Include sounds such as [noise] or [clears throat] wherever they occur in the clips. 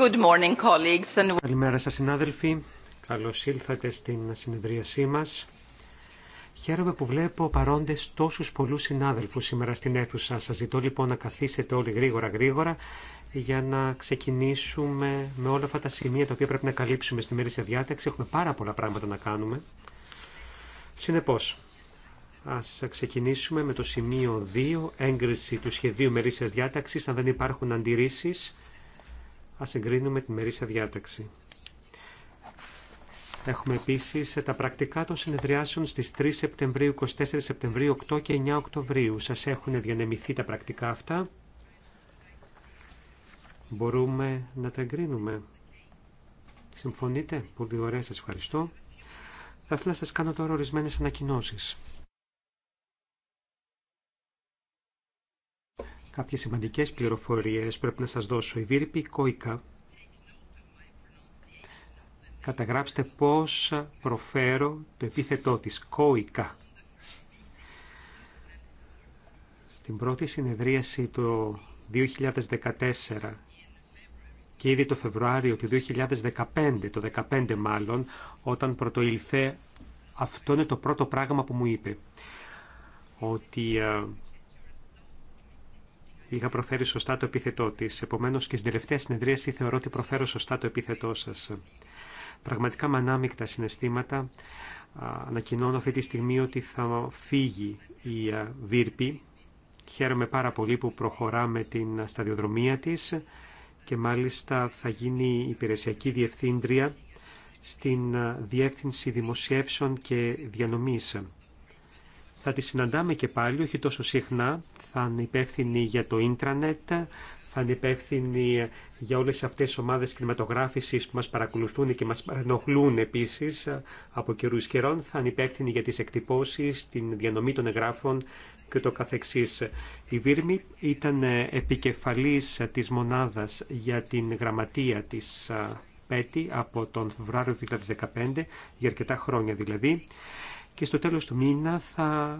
Good morning, colleagues and... Καλημέρα σας συνάδελφοι. Καλώς ήλθατε στην συνεδρίασή μας. Χαίρομαι που βλέπω παρόντες τόσους πολλούς συνάδελφους σήμερα στην αίθουσα. Σας ζητώ λοιπόν να καθίσετε όλοι γρήγορα γρήγορα για να ξεκινήσουμε με όλα αυτά τα σημεία τα οποία πρέπει να καλύψουμε στη μέρη σε διάταξη. Έχουμε πάρα πολλά πράγματα να κάνουμε. Συνεπώς, Ας ξεκινήσουμε με το σημείο 2, έγκριση του σχεδίου μερίσιας διάταξης. Αν δεν υπάρχουν αντιρρήσεις, ας συγκρίνουμε τη μερίσια διάταξη. Έχουμε επίσης τα πρακτικά των συνεδριάσεων στις 3 Σεπτεμβρίου, 24 Σεπτεμβρίου, 8 και 9 Οκτωβρίου. Σας έχουν διανεμηθεί τα πρακτικά αυτά. Μπορούμε να τα εγκρίνουμε. Συμφωνείτε. Πολύ ωραία. Σας ευχαριστώ. Θα ήθελα να σας κάνω τώρα ορισμένες ανακοινώσεις. Κάποιες σημαντικές πληροφορίες πρέπει να σας δώσω. Η Βίρυπη Κόικα καταγράψτε πώς προφέρω το επίθετό της, κόικα. Στην πρώτη συνεδρίαση το 2014 και ήδη το Φεβρουάριο του 2015, το 2015 μάλλον, όταν πρωτοήλθε, αυτό είναι το πρώτο πράγμα που μου είπε. Ότι ε, είχα προφέρει σωστά το επίθετό τη. Επομένω και στην τελευταία συνεδρίαση θεωρώ ότι προφέρω σωστά το επίθετό σα. Πραγματικά με ανάμεικτα συναισθήματα ανακοινώνω αυτή τη στιγμή ότι θα φύγει η Βίρπη. Χαίρομαι πάρα πολύ που προχωρά με την σταδιοδρομία της και μάλιστα θα γίνει υπηρεσιακή διευθύντρια στην Διεύθυνση Δημοσιεύσεων και Διανομής. Θα τη συναντάμε και πάλι, όχι τόσο συχνά. Θα είναι υπεύθυνη για το ίντρανετ, θα είναι υπεύθυνη για όλες αυτές τις ομάδες κινηματογράφησης που μας παρακολουθούν και μας παρενοχλούν επίσης από καιρού καιρών. Θα είναι υπεύθυνη για τις εκτυπώσεις, την διανομή των εγγράφων και το καθεξής. Η Βίρμη ήταν επικεφαλής της μονάδας για την γραμματεία της ΠΕΤΗ από τον Φεβράριο 2015, για αρκετά χρόνια δηλαδή και στο τέλος του μήνα θα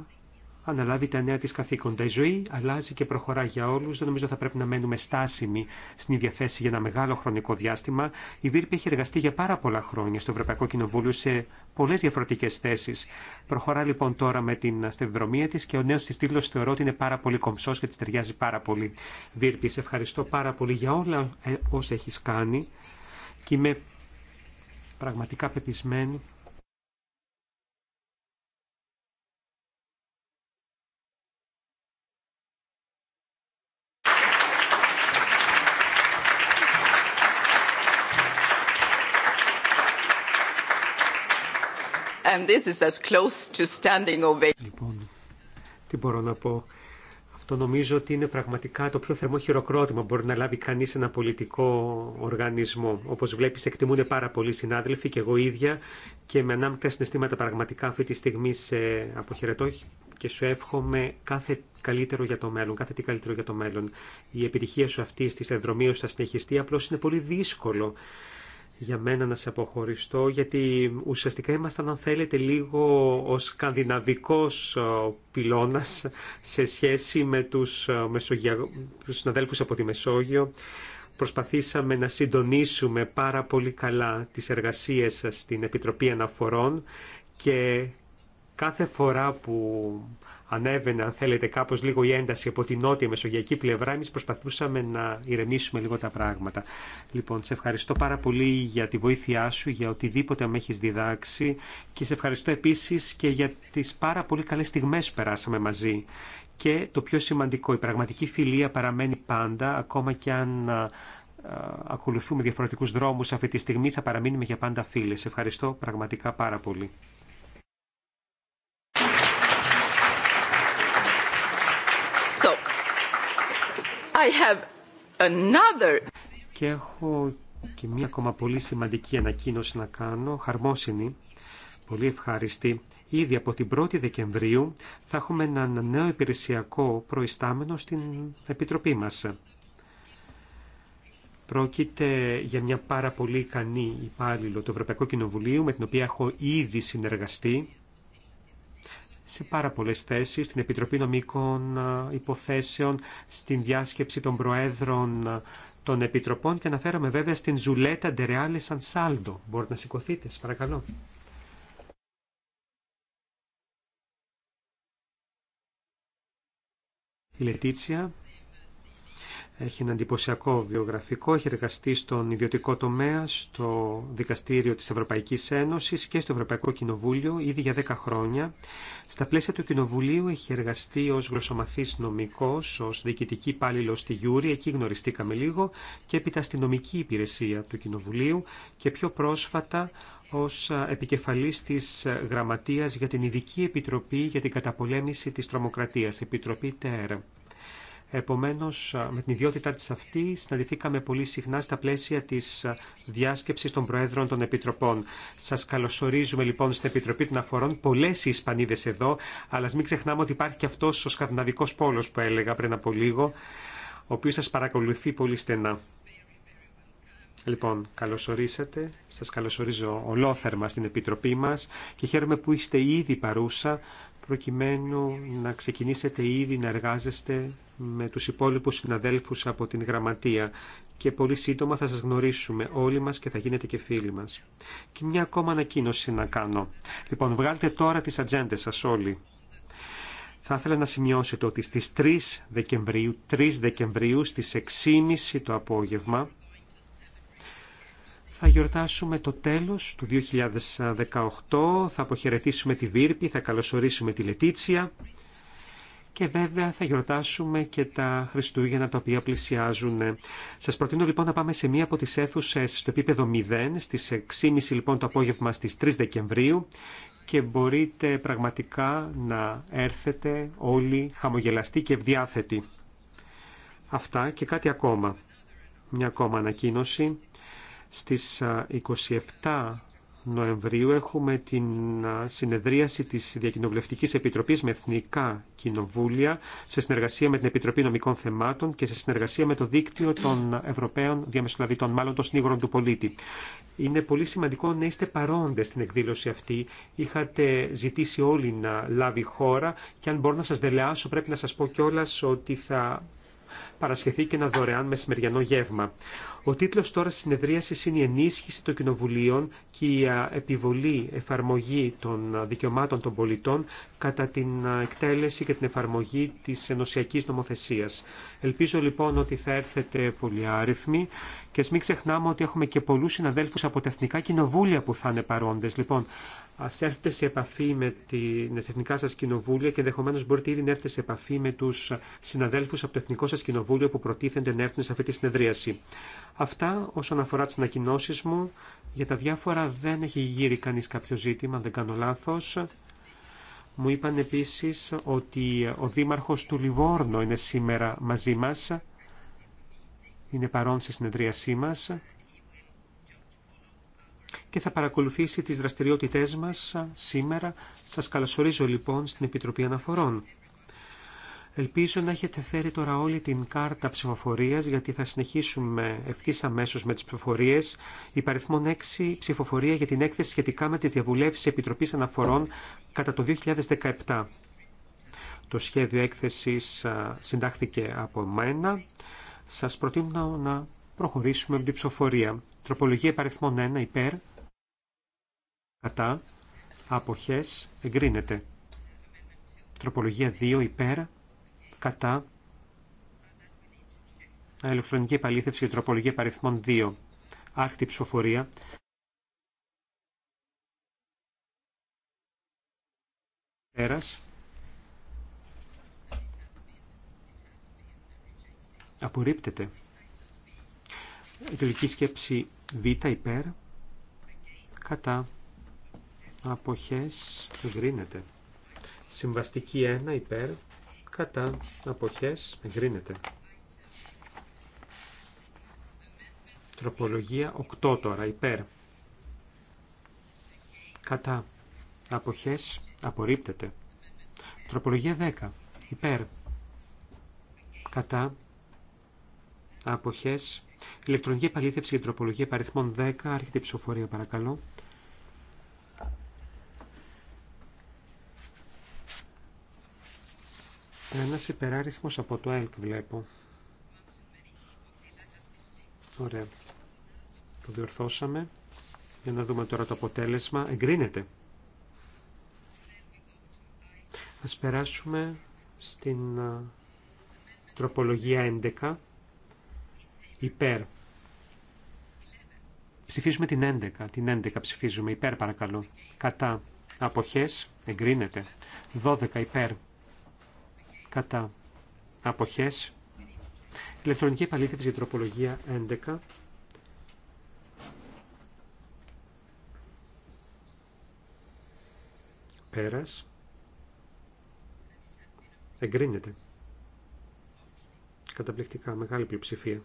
αναλάβει τα νέα της καθήκοντα. Η ζωή αλλάζει και προχωρά για όλους. Δεν νομίζω θα πρέπει να μένουμε στάσιμοι στην ίδια θέση για ένα μεγάλο χρονικό διάστημα. Η Βίρπη έχει εργαστεί για πάρα πολλά χρόνια στο Ευρωπαϊκό Κοινοβούλιο σε πολλές διαφορετικές θέσεις. Προχωρά λοιπόν τώρα με την αστευδρομία της και ο νέος της τίτλος θεωρώ ότι είναι πάρα πολύ κομψός και της ταιριάζει πάρα πολύ. Βίρπη, σε ευχαριστώ πάρα πολύ για όλα ε, όσα έχεις κάνει και είμαι πραγματικά πεπισμένη Λοιπόν, τι μπορώ να πω. Αυτό νομίζω ότι είναι πραγματικά το πιο θερμό χειροκρότημα που μπορεί να λάβει κανείς ένα πολιτικό οργανισμό. Όπως βλέπεις εκτιμούν πάρα πολλοί συνάδελφοι και εγώ ίδια και με ανάμεικτα συναισθήματα πραγματικά αυτή τη στιγμή σε αποχαιρετώ και σου εύχομαι κάθε καλύτερο για το μέλλον, κάθε τι καλύτερο για το μέλλον. Η επιτυχία σου αυτή τη ενδρομίες, θα συνεχιστεί, απλώς είναι πολύ δύσκολο για μένα να σε αποχωριστώ, γιατί ουσιαστικά ήμασταν, αν θέλετε, λίγο ο σκανδιναβικό ε, πυλώνας σε σχέση με τους, ε, μεσογεια... τους συναδέλφους από τη Μεσόγειο. Προσπαθήσαμε να συντονίσουμε πάρα πολύ καλά τις εργασίες σας στην Επιτροπή Αναφορών και κάθε φορά που ανέβαινε, αν θέλετε, κάπως λίγο η ένταση από την νότια μεσογειακή πλευρά, εμείς προσπαθούσαμε να ηρεμήσουμε λίγο τα πράγματα. Λοιπόν, σε ευχαριστώ πάρα πολύ για τη βοήθειά σου, για οτιδήποτε με έχει διδάξει και σε ευχαριστώ επίσης και για τις πάρα πολύ καλές στιγμές που περάσαμε μαζί. Και το πιο σημαντικό, η πραγματική φιλία παραμένει πάντα, ακόμα και αν ακολουθούμε διαφορετικούς δρόμους αυτή τη στιγμή, θα παραμείνουμε για πάντα φίλες. Ευχαριστώ πραγματικά πάρα πολύ. Και έχω και μία ακόμα πολύ σημαντική ανακοίνωση να κάνω, χαρμόσυνη, πολύ ευχαριστή. Ήδη από την 1η Δεκεμβρίου θα έχουμε ένα νέο υπηρεσιακό προϊστάμενο στην Επιτροπή μας. Πρόκειται για μια πάρα πολύ ικανή υπάλληλο του Ευρωπαϊκού Κοινοβουλίου, με την οποία έχω ήδη συνεργαστεί σε πάρα πολλές θέσεις, στην Επιτροπή Νομικών ε, Υποθέσεων, στην διάσκεψη των Προέδρων ε, των Επιτροπών και αναφέρομαι βέβαια στην Ζουλέτα Ντερεάλε Σανσάλντο. Μπορείτε να σηκωθείτε, παρακαλώ. Η Λετίτσια έχει ένα εντυπωσιακό βιογραφικό, έχει εργαστεί στον ιδιωτικό τομέα, στο Δικαστήριο της Ευρωπαϊκής Ένωσης και στο Ευρωπαϊκό Κοινοβούλιο ήδη για 10 χρόνια. Στα πλαίσια του Κοινοβουλίου έχει εργαστεί ως γλωσσομαθής νομικός, ως διοικητική υπάλληλο στη Γιούρη, εκεί γνωριστήκαμε λίγο, και έπειτα στη νομική υπηρεσία του Κοινοβουλίου και πιο πρόσφατα ως επικεφαλής της Γραμματείας για την Ειδική Επιτροπή για την Καταπολέμηση της Τρομοκρατίας, Επιτροπή ΤΕΡ. Επομένω, με την ιδιότητά τη αυτή, συναντηθήκαμε πολύ συχνά στα πλαίσια τη διάσκεψης των Προέδρων των Επιτροπών. Σα καλωσορίζουμε λοιπόν στην Επιτροπή των Αφορών. πολλέ οι Ισπανίδες εδώ, αλλά μην ξεχνάμε ότι υπάρχει και αυτό ο σκανδιναβικό πόλο που έλεγα πριν από λίγο, ο οποίο σα παρακολουθεί πολύ στενά. Λοιπόν, καλωσορίσατε. Σας καλωσορίζω ολόθερμα στην Επιτροπή μας και χαίρομαι που είστε ήδη παρούσα προκειμένου να ξεκινήσετε ήδη να εργάζεστε με τους υπόλοιπους συναδέλφους από την Γραμματεία και πολύ σύντομα θα σας γνωρίσουμε όλοι μας και θα γίνετε και φίλοι μας. Και μια ακόμα ανακοίνωση να κάνω. Λοιπόν, βγάλτε τώρα τις ατζέντες σας όλοι. Θα ήθελα να σημειώσετε ότι στις 3 Δεκεμβρίου, 3 Δεκεμβρίου στις 6.30 το απόγευμα, θα γιορτάσουμε το τέλος του 2018, θα αποχαιρετήσουμε τη Βίρπη, θα καλωσορίσουμε τη Λετίτσια και βέβαια θα γιορτάσουμε και τα Χριστούγεννα τα οποία πλησιάζουν. Σας προτείνω λοιπόν να πάμε σε μία από τι αίθουσε στο επίπεδο 0 στις 6.30 λοιπόν το απόγευμα στις 3 Δεκεμβρίου και μπορείτε πραγματικά να έρθετε όλοι χαμογελαστοί και ευδιάθετοι. Αυτά και κάτι ακόμα. Μια ακόμα ανακοίνωση. Στις 27 Νοεμβρίου έχουμε την συνεδρίαση της Διακοινοβουλευτικής Επιτροπής με Εθνικά Κοινοβούλια σε συνεργασία με την Επιτροπή Νομικών Θεμάτων και σε συνεργασία με το Δίκτυο των Ευρωπαίων Διαμεσολαβητών, μάλλον των Συνήγορων του Πολίτη. Είναι πολύ σημαντικό να είστε παρόντες στην εκδήλωση αυτή. Είχατε ζητήσει όλοι να λάβει χώρα και αν μπορώ να σας δελεάσω πρέπει να σας πω κιόλα ότι θα παρασχεθεί και ένα δωρεάν μεσημεριανό γεύμα. Ο τίτλος τώρα τη συνεδρίασης είναι η ενίσχυση των κοινοβουλίων και η επιβολή εφαρμογή των δικαιωμάτων των πολιτών κατά την εκτέλεση και την εφαρμογή της ενωσιακή νομοθεσίας. Ελπίζω λοιπόν ότι θα έρθετε πολύ άριθμοι και μην ξεχνάμε ότι έχουμε και πολλούς συναδέλφου από τα Εθνικά Κοινοβούλια που θα είναι παρόντες. Λοιπόν, Ας έρθετε σε επαφή με την εθνικά σα κοινοβούλια και ενδεχομένω μπορείτε ήδη να έρθετε σε επαφή με του συναδέλφου από το εθνικό σα κοινοβούλιο που προτίθενται να έρθουν σε αυτή τη συνεδρίαση. Αυτά όσον αφορά τι ανακοινώσει μου. Για τα διάφορα δεν έχει γύρει κανεί κάποιο ζήτημα, δεν κάνω λάθο. Μου είπαν επίση ότι ο Δήμαρχο του Λιβόρνο είναι σήμερα μαζί μα, Είναι παρόν στη συνεδρίασή μας και θα παρακολουθήσει τις δραστηριότητές μας σήμερα. Σας καλωσορίζω λοιπόν στην Επιτροπή Αναφορών. Ελπίζω να έχετε φέρει τώρα όλη την κάρτα ψηφοφορία, γιατί θα συνεχίσουμε ευθύ αμέσω με τι ψηφοφορίε. Υπαριθμόν 6 ψηφοφορία για την έκθεση σχετικά με τι διαβουλεύσει Επιτροπή Αναφορών κατά το 2017. Το σχέδιο έκθεση συντάχθηκε από μένα. Σα προτείνω να προχωρήσουμε με την ψηφοφορία. Τροπολογία υπαριθμών 1 υπέρ, κατά, αποχές, εγκρίνεται. Τροπολογία 2 υπέρ, κατά, ηλεκτρονική επαλήθευση για τροπολογία υπαριθμών 2, άρχτη ψηφοφορία. Πέρας. Απορρίπτεται. Τελική σκέψη Β υπέρ. Κατά. Αποχές εγκρίνεται. Συμβαστική 1 υπέρ. Κατά. Αποχές εγκρίνεται. Τροπολογία 8 τώρα υπέρ. Κατά. Αποχές απορρίπτεται. Τροπολογία 10 υπέρ. Κατά. Αποχές Ηλεκτρονική επαλήθευση για τροπολογία παριθμών 10. Άρχεται η ψηφοφορία παρακαλώ. Ένα υπεράριθμο από το ΕΛΚ βλέπω. Ωραία. Το διορθώσαμε. Για να δούμε τώρα το αποτέλεσμα. Εγκρίνεται. Ας περάσουμε στην τροπολογία 11. Υπέρ. Ψηφίζουμε την 11. Την 11 ψηφίζουμε. Υπέρ παρακαλώ. Κατά. Αποχές. Εγκρίνεται. 12 υπέρ. Κατά. Αποχές. Ηλεκτρονική επαλήθευση για τροπολογία 11. Πέρας. Εγκρίνεται. Καταπληκτικά. Μεγάλη πλειοψηφία.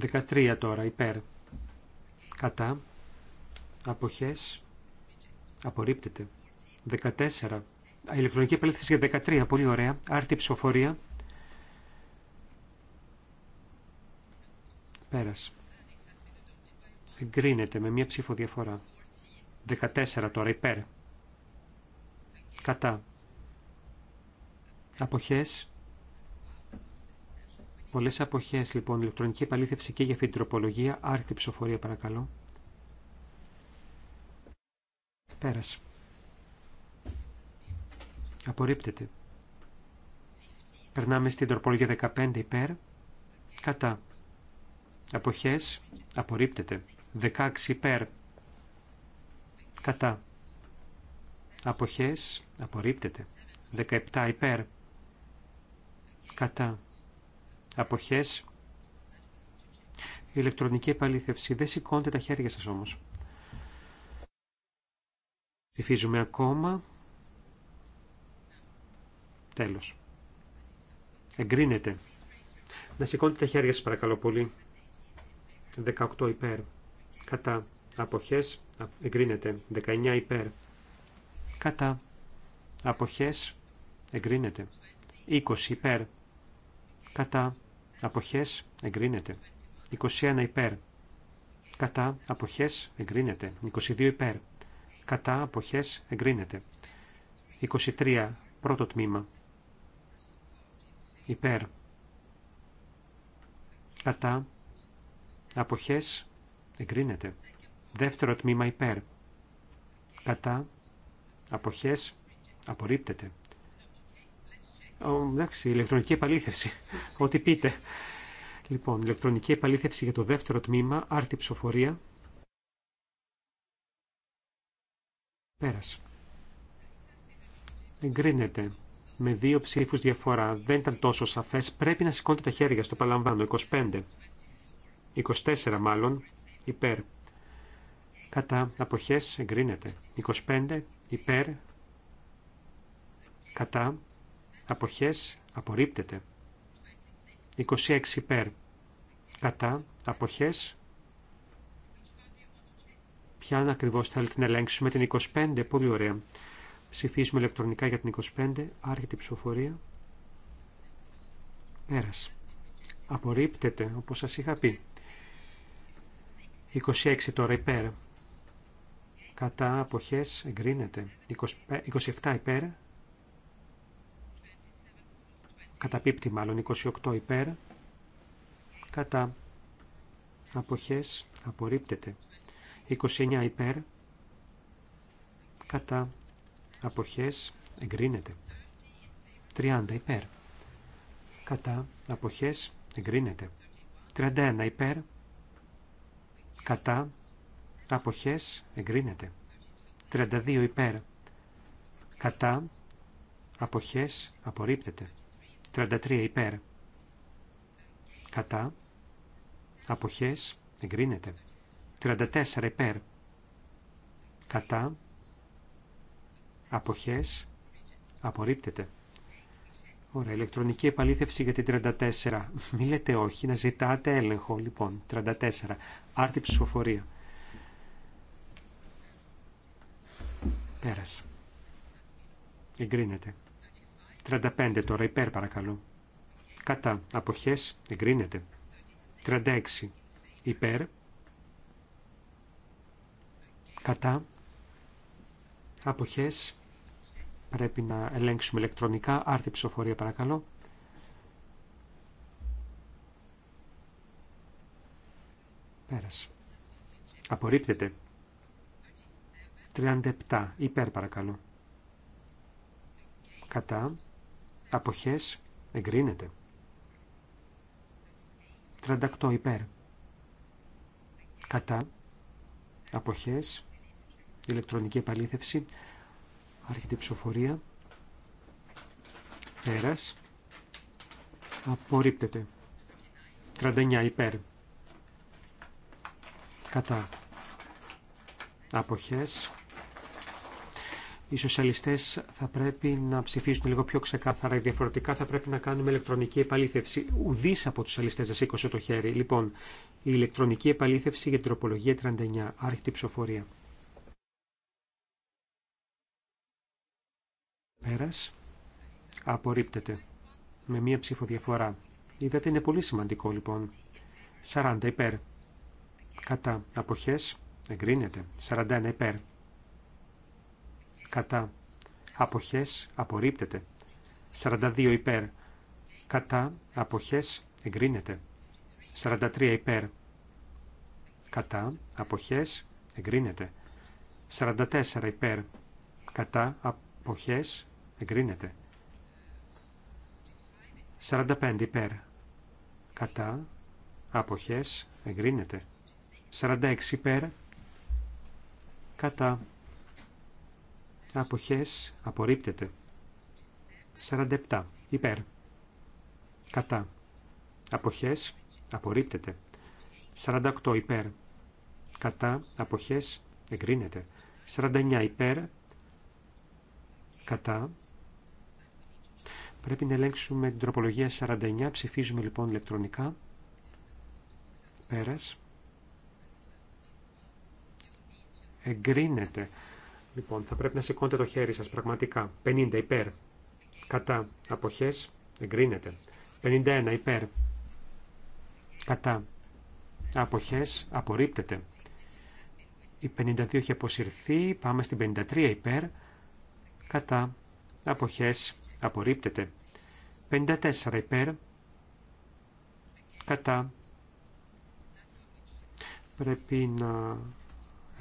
13 τώρα, υπέρ. Κατά. Αποχές. Απορρίπτεται. 14. Ηλεκτρονική επέλευση για 13. Πολύ ωραία. Άρτη ψηφοφορία. Πέρας. Εγκρίνεται με μία ψήφο διαφορά. 14 τώρα υπέρ. Κατά. Αποχές. Πολλές αποχές λοιπόν, ηλεκτρονική επαλήθευση και για αυτή την τροπολογία. Άρτη ψηφοφορία παρακαλώ. Πέρασε. Απορρίπτεται. Περνάμε στην τροπολογία 15 υπέρ. Κατά. Αποχές. Απορρίπτεται. 16 υπέρ. Κατά. Αποχές. Απορρίπτεται. 17 υπέρ. Κατά. Αποχές. Ηλεκτρονική επαλήθευση. Δεν σηκώνετε τα χέρια σας όμως. Υφίζουμε ακόμα. Τέλος. Εγκρίνεται. Να σηκώνετε τα χέρια σας παρακαλώ πολύ. 18 υπέρ. Κατά. Αποχές. Εγκρίνεται. 19 υπέρ. Κατά. Αποχές. Εγκρίνεται. 20 υπέρ. Κατά αποχές εγκρίνεται. 21 υπέρ, κατά αποχές εγκρίνεται. 22 υπέρ, κατά αποχές εγκρίνεται. 23 πρώτο τμήμα, υπέρ, κατά αποχές εγκρίνεται. Δεύτερο τμήμα υπέρ, κατά αποχές απορρίπτεται εντάξει, ηλεκτρονική επαλήθευση, [laughs] ό,τι πείτε. Λοιπόν, ηλεκτρονική επαλήθευση για το δεύτερο τμήμα, άρτη ψηφοφορία. Πέρασε. Εγκρίνεται με δύο ψήφους διαφορά. Δεν ήταν τόσο σαφές. Πρέπει να σηκώνετε τα χέρια στο παλαμβάνω. 25. 24 μάλλον. Υπέρ. Κατά αποχές εγκρίνεται. 25. Υπέρ. Κατά αποχές απορρίπτεται. 26 υπέρ κατά αποχές είναι ακριβώς θέλετε να ελέγξουμε την 25, πολύ ωραία. Ψηφίζουμε ηλεκτρονικά για την 25, άρχεται η ψηφοφορία. Πέρας. Απορρίπτεται, όπως σας είχα πει. 26 τώρα υπέρ. Κατά αποχές εγκρίνεται. 27 υπέρ καταπίπτει μάλλον 28 υπέρ, κατά αποχές απορρίπτεται 29 υπέρ, κατά αποχές εγκρίνεται 30 υπέρ, κατά αποχές εγκρίνεται 31 υπέρ, κατά αποχές εγκρίνεται 32 υπέρ, κατά αποχές απορρίπτεται 33 υπέρ. Κατά. Αποχές. Εγκρίνεται. 34 υπέρ. Κατά. Αποχές. Απορρίπτεται. Ωραία, ηλεκτρονική επαλήθευση για την 34. [laughs] Μη λέτε όχι, να ζητάτε έλεγχο. Λοιπόν, 34. Άρτη ψηφοφορία. Πέρασε. Εγκρίνεται. 35 τώρα, υπέρ παρακαλώ. Κατά. Αποχές. Εγκρίνεται. 36. Υπέρ. Κατά. Αποχές. Πρέπει να ελέγξουμε ηλεκτρονικά. Άρτη ψηφοφορία παρακαλώ. Πέρασε. Απορρίπτεται. 37. Υπέρ παρακαλώ. Κατά. Αποχές εγκρίνεται. 38 υπέρ. Κατά. Αποχές. Ηλεκτρονική επαλήθευση. Άρχεται η ψηφοφορία. Πέρας. Απορρίπτεται. 39 υπέρ. Κατά. Αποχές οι σοσιαλιστές θα πρέπει να ψηφίσουν λίγο πιο ξεκάθαρα. Διαφορετικά θα πρέπει να κάνουμε ηλεκτρονική επαλήθευση. Ουδή από του σοσιαλιστές δεν σήκωσε το χέρι. Λοιπόν, η ηλεκτρονική επαλήθευση για την τροπολογία 39. Άρχιτη ψηφοφορία. Πέρα. Απορρίπτεται. Με μία ψηφοδιαφορά. Είδατε είναι πολύ σημαντικό λοιπόν. 40 υπέρ. Κατά αποχές εγκρίνεται. 41 υπέρ κατά αποχές απορρίπτεται. 42 υπέρ κατά αποχές εγκρίνεται. 43 υπέρ κατά αποχές εγκρίνεται. 44 υπέρ κατά αποχές εγκρίνεται. 45 υπέρ κατά αποχές εγκρίνεται. 46 υπέρ κατά αποχές απορρίπτεται. 47 υπέρ κατά αποχές απορρίπτεται. 48 υπέρ κατά αποχές εγκρίνεται. 49 υπέρ κατά Πρέπει να ελέγξουμε την τροπολογία 49. Ψηφίζουμε λοιπόν ηλεκτρονικά. Πέρας. Εγκρίνεται. Λοιπόν, θα πρέπει να σηκώνετε το χέρι σας πραγματικά. 50 υπέρ. Κατά. Αποχές. Εγκρίνεται. 51 υπέρ. Κατά. Αποχές. Απορρίπτεται. Η 52 έχει αποσυρθεί. Πάμε στην 53 υπέρ. Κατά. Αποχές. Απορρίπτεται. 54 υπέρ. Κατά. Πρέπει να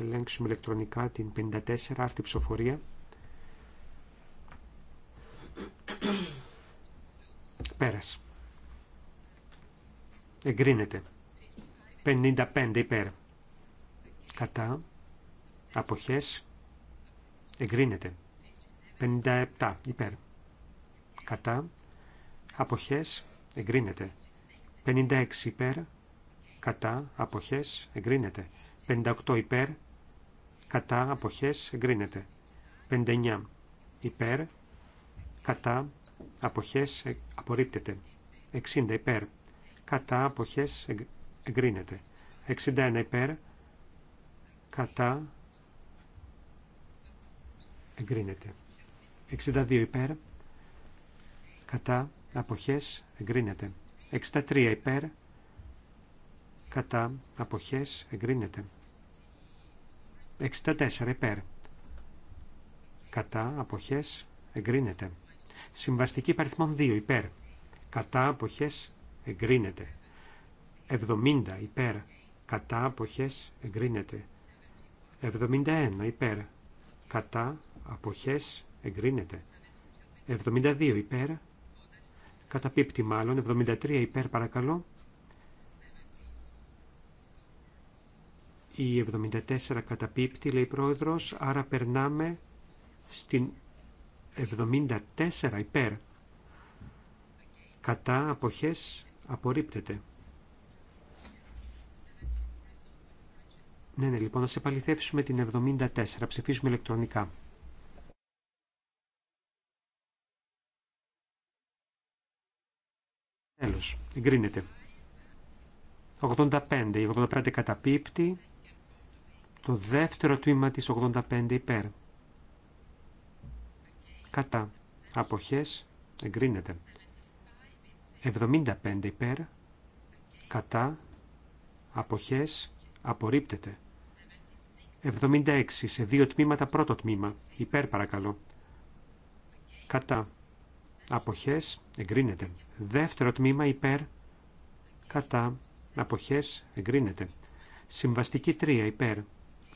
ελέγξουμε ηλεκτρονικά την 54 άρτη ψηφοφορία. Πέρας. Εγκρίνεται. 55 υπέρ. Κατά. Αποχές. Εγκρίνεται. 57 υπέρ. Κατά. Αποχές. Εγκρίνεται. 56 υπέρ. Κατά. Αποχές. Εγκρίνεται. 58 υπέρ κατά αποχές εγκρίνεται. 59. Υπέρ, κατά αποχές ε, απορρίπτεται. 60. Υπέρ, κατά αποχές εγκρίνεται. 61. Υπέρ, κατά εγκρίνεται. 62. Υπέρ, κατά αποχές εγκρίνεται. 63. Υπέρ, κατά αποχές εγκρίνεται. 64 υπέρ. Κατά αποχές εγκρίνεται. Συμβαστική παριθμών 2 υπέρ. Κατά αποχές εγκρίνεται. 70 υπέρ. Κατά αποχές εγκρίνεται. 71 υπέρ. Κατά αποχές εγκρίνεται. 72 υπέρ. Καταπίπτει μάλλον. 73 υπέρ παρακαλώ. Η 74 καταπίπτει, λέει πρόεδρος, άρα περνάμε στην 74 υπέρ. Κατά αποχές απορρίπτεται. Ναι, ναι, λοιπόν, να σε παληθεύσουμε την 74. Ψηφίζουμε ηλεκτρονικά. Τέλος, εγκρίνεται. 85. Η 85 καταπίπτει. Το δεύτερο τμήμα της 85 υπέρ. Κατά. Αποχές. Εγκρίνεται. 75 υπέρ. Κατά. Αποχές. Απορρίπτεται. 76 σε δύο τμήματα πρώτο τμήμα. Υπέρ παρακαλώ. Κατά. Αποχές. Εγκρίνεται. Δεύτερο τμήμα υπέρ. Κατά. Αποχές. Εγκρίνεται. Συμβαστική 3 υπέρ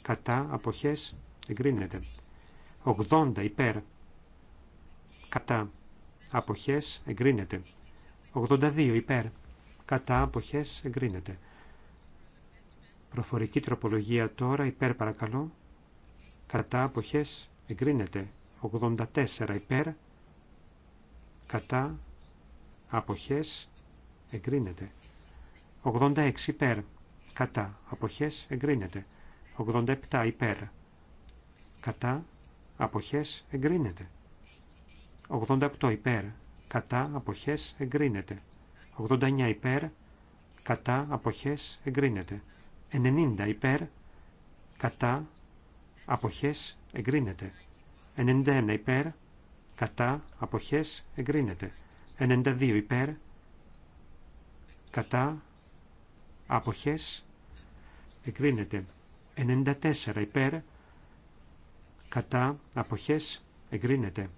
κατά αποχές εγκρίνεται. 80 υπέρ κατά αποχές εγκρίνεται. 82 υπέρ κατά αποχές εγκρίνεται. Προφορική τροπολογία τώρα υπέρ παρακαλώ κατά αποχές εγκρίνεται. 84 υπέρ κατά αποχές εγκρίνεται. 86 υπέρ κατά αποχές εγκρίνεται. 87 υπέρ. Κατά αποχές εγκρίνεται. 88 υπέρ. Κατά αποχές εγκρίνεται. 89 υπέρ. Κατά αποχές εγκρίνεται. 90 υπέρ. Κατά αποχές εγκρίνεται. 91 υπέρ. Κατά αποχές εγκρίνεται. 92 υπέρ. Κατά αποχές εγκρίνεται. 94 υπέρ κατά αποχές εγκρίνεται.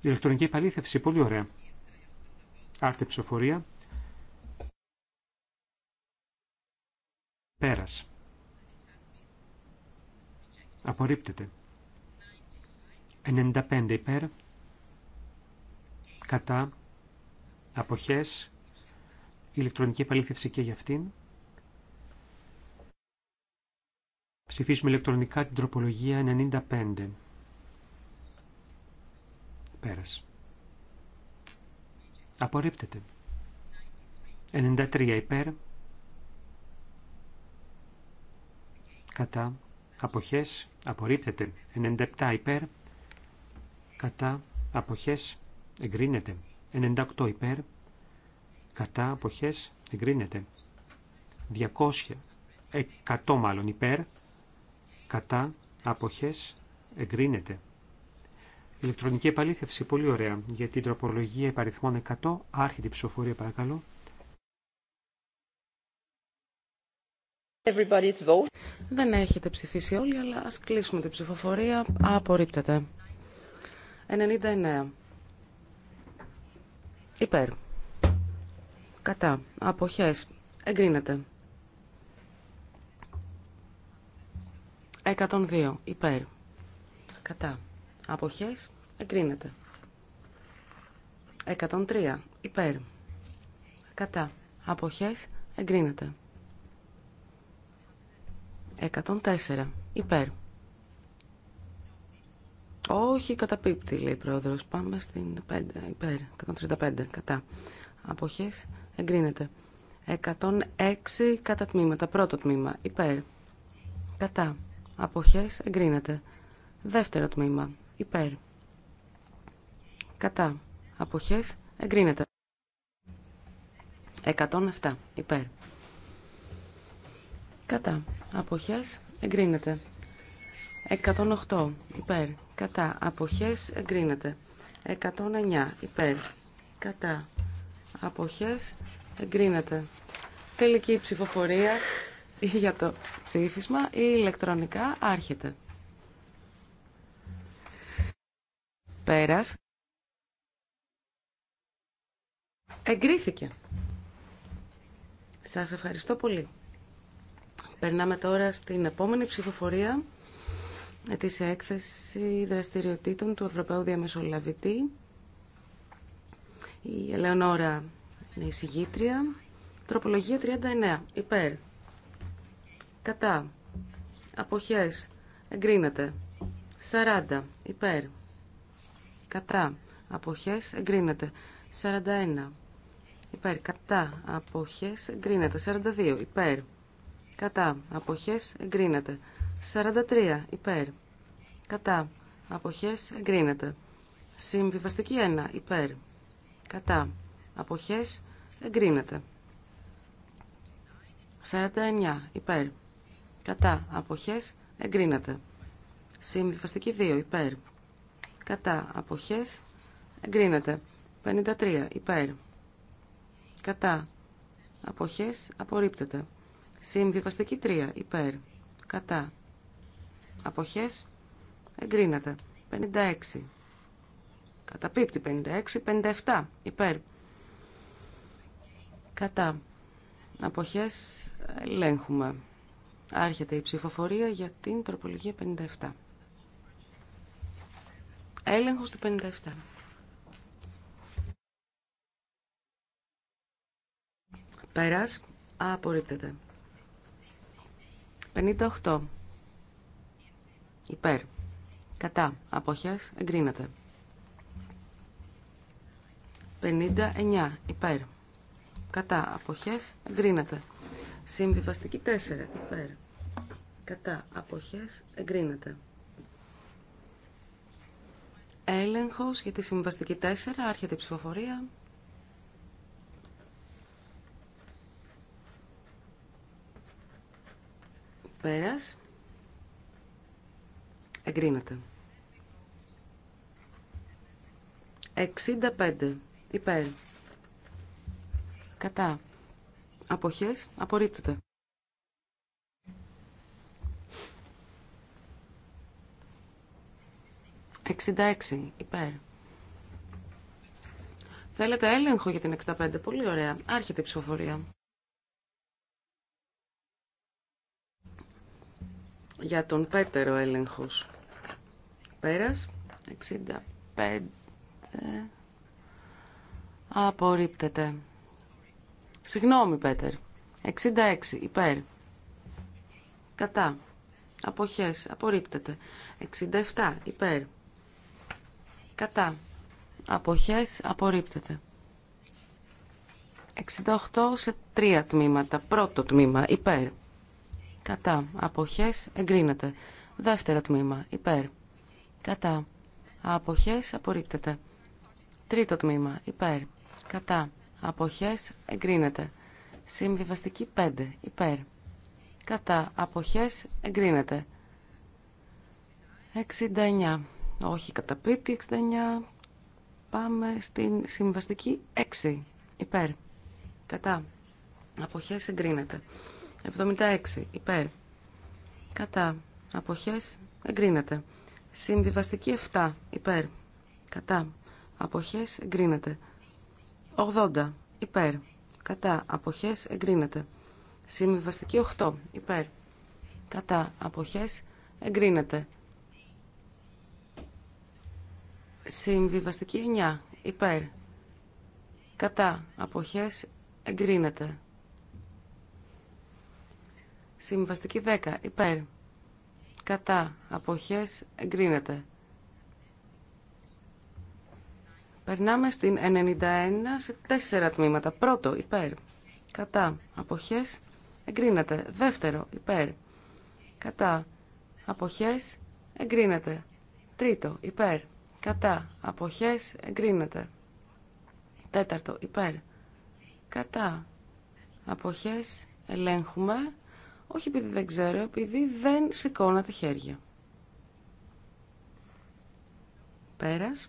Ηλεκτρονική επαλήθευση, πολύ ωραία. Άρτη ψηφοφορία. Πέρας. Απορρίπτεται. 95 υπέρ. Κατά. Αποχές. Ηλεκτρονική επαλήθευση και για αυτήν. Ψηφίσουμε ηλεκτρονικά την τροπολογία 95. Πέρας. Απορρίπτεται. 93 υπέρ. Κατά. Αποχές. Απορρίπτεται. 97 υπέρ. Κατά. Αποχές. Εγκρίνεται. 98 υπέρ. Κατά. Αποχές. Εγκρίνεται. 200. 100 μάλλον υπέρ κατά, αποχές, εγκρίνεται. Ηλεκτρονική επαλήθευση, πολύ ωραία, για την τροπολογία υπαριθμών 100, άρχιτη ψηφοφορία παρακαλώ. Δεν έχετε ψηφίσει όλοι, αλλά ας κλείσουμε την ψηφοφορία. Απορρίπτεται. 99. Υπέρ. Κατά. Αποχές. Εγκρίνεται. 102 υπέρ. Κατά. Αποχές εγκρίνεται. 103 υπέρ. Κατά. Αποχές εγκρίνεται. 104 υπέρ. Όχι καταπίπτει, λέει η πρόεδρος. Πάμε στην 5, υπέρ, 135, κατά. Αποχές, εγκρίνεται. 106 κατά τμήματα, πρώτο τμήμα, υπέρ, κατά. Αποχές εγκρίνεται. Δεύτερο τμήμα. Υπέρ. Κατά. Αποχές εγκρίνεται. 107. Υπέρ. Κατά. Αποχές εγκρίνεται. 108. Υπέρ. Κατά. Αποχές εγκρίνεται. 109. Υπέρ. Κατά. Αποχές εγκρίνεται. Τελική ψηφοφορία για το ψήφισμα ή ηλεκτρονικά άρχεται. Πέρας. Εγκρίθηκε. Σας ευχαριστώ πολύ. Περνάμε τώρα στην επόμενη ψηφοφορία της έκθεση δραστηριοτήτων του Ευρωπαίου Διαμεσολαβητή. Η Ελεονόρα είναι η συγγήτρια. Τροπολογία 39. Υπέρ κατά, αποχές, εγκρίνεται. 40 υπέρ, κατά, αποχές, εγκρίνεται. 41 υπέρ, κατά, αποχές, εγκρίνεται. 42 υπέρ, κατά, αποχές, εγκρίνεται. 43 υπέρ, κατά, αποχές, εγκρίνεται. Συμβιβαστική 1 υπέρ, κατά, αποχές, εγκρίνεται. 49 υπέρ, κατά αποχές εγκρίνεται. Συμβιβαστική 2 υπέρ κατά αποχές εγκρίνεται. 53 υπέρ κατά αποχές απορρίπτεται. Συμβιβαστική 3 υπέρ κατά αποχές εγκρίνεται. 56 καταπίπτει 56 57 υπέρ κατά αποχές ελέγχουμε. Άρχεται η ψηφοφορία για την τροπολογία 57. Έλεγχος του 57. Πέρας, απορρίπτεται. 58. Υπέρ. Κατά. Αποχές. Εγκρίνεται. 59. Υπέρ. Κατά. Αποχές. Εγκρίνεται. Συμβιβαστική 4. Υπέρ κατά αποχές εγκρίνεται. Έλεγχος για τη συμβαστική 4, άρχεται η ψηφοφορία. Πέρας. Εγκρίνεται. 65 υπέρ. Κατά. Αποχές απορρίπτεται. 66 υπέρ. Θέλετε έλεγχο για την 65. Πολύ ωραία. Άρχεται η ψηφοφορία. Για τον Πέτερο έλεγχος. Πέρας. 65. Απορρίπτεται. Συγγνώμη, Πέτερ. 66. Υπέρ. Κατά. Αποχές. Απορρίπτεται. 67. Υπέρ. Κατά. Αποχές απορρίπτεται. 68 σε τρία τμήματα. Πρώτο τμήμα υπέρ. Κατά. Αποχές εγκρίνεται. Δεύτερο τμήμα υπέρ. Κατά. Αποχές απορρίπτεται. Τρίτο τμήμα υπέρ. Κατά. Αποχές εγκρίνεται. Συμβιβαστική 5 υπέρ. Κατά. Αποχές εγκρίνεται. 69 όχι καταπίπτει 69. Πάμε στην συμβαστική 6. Υπέρ. Κατά. Αποχές εγκρίνεται. 76. Υπέρ. Κατά. Αποχές εγκρίνεται. Συμβιβαστική 7. Υπέρ. Κατά. Αποχές εγκρίνεται. 80. Υπέρ. Κατά. Αποχές εγκρίνεται. Συμβιβαστική 8. Υπέρ. Κατά. Αποχές εγκρίνεται. Συμβιβαστική 9. Υπέρ. Κατά. Αποχές. Εγκρίνεται. Συμβαστική 10. Υπέρ. Κατά. Αποχές. Εγκρίνεται. Περνάμε στην 91 σε τέσσερα τμήματα. Πρώτο, υπέρ. Κατά. Αποχές. Εγκρίνεται. Δεύτερο, υπέρ. Κατά. Αποχές. Εγκρίνεται. Τρίτο, υπέρ. Κατά. Αποχές εγκρίνεται. Τέταρτο. Υπέρ. Κατά. Αποχές ελέγχουμε. Όχι επειδή δεν ξέρω, επειδή δεν σηκώνα τα χέρια. Πέρας.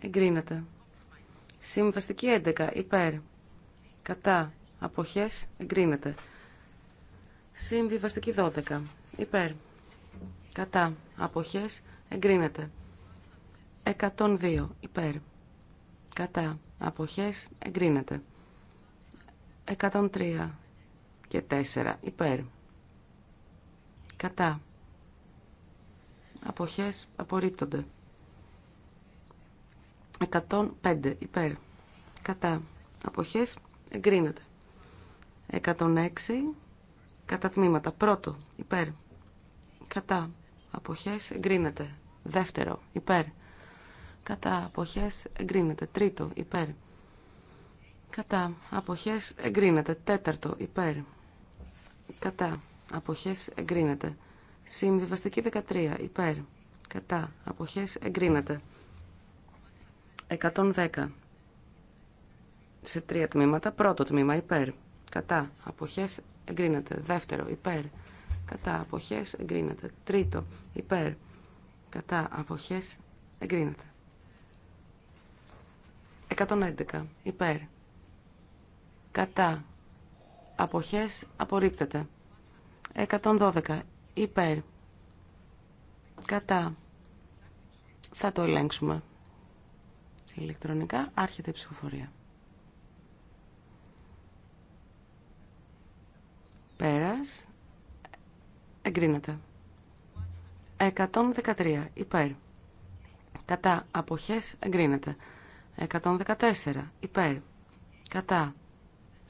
Εγκρίνεται. Συμβαστική 11. Υπέρ. Κατά. Αποχές. Εγκρίνεται. Συμβιβαστική 12. Υπέρ. Κατά. Αποχές εγκρίνεται. 102 υπέρ. Κατά αποχές εγκρίνεται. 103 και 4 υπέρ. Κατά αποχές απορρίπτονται. 105 υπέρ. Κατά αποχές εγκρίνεται. 106 κατά τμήματα. Πρώτο υπέρ. Κατά αποχές εγκρίνεται. Δεύτερο, υπέρ. Κατά αποχές εγκρίνεται. Τρίτο, υπέρ. Κατά αποχές εγκρίνεται. Τέταρτο, υπέρ. Κατά αποχές εγκρίνεται. Συμβιβαστική 13, υπέρ. Κατά αποχές εγκρίνεται. 110. Σε τρία τμήματα. Πρώτο τμήμα, υπέρ. Κατά αποχές εγκρίνεται. Δεύτερο, υπέρ κατά αποχές εγκρίνεται. Τρίτο, υπέρ, κατά αποχές εγκρίνεται. 111, υπέρ, κατά αποχές απορρίπτεται. 112, υπέρ, κατά, θα το ελέγξουμε. Ηλεκτρονικά άρχεται η ψηφοφορία. Πέρας εγκρίνεται. 113 υπέρ. Κατά αποχές εγκρίνεται. 114 υπέρ. Κατά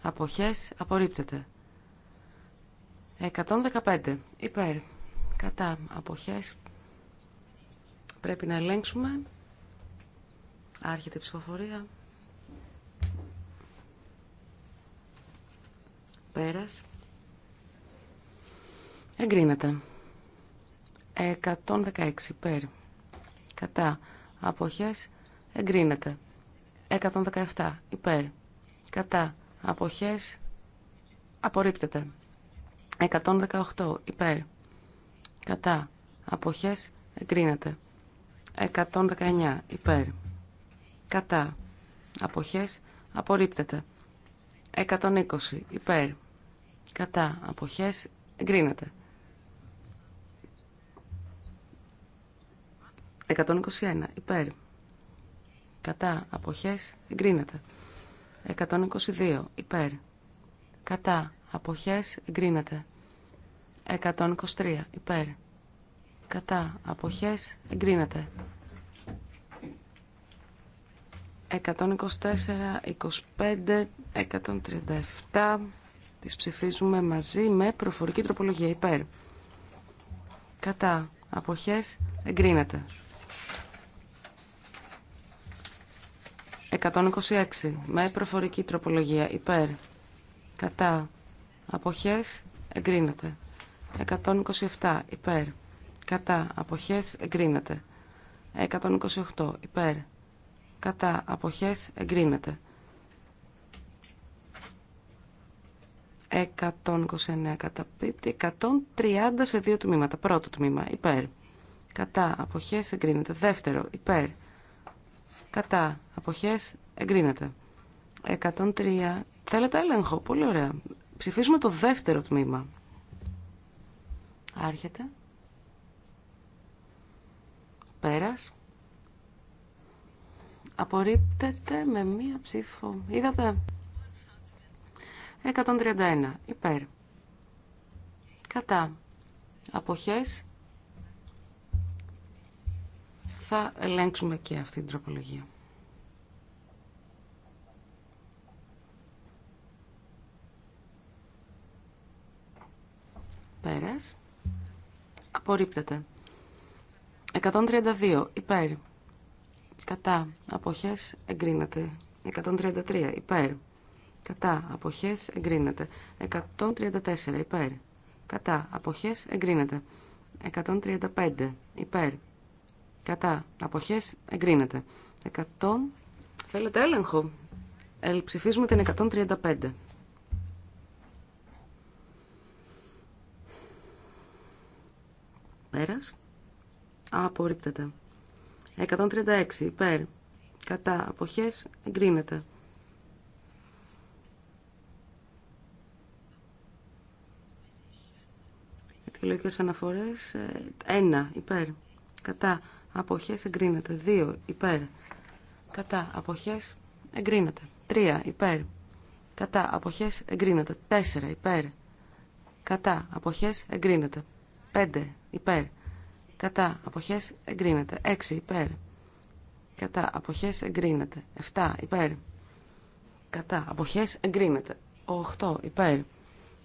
αποχές απορρίπτεται. 115 υπέρ. Κατά αποχές πρέπει να ελέγξουμε. Άρχεται η ψηφοφορία. Πέρας. Εγκρίνεται. 116 υπέρ. Κατά. Αποχές. Εγκρίνεται. 117 υπέρ. Κατά. Αποχές. Απορρίπτεται. 118 υπέρ. Κατά. Αποχές. Εγκρίνεται. 119 υπέρ. Κατά. Αποχές. Απορρίπτεται. 120 υπέρ. Κατά. Αποχές. Εγκρίνεται. 121 υπέρ. Κατά αποχές εγκρίνεται. 122 υπέρ. Κατά αποχές εγκρίνεται. 123 υπέρ. Κατά αποχές εγκρίνεται. 124, 25, 137 τις ψηφίζουμε μαζί με προφορική τροπολογία υπέρ. Κατά αποχές εγκρίνεται. 126. Με προφορική τροπολογία. Υπέρ. Κατά. Αποχές. Εγκρίνεται. 127. Υπέρ. Κατά. Αποχές. Εγκρίνεται. 128. Υπέρ. Κατά. Αποχές. Εγκρίνεται. 129 καταπίπτει, 130 σε δύο τμήματα. Πρώτο τμήμα, υπέρ. Κατά, αποχές, εγκρίνεται. Δεύτερο, υπέρ κατά, αποχές, εγκρίνεται. 103. Θέλετε έλεγχο. Πολύ ωραία. Ψηφίζουμε το δεύτερο τμήμα. Άρχεται. Πέρας. Απορρίπτεται με μία ψήφο. Είδατε. 131. Υπέρ. Κατά. Αποχές θα ελέγξουμε και αυτή την τροπολογία. Πέρας. Απορρίπτεται. 132. Υπέρ. Κατά. Αποχές. Εγκρίνεται. 133. Υπέρ. Κατά. Αποχές. Εγκρίνεται. 134. Υπέρ. Κατά. Αποχές. Εγκρίνεται. 135. Υπέρ. Κατά. Αποχές. Εγκρίνεται. 100. Θέλετε έλεγχο. Ψηφίζουμε την 135. Πέρας. Απορρίπτεται. 136. Υπέρ. Κατά. Αποχές. Εγκρίνεται. 1. αναφορές ε, Ένα. υπέρ κατά αποχές εγκρίνεται. 2 υπέρ, κατά, αποχές εγκρίνεται. 3 υπέρ, κατά, αποχές εγκρίνεται. 4 υπέρ, κατά, αποχές εγκρίνεται. 5 υπέρ, κατά, αποχές εγκρίνεται. 6 υπέρ, κατά, αποχές εγκρίνεται. 7 υπέρ, κατά, αποχές εγκρίνεται. 8 υπέρ,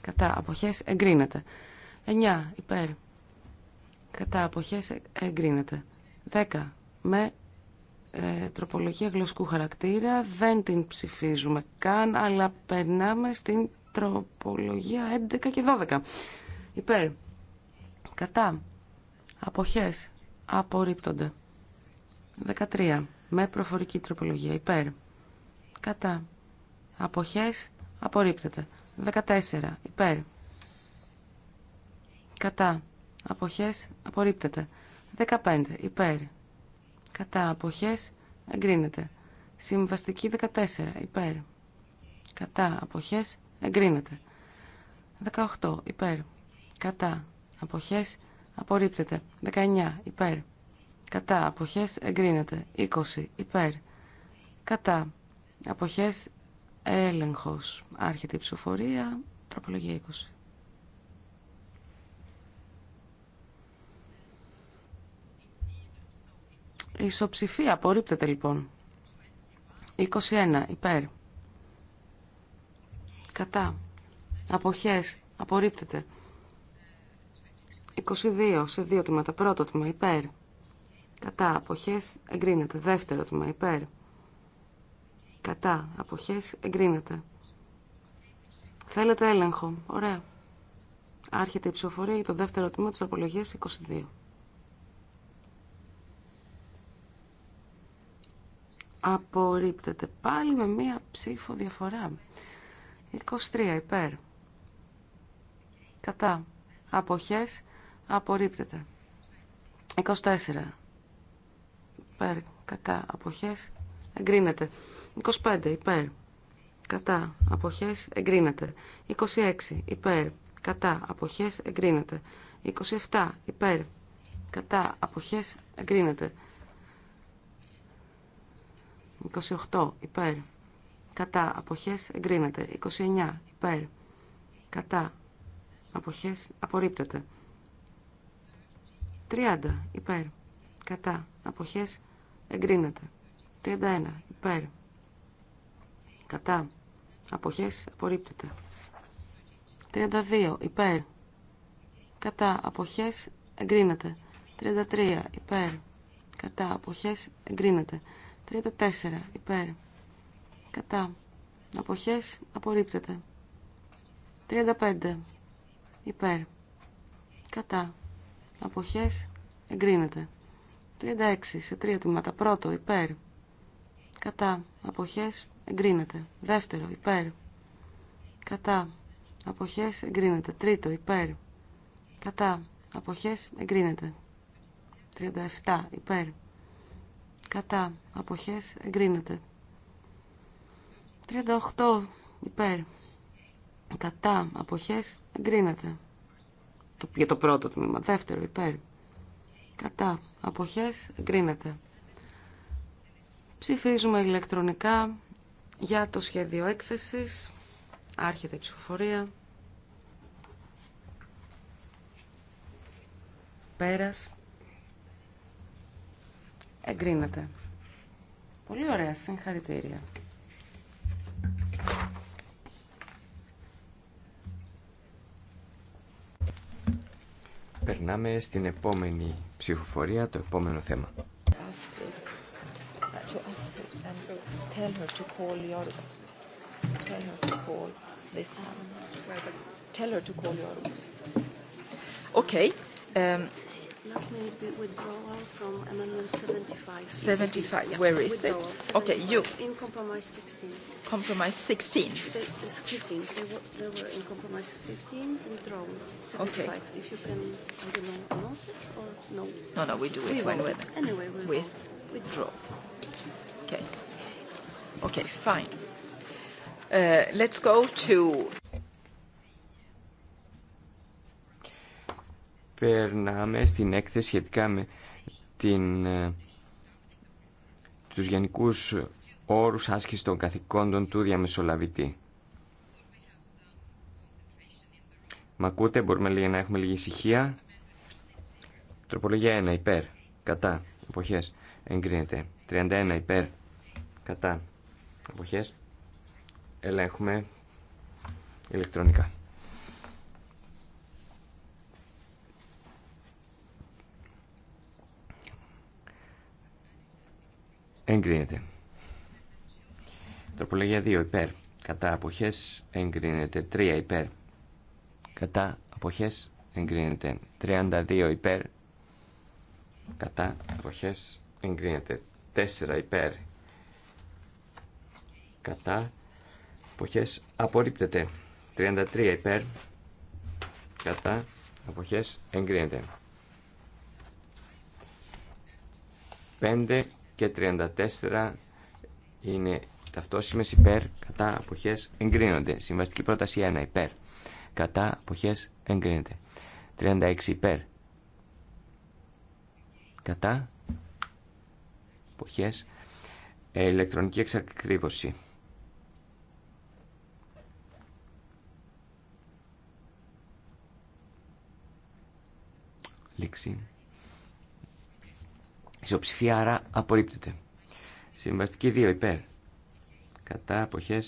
κατά, αποχές εγκρίνεται. 9 υπέρ, κατά, αποχές εγκρίνεται. 10 με ε, τροπολογία γλωσσικού χαρακτήρα. Δεν την ψηφίζουμε καν, αλλά περνάμε στην τροπολογία 11 και 12. Υπέρ. Κατά. Αποχές. Απορρίπτονται. 13. Με προφορική τροπολογία. Υπέρ. Κατά. Αποχές. Απορρίπτεται. 14. Υπέρ. Κατά. Αποχές. Απορρίπτεται. 15 υπέρ. Κατά αποχές εγκρίνεται. Συμβαστική 14 υπέρ. Κατά αποχές εγκρίνεται. 18 υπέρ. Κατά αποχές απορρίπτεται. 19 υπέρ. Κατά αποχές εγκρίνεται. 20 υπέρ. Κατά αποχές έλεγχος. Άρχεται η ψηφοφορία. Τροπολογία 20. Ισοψηφία. Απορρίπτεται λοιπόν. 21. Υπέρ. Κατά. Αποχές. Απορρίπτεται. 22. Σε δύο τμήματα. Πρώτο τμήμα. Υπέρ. Κατά. Αποχές. Εγκρίνεται. Δεύτερο τμήμα. Υπέρ. Κατά. Αποχές. Εγκρίνεται. Θέλετε έλεγχο. Ωραία. Άρχεται η ψηφοφορία για το δεύτερο τμήμα της απολογίας 22. απορρίπτεται πάλι με μία ψήφο διαφορά. 23 υπέρ. Κατά. Αποχές απορρίπτεται. 24 υπέρ. Κατά. Αποχές εγκρίνεται. 25 υπέρ. Κατά. Αποχές εγκρίνεται. 26 υπέρ. Κατά. Αποχές εγκρίνεται. 27 υπέρ. Κατά. Αποχές εγκρίνεται. 28 υπέρ. Κατά αποχές εγκρίνεται. 29 υπέρ. Κατά αποχές απορρίπτεται. 30 υπέρ. Κατά αποχές εγκρίνεται. 31 υπέρ. Κατά αποχές απορρίπτεται. 32 υπέρ. Κατά αποχές εγκρίνεται. 33 υπέρ. Κατά αποχές εγκρίνεται. 34 υπέρ. Κατά. Αποχές απορρίπτεται. 35 υπέρ. Κατά. Αποχές εγκρίνεται. 36 σε τρία τμήματα. Πρώτο υπέρ. Κατά. Αποχές εγκρίνεται. Δεύτερο υπέρ. Κατά. Αποχές εγκρίνεται. Τρίτο υπέρ. Κατά. Αποχές εγκρίνεται. 37 υπέρ. Κατά. Αποχές εγκρίνεται. 38 υπέρ. Κατά. Αποχές εγκρίνεται. Το, για το πρώτο τμήμα. Δεύτερο υπέρ. Κατά. Αποχές εγκρίνεται. Ψηφίζουμε ηλεκτρονικά για το σχέδιο έκθεσης. Άρχεται η ψηφοφορία. Πέρας. Εγκρίνεται. Πολύ ωραία. Συγχαρητήρια. Περνάμε στην επόμενη ψηφοφορία, το επόμενο θέμα. Okay. Um, Last minute withdrawal from amendment 75. 75. Where is it? Okay, you. In compromise 16. Compromise 16. It's 15. They were, they were in compromise 15. Withdrawal 75. If you can, I don't know, announce it or no. No, no, we do it we anyway. We with withdraw. Okay. Okay, fine. Uh, let's go to περνάμε στην έκθεση σχετικά με την, ε, τους γενικούς όρους άσκησης των καθηκόντων του διαμεσολαβητή. Μ' ακούτε, μπορούμε να έχουμε λίγη ησυχία. Τροπολογία 1, υπέρ, κατά, εποχές, εγκρίνεται. 31, υπέρ, κατά, εποχές, ελέγχουμε ηλεκτρονικά. Εγκρίνεται. Τροπολογία 2 υπέρ. Κατά αποχέ εγκρίνεται. 3 υπέρ. Κατά απόχέ, εγκρίνεται. 32 υπέρ. Κατά αποχέ εγκρίνεται. 4 υπέρ. Κατά αποχέ απορρίπτεται. 33 υπέρ. Κατά αποχέ εγκρίνεται. 5 και 34 είναι ταυτόσημες υπέρ, κατά, αποχές, εγκρίνονται. Συμβαστική πρόταση 1 υπέρ, κατά, αποχές, εγκρίνεται. 36 υπέρ, κατά, αποχές, ηλεκτρονική εξακρίβωση. Λήξη. Ισοψηφία άρα απορρίπτεται. Συμβαστική 2 υπέρ. Κατά εποχέ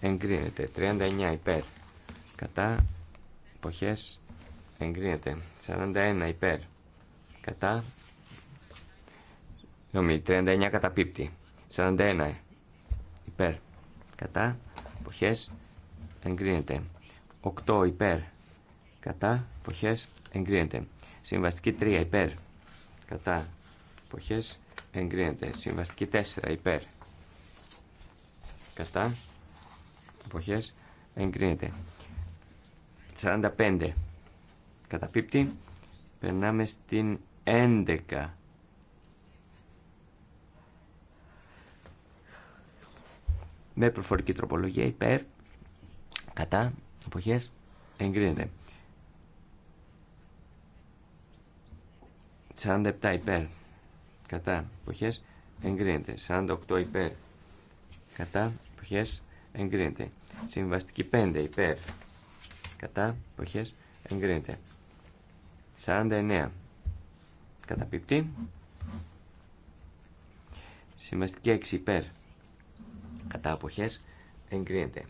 εγκρίνεται. 39 υπέρ. Κατά εποχέ εγκρίνεται. 41 υπέρ. Κατά. Νομή 39 καταπίπτει. 41 υπέρ. Κατά εποχέ εγκρίνεται. 8 υπέρ. Κατά εποχέ εγκρίνεται. Συμβαστική 3 υπέρ. Κατά εποχές εγκρίνεται. Συμβαστική 4 υπέρ. Κατά. εποχές εγκρίνεται. 45. κατά πίπτη Περνάμε στην 11. Με προφορική τροπολογία υπέρ. Κατά. εποχές εγκρίνεται. 47 υπέρ κατά εποχές εγκρίνεται 48 υπέρ κατά εποχές εγκρίνεται συμβαστική 5 υπέρ κατά εποχές εγκρίνεται 49 πιπτή. συμβαστική 6 υπέρ κατά εποχές εγκρίνεται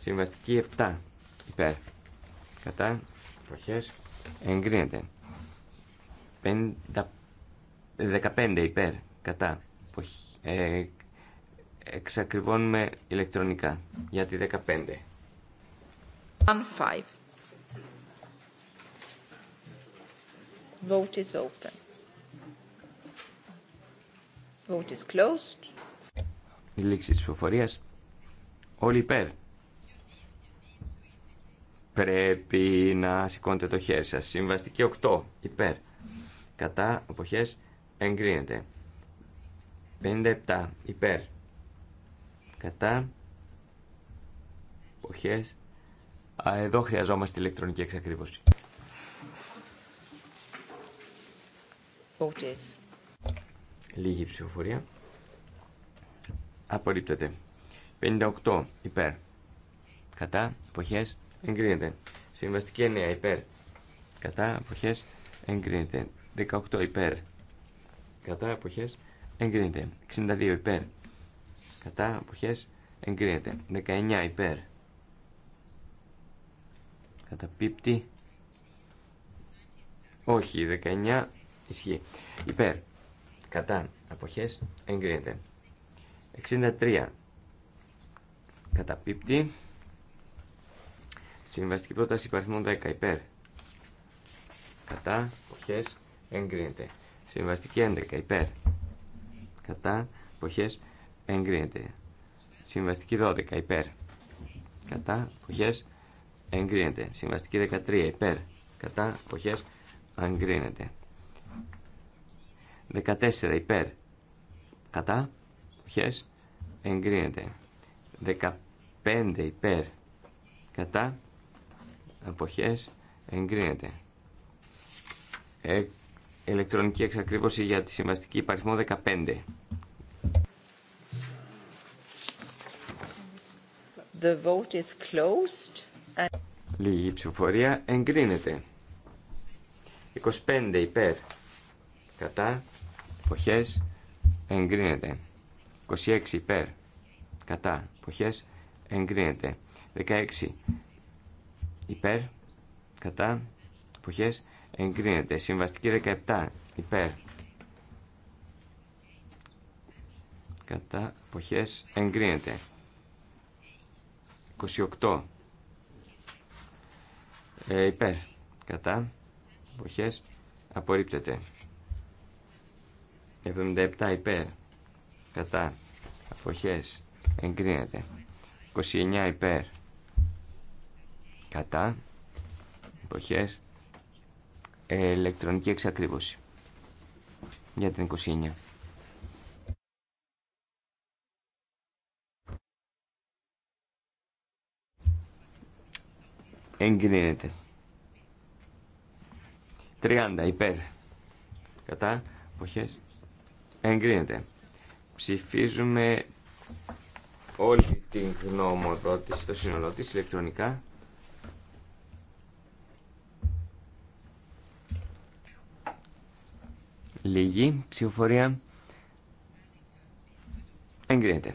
συμβαστική 7 υπέρ κατά εποχές εγκρίνεται 15 υπέρ, κατά. Ε, εξακριβώνουμε ηλεκτρονικά για τη 15. Vote is open. Vote is closed. Η λήξη της φοφορίας. Όλοι υπέρ. Πρέπει να σηκώνετε το χέρι σας. Συμβαστική 8. Υπέρ κατά εποχές εγκρίνεται 57 υπέρ κατά εποχές. Α, εδώ χρειαζόμαστε ηλεκτρονική εξακρίβωση λίγη ψηφοφορία απορρίπτεται 58 υπέρ κατά εποχές εγκρίνεται συμβαστική 9 υπέρ κατά εποχές εγκρίνεται 18 υπέρ. Κατά αποχές εγκρίνεται. 62 υπέρ. Κατά αποχές εγκρίνεται. 19 υπέρ. πίπτη. Όχι, 19 ισχύει. Υπέρ. Κατά αποχές εγκρίνεται. 63 πίπτη. Συμβαστική πρόταση υπαριθμών 10 υπέρ. Κατά αποχές εγκρίνεται. Συμβαστική 11 υπέρ. Κατά εποχές εγκρίνεται. Συμβαστική 12 υπέρ. Κατά εποχές εγκρίνεται. Συμβαστική 13 υπέρ. Κατά εποχές εγκρίνεται. 14 υπέρ. Κατά εποχές εγκρίνεται. 15 υπέρ. Κατά εποχές εγκρίνεται. Εκ ηλεκτρονική εξακρίβωση για τη συμβαστική υπαριθμό 15. The vote is closed and... Λίγη ψηφοφορία εγκρίνεται. 25 υπέρ. Κατά. Εποχές. Εγκρίνεται. 26 υπέρ. Κατά. Εποχές. Εγκρίνεται. 16 υπέρ. Κατά. Εποχές εγκρίνεται. Συμβαστική 17 υπέρ. Κατά εποχές εγκρίνεται. 28 ε, υπέρ. Κατά εποχές απορρίπτεται. 77 υπέρ. Κατά εποχές εγκρίνεται. 29 υπέρ. Κατά εποχές ηλεκτρονική εξακρίβωση για την 29. Εγκρίνεται. 30 υπέρ. Κατά. Εποχές. Εγκρίνεται. Ψηφίζουμε όλη την γνώμοδότηση στο σύνολό της ηλεκτρονικά. Λίγη ψηφοφορία. Εγκρίνεται.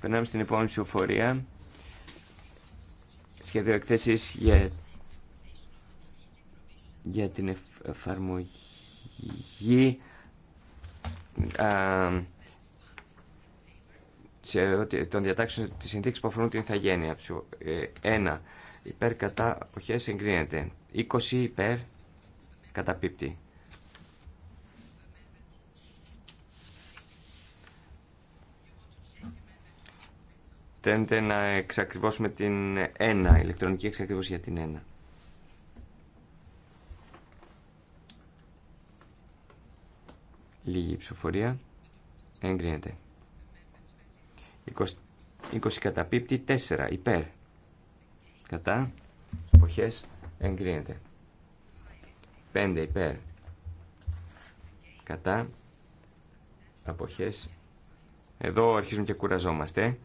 Περνάμε στην επόμενη ψηφοφορία. Σχέδιο εκθέσει για, για την εφαρμογή α, των διατάξεων τη συνθήκη που αφορούν την ηθαγένεια. 1. Ε, υπέρ κατά οχέ εγκρίνεται. 20 υπέρ κατά πίπτη. Τέντε να εξακριβώσουμε την 1, ηλεκτρονική εξακρίβωση για την 1. Λίγη ψηφοφορία. Εγκρίνεται. 20, 20 καταπίπτει 4 υπέρ κατά εποχές εγκρίνεται 5 υπέρ κατά αποχές εδώ αρχίζουμε και κουραζόμαστε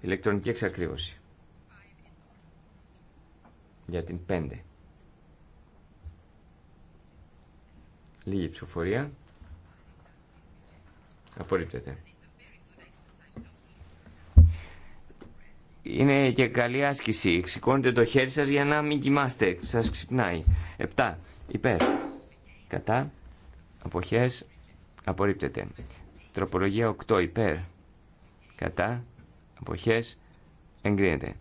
ηλεκτρονική εξακρίβωση για την 5 λίγη ψηφοφορία απορρίπτεται είναι και καλή άσκηση. Σηκώνετε το χέρι σα για να μην κοιμάστε. Σας ξυπνάει. 7. Υπέρ. Κατά. Αποχές. Απορρίπτεται. Τροπολογία 8. Υπέρ. Κατά. Αποχές. Εγκρίνεται.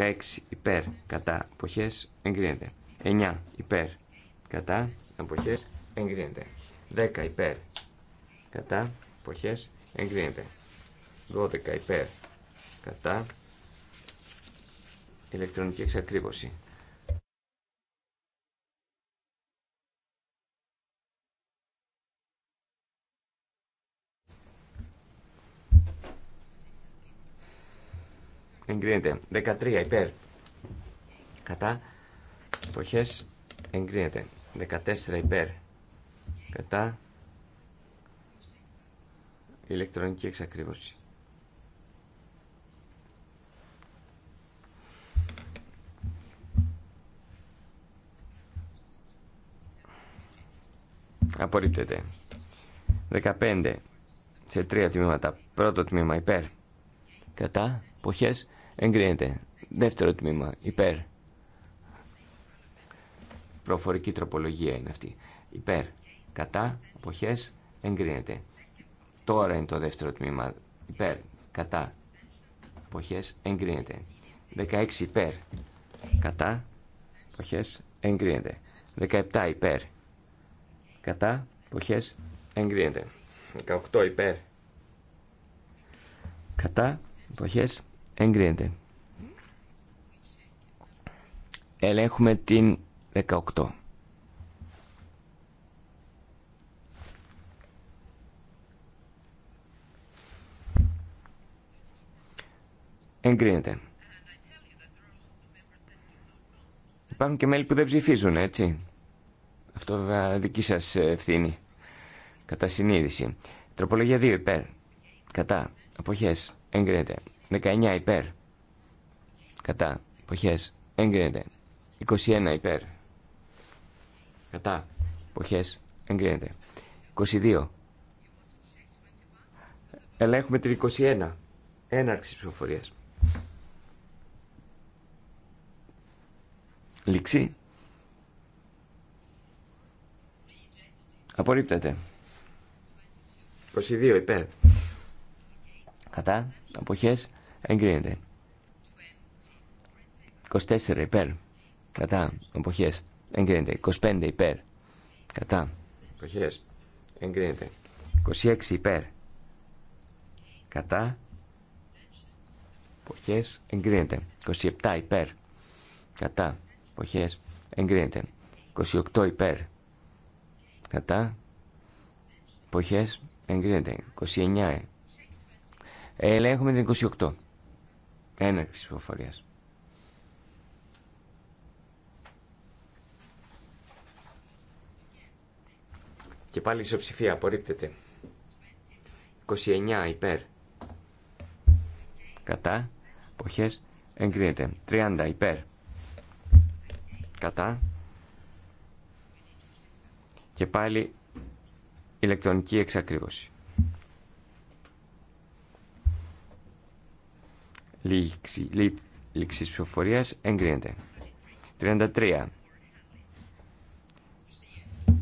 16. Υπέρ. Κατά. Αποχές. Εγκρίνεται. 9. Υπέρ. Κατά. Αποχές. Εγκρίνεται. 10. Υπέρ. Κατά. Αποχές. Εγκρίνεται. 12. Υπέρ κατά ηλεκτρονική εξακρίβωση. Εγκρίνεται. 13 υπέρ. Κατά. Εποχές. Εγκρίνεται. 14 υπέρ. Κατά. Ηλεκτρονική εξακρίβωση. Απορρίπτεται. 15 σε τρία τμήματα. Πρώτο τμήμα υπέρ. Κατά. Ποχές. Εγκρίνεται. Δεύτερο τμήμα υπέρ. Προφορική τροπολογία είναι αυτή. Υπέρ. Κατά. ποχέ, Εγκρίνεται. Τώρα είναι το δεύτερο τμήμα. Υπέρ. Κατά. Ποχές. Εγκρίνεται. 16 υπέρ. Κατά. Ποχές. Εγκρίνεται. 17 υπέρ. Κατά εποχές εγκρίνεται. 18 υπέρ. Κατά εποχές εγκρίνεται. Ελέγχουμε την 18. Εγκρίνεται. Υπάρχουν και μέλη που δεν ψηφίζουν, έτσι. Αυτό βέβαια δική σα ευθύνη. Κατά συνείδηση. Τροπολογία 2 υπέρ. Κατά. Αποχές. Εγκρίνεται. 19 υπέρ. Κατά. Αποχές. Εγκρίνεται. 21 υπέρ. Κατά. Αποχές. Εγκρίνεται. 22. Ελέγχουμε την 21. Έναρξη ψηφοφορία. Λήξη. Απορρίπτεται. 22 υπέρ. Κατά. Αποχές. Εγκρίνεται. 24 υπέρ. Κατά. Αποχές. Εγκρίνεται. 25 υπέρ. Κατά. Αποχές. Εγκρίνεται. 26 υπέρ. Κατά. Αποχές. Εγκρίνεται. 27 υπέρ. Κατά. Αποχές. Εγκρίνεται. 28 υπέρ Κατά. Εποχές. Εγκρίνεται. 29. Ελέγχουμε την 28. Έναρξη ψηφοφορίας. Και πάλι ισοψηφία. Απορρίπτεται. 29 υπέρ. Κατά. Εποχές. Εγκρίνεται. 30 υπέρ. Κατά. Και πάλι ηλεκτρονική εξακρίβωση. Λήξη, λήξη ψηφοφορίας εγκρίνεται. 33.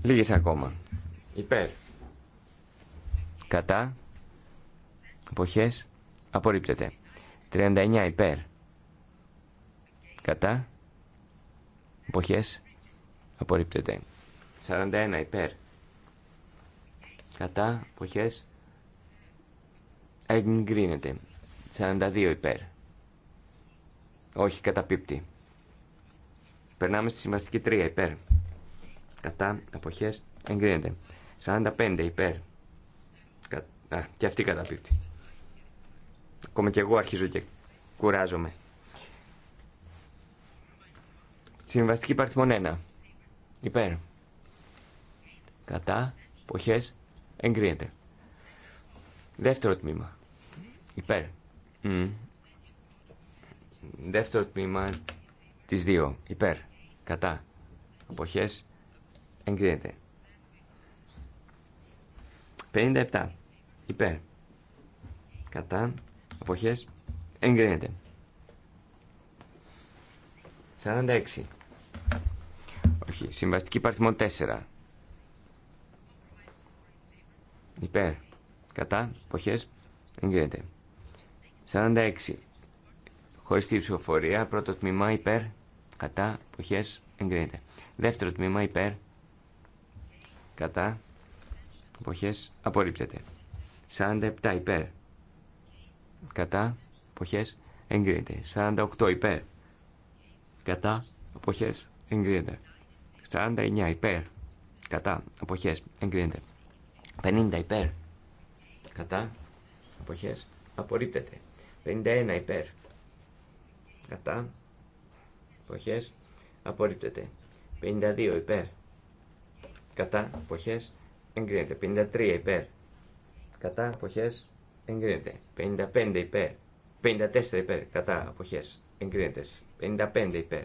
Λίγες ακόμα. Υπέρ. Κατά. Αποχές. Απορρίπτεται. 39 υπέρ. Κατά. Αποχές. Απορρίπτεται. 41 υπέρ. Κατά αποχές εγκρίνεται. 42 υπέρ. Όχι καταπίπτει. Περνάμε στη συμβαστική 3 υπέρ. Κατά αποχές εγκρίνεται. 45 υπέρ. Κα... Α, και αυτή καταπίπτει. Ακόμα και εγώ αρχίζω και κουράζομαι. Συμβαστική παρθμόν 1. Υπέρ. Κατά. ποχές, Εγκρίνεται. Δεύτερο τμήμα. Υπέρ. Mm. Δεύτερο τμήμα της 2. Υπέρ. Κατά. Αποχές. Εγκρίνεται. 57. Υπέρ. Κατά. Αποχές. Εγκρίνεται. 46. Όχι. Συμβαστική παρθυμό 4 υπέρ, κατά, εποχές, εγκρίνεται. 46. Χωριστή ψηφοφορία, πρώτο τμήμα υπέρ, κατά, εποχές, εγκρίνεται. Δεύτερο τμήμα υπέρ, κατά, εποχέ, απορρίπτεται. 47 υπέρ, κατά, εποχές, εγκρίνεται. 48 υπέρ, κατά, εποχέ, εγκρίνεται. 49 υπέρ, κατά, εποχέ εγκρίνεται. 50 υπέρ. Κατά. Αποχές. Απορρίπτεται. 51 υπέρ. Κατά. Αποχές. Απορρίπτεται. 52 υπέρ. Κατά. Αποχές. Εγκρίνεται. 53 υπέρ. Κατά. Αποχές. Εγκρίνεται. 55 υπέρ. 54 υπέρ. Κατά. Αποχές. Εγκρίνεται. 55 υπέρ.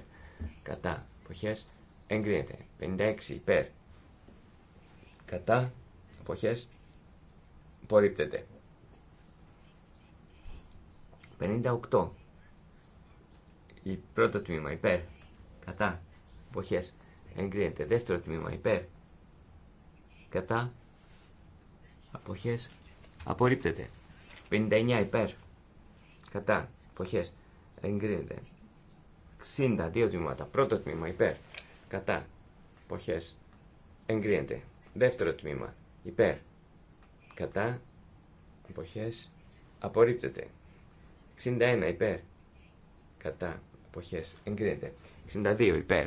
Κατά. Αποχές. Εγκρίνεται. 56 υπέρ. Κατά Αποχές. Απορρίπτεται. 58. Η πρώτο τμήμα υπέρ. Κατά. Αποχές. Εγκρίνεται. Δεύτερο τμήμα υπέρ. Κατά. Αποχές. Απορρίπτεται. 59 υπέρ. Κατά. Αποχές. Εγκρίνεται. 62 τμήματα. Πρώτο τμήμα υπέρ. Κατά. Αποχές. Εγκρίνεται. Δεύτερο τμήμα υπέρ, κατά, εποχές, απορρίπτεται. 61 υπέρ, κατά, εποχές, εγκρίνεται. 62 υπέρ,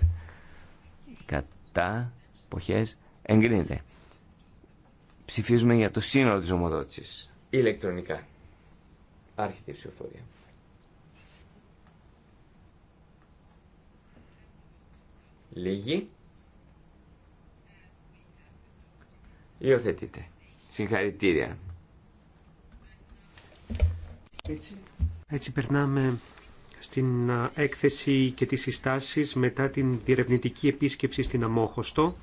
κατά, εποχές, εγκρίνεται. Ψηφίζουμε για το σύνολο της ομοδότησης, ηλεκτρονικά. Άρχεται η ψηφοφορία. Λίγοι. Υιοθετείτε. Συγχαρητήρια. Έτσι. περνάμε στην έκθεση και τις συστάσεις μετά την διερευνητική επίσκεψη στην Αμόχωστο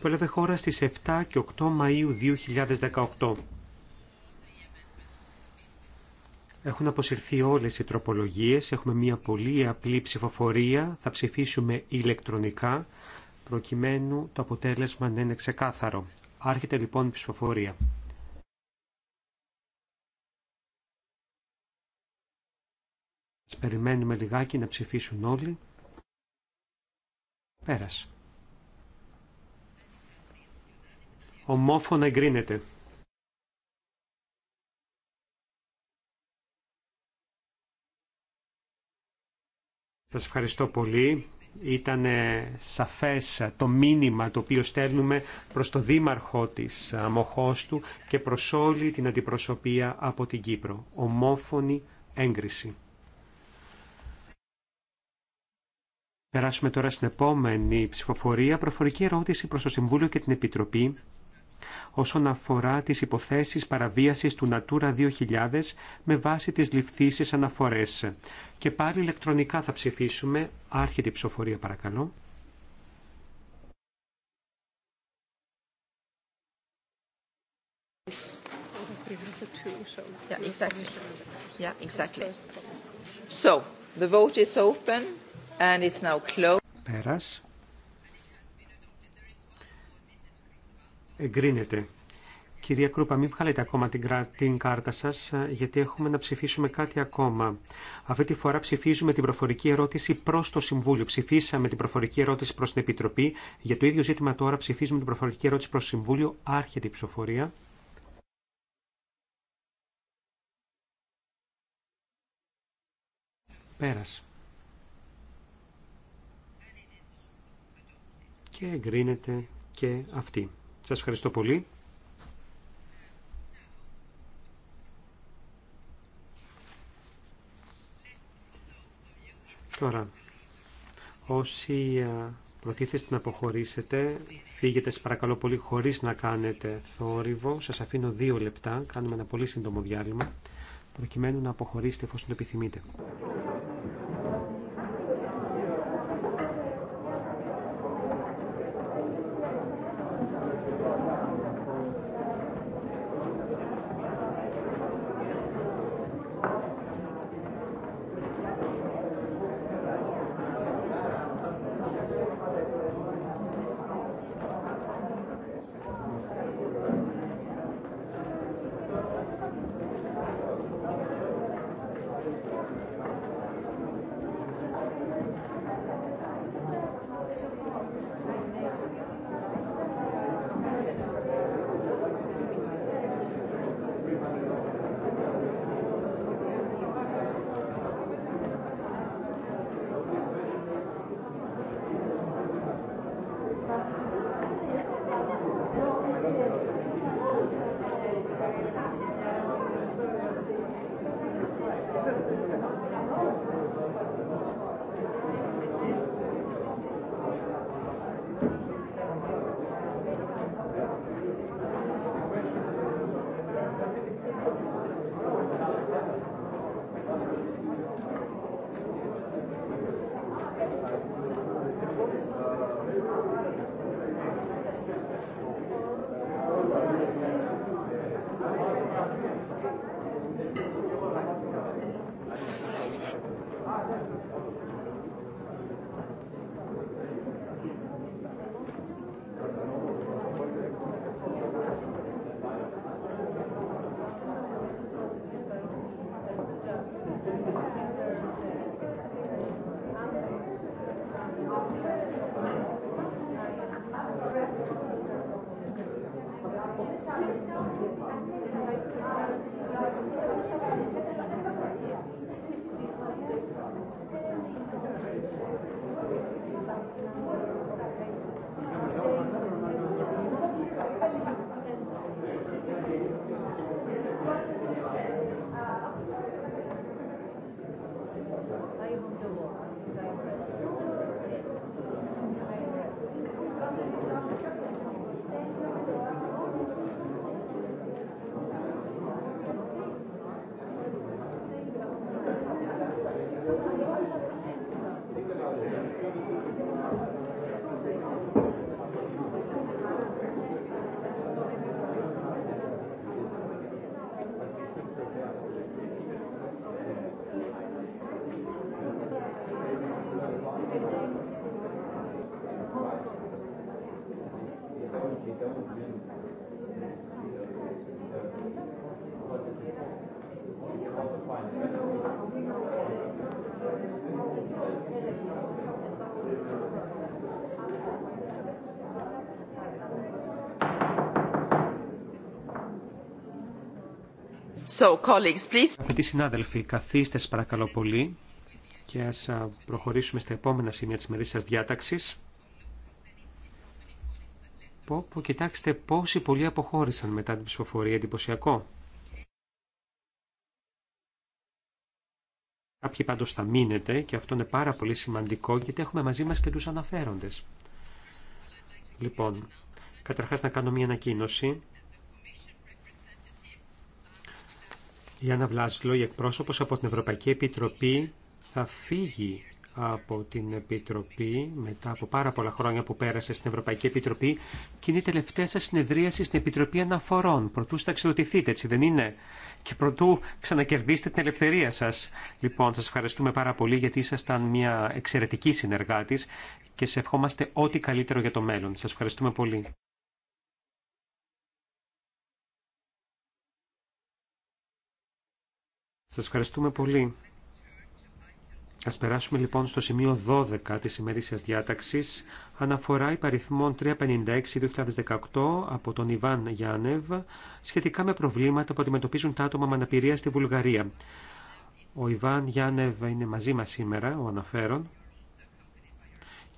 που έλαβε χώρα στις 7 και 8 Μαΐου 2018. Έχουν αποσυρθεί όλες οι τροπολογίες, έχουμε μία πολύ απλή ψηφοφορία, θα ψηφίσουμε ηλεκτρονικά προκειμένου το αποτέλεσμα να είναι ξεκάθαρο. Άρχεται λοιπόν η ψηφοφορία. περιμένουμε λιγάκι να ψηφίσουν όλοι. Πέρασε. Ομόφωνα εγκρίνεται. Σας ευχαριστώ πολύ ήταν ε, σαφές το μήνυμα το οποίο στέλνουμε προς το δήμαρχο της ε, αμοχώστου και προς όλη την αντιπροσωπεία από την Κύπρο. Ομόφωνη έγκριση. Περάσουμε τώρα στην επόμενη ψηφοφορία. Προφορική ερώτηση προς το Συμβούλιο και την Επιτροπή όσον αφορά τις υποθέσεις παραβίασης του Natura 2000 με βάση τις ληφθήσεις αναφορές. Και πάλι ηλεκτρονικά θα ψηφίσουμε. Άρχεται η ψηφοφορία παρακαλώ. Πέρας. Εγκρίνεται. Κυρία Κρούπα, μην βγάλετε ακόμα την, κάρτα σας, γιατί έχουμε να ψηφίσουμε κάτι ακόμα. Αυτή τη φορά ψηφίζουμε την προφορική ερώτηση προς το Συμβούλιο. Ψηφίσαμε την προφορική ερώτηση προς την Επιτροπή. Για το ίδιο ζήτημα τώρα ψηφίζουμε την προφορική ερώτηση προς το Συμβούλιο. Άρχεται η ψηφοφορία. Πέρας. Και εγκρίνεται και αυτή. Σας ευχαριστώ πολύ. Τώρα, όσοι προτίθεστε να αποχωρήσετε, φύγετε σε παρακαλώ πολύ χωρίς να κάνετε θόρυβο. Σας αφήνω δύο λεπτά, κάνουμε ένα πολύ σύντομο διάλειμμα, προκειμένου να αποχωρήσετε εφόσον το επιθυμείτε. So, colleagues, please. Αγαπητοί συνάδελφοι, καθίστε παρακαλώ πολύ και ας προχωρήσουμε στα επόμενα σημεία της μερίσιας διάταξης. Πω, πω, κοιτάξτε πόσοι πολλοί αποχώρησαν μετά την ψηφοφορία, εντυπωσιακό. Κάποιοι πάντως θα μείνετε και αυτό είναι πάρα πολύ σημαντικό γιατί έχουμε μαζί μας και τους αναφέροντες. Λοιπόν, καταρχάς να κάνω μια ανακοίνωση. Η Άννα Βλάσλο, η εκπρόσωπος από την Ευρωπαϊκή Επιτροπή, θα φύγει από την Επιτροπή μετά από πάρα πολλά χρόνια που πέρασε στην Ευρωπαϊκή Επιτροπή και είναι η τελευταία σας συνεδρίαση στην Επιτροπή Αναφορών. Προτού σταξιδοτηθείτε, έτσι δεν είναι. Και προτού ξανακερδίσετε την ελευθερία σας. Λοιπόν, σας ευχαριστούμε πάρα πολύ γιατί ήσασταν μια εξαιρετική συνεργάτης και σε ευχόμαστε ό,τι καλύτερο για το μέλλον. Σας ευχαριστούμε πολύ. Σας ευχαριστούμε πολύ. Ας περάσουμε λοιπόν στο σημείο 12 της ημερήσιας διάταξης, αναφορά υπαριθμών 356-2018 από τον Ιβάν Γιάννευ, σχετικά με προβλήματα που αντιμετωπίζουν τα άτομα με αναπηρία στη Βουλγαρία. Ο Ιβάν Γιάννευ είναι μαζί μας σήμερα, ο αναφέρον,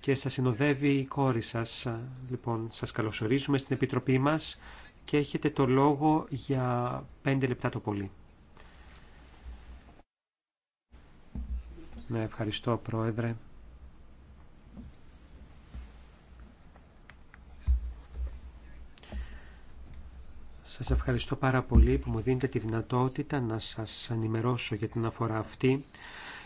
και σας συνοδεύει η κόρη σας. Λοιπόν, σας καλωσορίζουμε στην Επιτροπή μας και έχετε το λόγο για 5 λεπτά το πολύ. Ναι, ευχαριστώ Πρόεδρε. Σας ευχαριστώ πάρα πολύ που μου δίνετε τη δυνατότητα να σας ενημερώσω για την αφορά αυτή.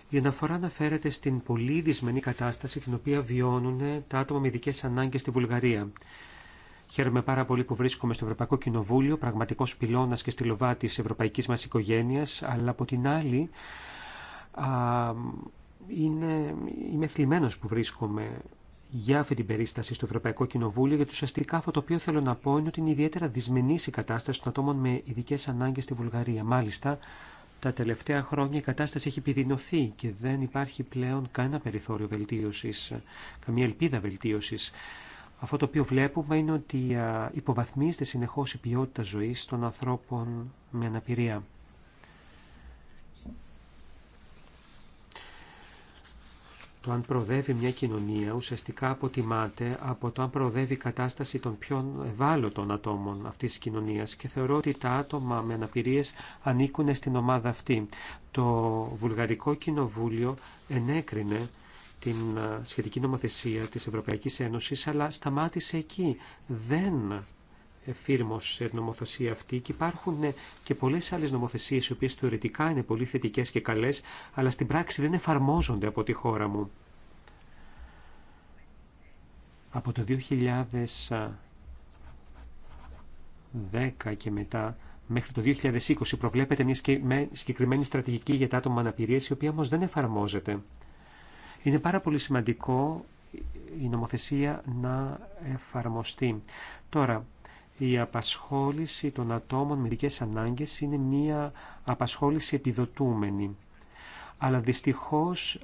Η αναφορά αναφέρεται στην πολύ δυσμενή κατάσταση την οποία βιώνουν τα άτομα με ειδικέ ανάγκες στη Βουλγαρία. Χαίρομαι πάρα πολύ που βρίσκομαι στο Ευρωπαϊκό Κοινοβούλιο, πραγματικός πυλώνας και λοβά της ευρωπαϊκή μα οικογένεια, αλλά από την άλλη είναι, είμαι θλιμμένος που βρίσκομαι για αυτή την περίσταση στο Ευρωπαϊκό Κοινοβούλιο, γιατί ουσιαστικά αυτό το οποίο θέλω να πω είναι ότι είναι ιδιαίτερα δυσμενής η κατάσταση των ατόμων με ειδικέ ανάγκες στη Βουλγαρία. Μάλιστα, τα τελευταία χρόνια η κατάσταση έχει επιδεινωθεί και δεν υπάρχει πλέον κανένα περιθώριο βελτίωσης, καμία ελπίδα βελτίωσης. Αυτό το οποίο βλέπουμε είναι ότι υποβαθμίζεται συνεχώς η ποιότητα ζωής των ανθρώπων με αναπηρία. Το αν προοδεύει μια κοινωνία ουσιαστικά αποτιμάται από το αν προοδεύει η κατάσταση των πιο ευάλωτων ατόμων αυτής της κοινωνίας και θεωρώ ότι τα άτομα με αναπηρίες ανήκουν στην ομάδα αυτή. Το Βουλγαρικό Κοινοβούλιο ενέκρινε την ε, σχετική νομοθεσία της Ευρωπαϊκής Ένωσης αλλά σταμάτησε εκεί. Δεν Εφήρμοσε σε νομοθεσία αυτή και υπάρχουν και πολλές άλλες νομοθεσίες οι οποίες θεωρητικά είναι πολύ θετικές και καλές αλλά στην πράξη δεν εφαρμόζονται από τη χώρα μου. Από το 2010 και μετά μέχρι το 2020 προβλέπεται μια συγκεκριμένη στρατηγική για τα άτομα με η οποία όμω δεν εφαρμόζεται. Είναι πάρα πολύ σημαντικό η νομοθεσία να εφαρμοστεί. Τώρα, η απασχόληση των ατόμων με δικές ανάγκες είναι μία απασχόληση επιδοτούμενη. Αλλά δυστυχώς ε,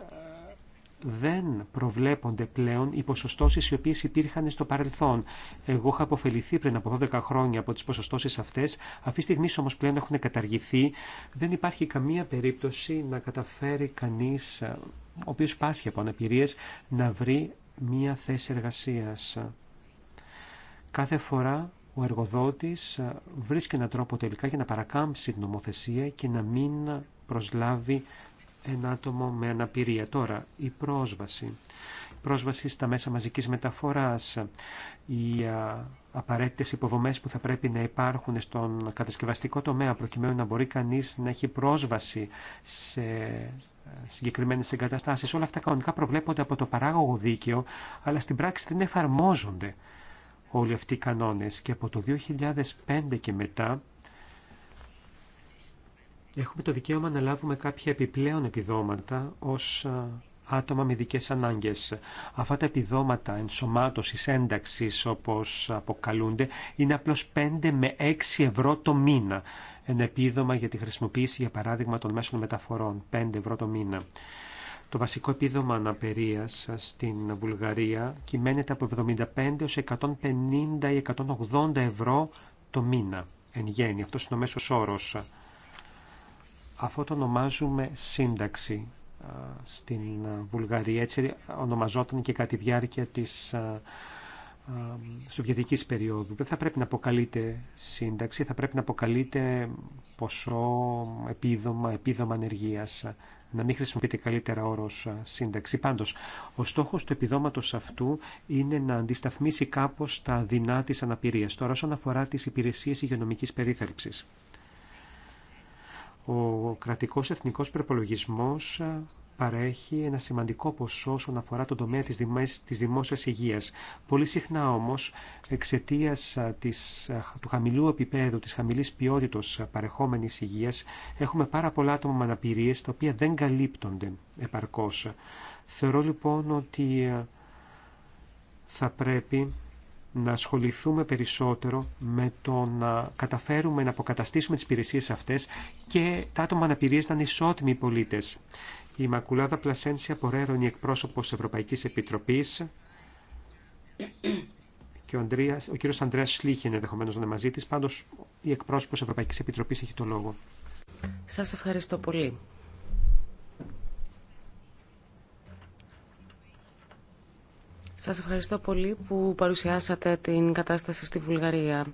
δεν προβλέπονται πλέον οι ποσοστώσεις οι οποίες υπήρχαν στο παρελθόν. Εγώ είχα αποφεληθεί πριν από 12 χρόνια από τις ποσοστώσεις αυτές, αυτή τη στιγμή όμως πλέον έχουν καταργηθεί. Δεν υπάρχει καμία περίπτωση να καταφέρει κανείς, ε, ο οποίος πάσχει από αναπηρίες, να βρει μία θέση εργασίας. Κάθε φορά ο εργοδότης ε, βρίσκει έναν τρόπο τελικά για να παρακάμψει την νομοθεσία και να μην προσλάβει ένα άτομο με αναπηρία. Τώρα, η πρόσβαση. Η πρόσβαση στα μέσα μαζικής μεταφοράς, οι ε, απαραίτητες υποδομές που θα πρέπει να υπάρχουν στον κατασκευαστικό τομέα προκειμένου να μπορεί κανείς να έχει πρόσβαση σε ε, συγκεκριμένες εγκαταστάσεις. Όλα αυτά κανονικά προβλέπονται από το παράγωγο δίκαιο, αλλά στην πράξη δεν εφαρμόζονται όλοι αυτοί οι κανόνες και από το 2005 και μετά έχουμε το δικαίωμα να λάβουμε κάποια επιπλέον επιδόματα ως άτομα με ειδικέ ανάγκες. Αυτά τα επιδόματα ενσωμάτωσης ένταξης όπως αποκαλούνται είναι απλώς 5 με 6 ευρώ το μήνα. Ένα επίδομα για τη χρησιμοποίηση για παράδειγμα των μέσων μεταφορών 5 ευρώ το μήνα. Το βασικό επίδομα αναπηρίας στην Βουλγαρία κυμαίνεται από 75 έως 150 ή 180 ευρώ το μήνα, εν γέννη. Αυτός είναι ο μέσος όρος. Αυτό το ονομάζουμε σύνταξη στην Βουλγαρία. Έτσι ονομαζόταν και κατά τη διάρκεια της Σοβιετικής περίοδου. Δεν θα πρέπει να αποκαλείται σύνταξη, θα πρέπει να αποκαλείται ποσό, επίδομα, επίδομα ανεργίας να μην χρησιμοποιείται καλύτερα όρο σύνταξη. Πάντως, ο στόχος του επιδόματος αυτού είναι να αντισταθμίσει κάπως τα δεινά τη αναπηρία, Τώρα, όσον αφορά τις υπηρεσίες υγειονομική περίθαλψης. Ο κρατικός εθνικός προπολογισμός ε, παρέχει ένα σημαντικό ποσό όσον αφορά τον τομέα της, δημόσια της δημόσιας υγείας. Πολύ συχνά όμως, εξαιτία ε, ε, του χαμηλού επίπεδου, της χαμηλής ποιότητας παρεχόμενης υγείας, έχουμε πάρα πολλά άτομα με αναπηρίες τα οποία δεν καλύπτονται επαρκώς. Θεωρώ λοιπόν ότι θα πρέπει να ασχοληθούμε περισσότερο με το να καταφέρουμε να αποκαταστήσουμε τις υπηρεσίες αυτές και τα άτομα να είναι ισότιμοι πολίτες. Η Μακουλάδα Πλασένσια Πορέρον, η εκπρόσωπος Ευρωπαϊκής Επιτροπής και ο, Ανδρέας, ο κύριος Ανδρέας Σλίχη ενδεχομένω να είναι μαζί της, πάντως η εκπρόσωπος Ευρωπαϊκής Επιτροπής έχει το λόγο. Σας ευχαριστώ πολύ. Σας ευχαριστώ πολύ που παρουσιάσατε την κατάσταση στη Βουλγαρία.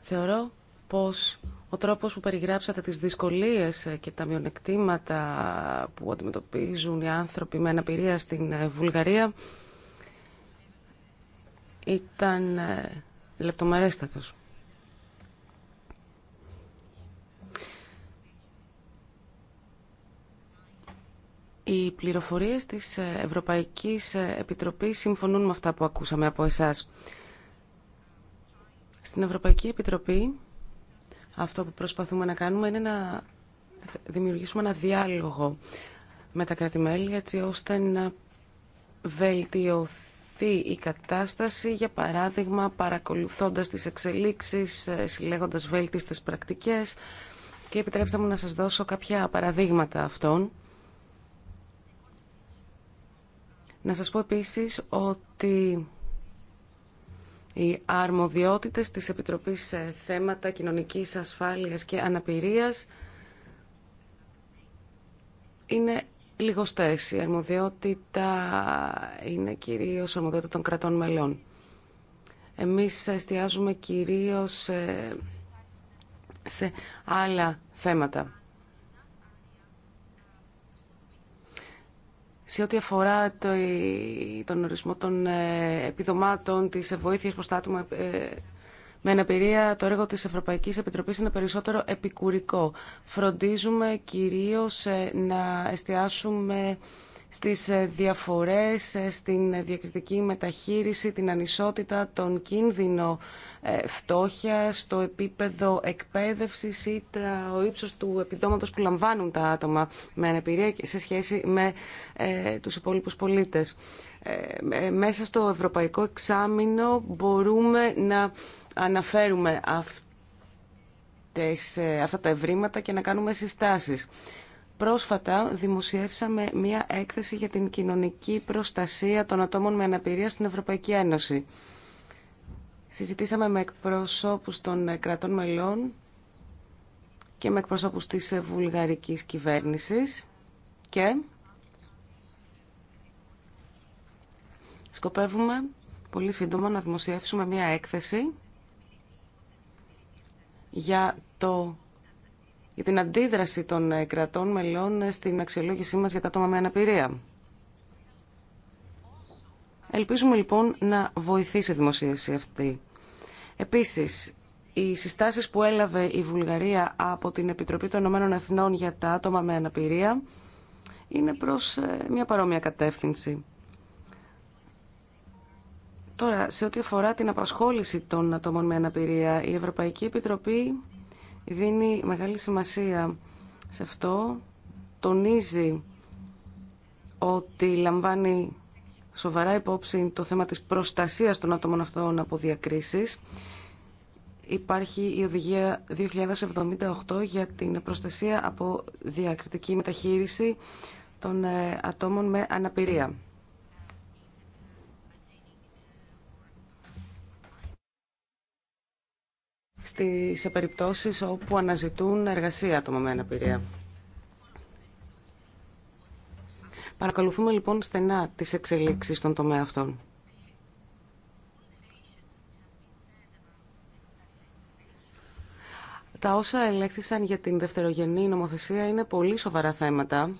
Θεωρώ πως ο τρόπος που περιγράψατε τις δυσκολίες και τα μειονεκτήματα που αντιμετωπίζουν οι άνθρωποι με αναπηρία στην Βουλγαρία ήταν λεπτομερέστατος. Οι πληροφορίες της Ευρωπαϊκής Επιτροπής συμφωνούν με αυτά που ακούσαμε από εσάς. Στην Ευρωπαϊκή Επιτροπή αυτό που προσπαθούμε να κάνουμε είναι να δημιουργήσουμε ένα διάλογο με τα κρατη έτσι ώστε να βελτιωθεί η κατάσταση, για παράδειγμα παρακολουθώντας τις εξελίξεις, συλλέγοντας βέλτιστες πρακτικές και επιτρέψτε μου να σας δώσω κάποια παραδείγματα αυτών. Να σας πω επίσης ότι οι αρμοδιότητες της Επιτροπής σε θέματα κοινωνικής ασφάλειας και αναπηρίας είναι λιγοστές. Η αρμοδιότητα είναι κυρίως αρμοδιότητα των κρατών μελών. Εμείς εστιάζουμε κυρίως σε, σε άλλα θέματα. σε ό,τι αφορά το, τον ορισμό των ε, επιδομάτων, της βοήθειας προς τα άτομα ε, με αναπηρία, το έργο της Ευρωπαϊκής Επιτροπής είναι περισσότερο επικουρικό. Φροντίζουμε κυρίως ε, να εστιάσουμε στις ε, διαφορές, ε, στην διακριτική μεταχείριση, την ανισότητα, τον κίνδυνο ε, φτώχεια, το επίπεδο εκπαίδευση ή το ύψος του επιδόματο που λαμβάνουν τα άτομα με αναπηρία σε σχέση με τους υπόλοιπους πολίτες. Μέσα στο ευρωπαϊκό εξάμεινο μπορούμε να αναφέρουμε αυτά αυτά τα ευρήματα και να κάνουμε συστάσεις. Πρόσφατα δημοσιεύσαμε μία έκθεση για την κοινωνική προστασία των ατόμων με αναπηρία στην Ευρωπαϊκή Ένωση. Συζητήσαμε με εκπροσώπους των κρατών μελών και με εκπροσώπους της βουλγαρικής κυβέρνησης και σκοπεύουμε πολύ σύντομα να δημοσιεύσουμε μία έκθεση για το για την αντίδραση των ε, κρατών μελών ε, στην αξιολόγησή μας για τα άτομα με αναπηρία. Ελπίζουμε λοιπόν να βοηθήσει η δημοσίευση αυτή. Επίσης, οι συστάσεις που έλαβε η Βουλγαρία από την Επιτροπή των Ηνωμένων Εθνών για τα άτομα με αναπηρία είναι προς ε, μια παρόμοια κατεύθυνση. Τώρα, σε ό,τι αφορά την απασχόληση των ατόμων με αναπηρία, η Ευρωπαϊκή Επιτροπή δίνει μεγάλη σημασία σε αυτό, τονίζει ότι λαμβάνει σοβαρά υπόψη το θέμα της προστασίας των ατόμων αυτών από διακρίσεις. Υπάρχει η Οδηγία 2078 για την προστασία από διακριτική μεταχείριση των ε, ατόμων με αναπηρία. στις περιπτώσεις όπου αναζητούν εργασία άτομα με αναπηρία. Παρακολουθούμε λοιπόν στενά τις εξελίξεις στον τομέα αυτών. Τα όσα ελέγχθησαν για την δευτερογενή νομοθεσία είναι πολύ σοβαρά θέματα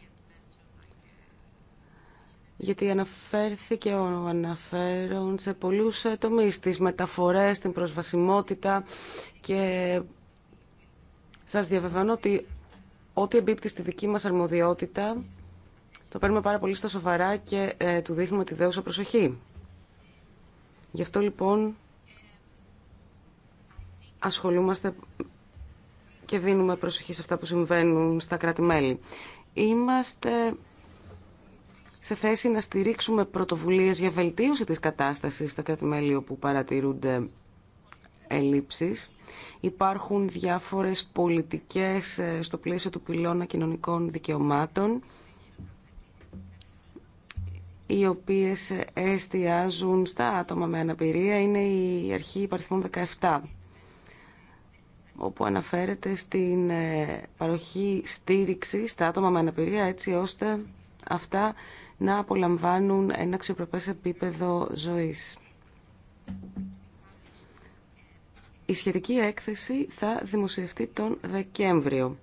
γιατί αναφέρθηκε ο αναφέρον σε πολλούς ε, τομείς, τις μεταφορές, την προσβασιμότητα και σας διαβεβαιώνω ότι ό,τι εμπίπτει στη δική μας αρμοδιότητα το παίρνουμε πάρα πολύ στα σοβαρά και ε, του δείχνουμε τη δέουσα προσοχή. Γι' αυτό λοιπόν ασχολούμαστε και δίνουμε προσοχή σε αυτά που συμβαίνουν στα κράτη-μέλη. Είμαστε σε θέση να στηρίξουμε πρωτοβουλίες για βελτίωση της κατάστασης στα κράτη-μέλη όπου παρατηρούνται ελλείψεις. Υπάρχουν διάφορες πολιτικές ε, στο πλαίσιο του πυλώνα κοινωνικών δικαιωμάτων οι οποίες εστιάζουν στα άτομα με αναπηρία είναι η αρχή υπαριθμών 17 όπου αναφέρεται στην ε, παροχή στήριξη στα άτομα με αναπηρία έτσι ώστε αυτά να απολαμβάνουν ένα αξιοπρεπές επίπεδο ζωής. Η σχετική έκθεση θα δημοσιευτεί τον Δεκέμβριο.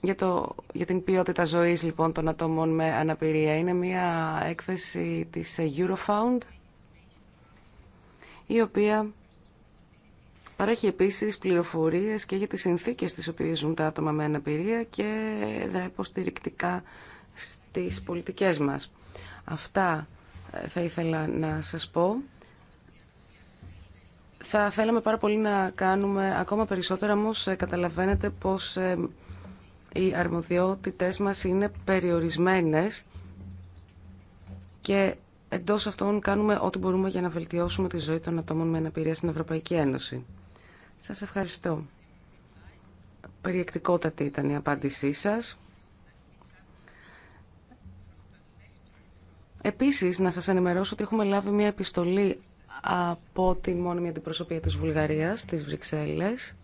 Για, το, για την ποιότητα ζωής λοιπόν των ατόμων με αναπηρία. Είναι μια έκθεση της Eurofound, η οποία παρέχει επίσης πληροφορίες και για τις συνθήκες τις οποίες ζουν τα άτομα με αναπηρία και δρά υποστηρικτικά τις πολιτικές μας. Αυτά ε, θα ήθελα να σας πω. Θα θέλαμε πάρα πολύ να κάνουμε ακόμα περισσότερα, όμω ε, καταλαβαίνετε πως ε, οι αρμοδιότητες μας είναι περιορισμένες και εντός αυτών κάνουμε ό,τι μπορούμε για να βελτιώσουμε τη ζωή των ατόμων με αναπηρία στην Ευρωπαϊκή Ένωση. Σας ευχαριστώ. Περιεκτικότατη ήταν η απάντησή σας. Επίσης, να σας ενημερώσω ότι έχουμε λάβει μια επιστολή από τη μόνιμη αντιπροσωπεία της Βουλγαρίας, της Βρυξέλλες,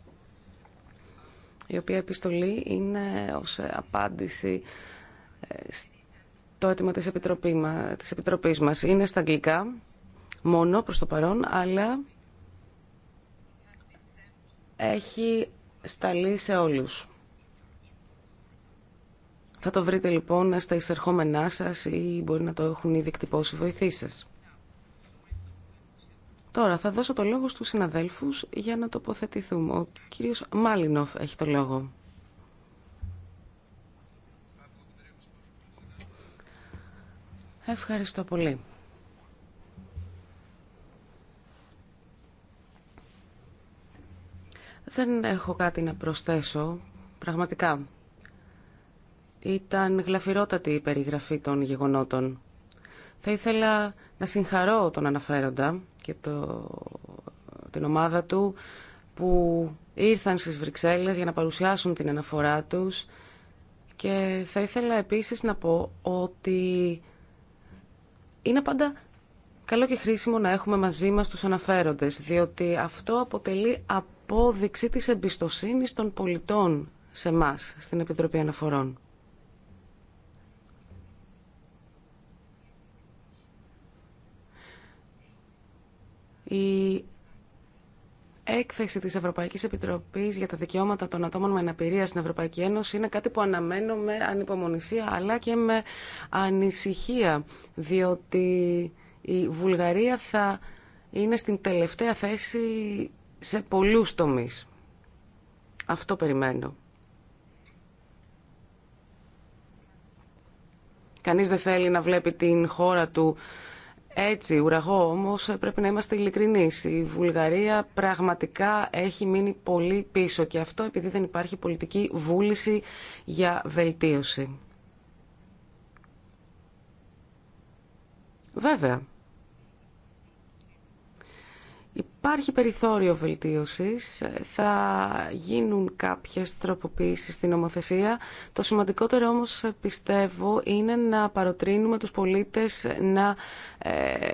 η οποία επιστολή είναι ως απάντηση ε, στο αίτημα της, Επιτροπή, της Επιτροπής μας. Είναι στα αγγλικά μόνο προς το παρόν, αλλά έχει σταλεί σε όλους. Θα το βρείτε λοιπόν στα εισερχόμενά σας ή μπορεί να το έχουν ήδη εκτυπώσει βοηθοί σας. Τώρα θα δώσω το λόγο στους συναδέλφους για να τοποθετηθούμε. Ο κύριος Μάλινοφ έχει το λόγο. Ευχαριστώ πολύ. Δεν έχω κάτι να προσθέσω, πραγματικά. Ήταν γλαφυρότατη η περιγραφή των γεγονότων. Θα ήθελα να συγχαρώ τον αναφέροντα και το, την ομάδα του που ήρθαν στις Βρυξέλλες για να παρουσιάσουν την αναφορά τους και θα ήθελα επίσης να πω ότι είναι πάντα καλό και χρήσιμο να έχουμε μαζί μας τους αναφέροντες διότι αυτό αποτελεί απόδειξη της εμπιστοσύνης των πολιτών σε μας στην Επιτροπή Αναφορών. Η έκθεση της Ευρωπαϊκής Επιτροπής για τα δικαιώματα των ατόμων με αναπηρία στην Ευρωπαϊκή Ένωση είναι κάτι που αναμένω με ανυπομονησία αλλά και με ανησυχία διότι η Βουλγαρία θα είναι στην τελευταία θέση σε πολλούς τομείς. Αυτό περιμένω. Κανείς δεν θέλει να βλέπει την χώρα του έτσι, ουραγό όμως, πρέπει να είμαστε ειλικρινείς. Η Βουλγαρία πραγματικά έχει μείνει πολύ πίσω και αυτό επειδή δεν υπάρχει πολιτική βούληση για βελτίωση. Βέβαια, Υπάρχει περιθώριο βελτίωσης, θα γίνουν κάποιες τροποποίησεις στην νομοθεσία. Το σημαντικότερο όμως πιστεύω είναι να παροτρύνουμε τους πολίτες να ε,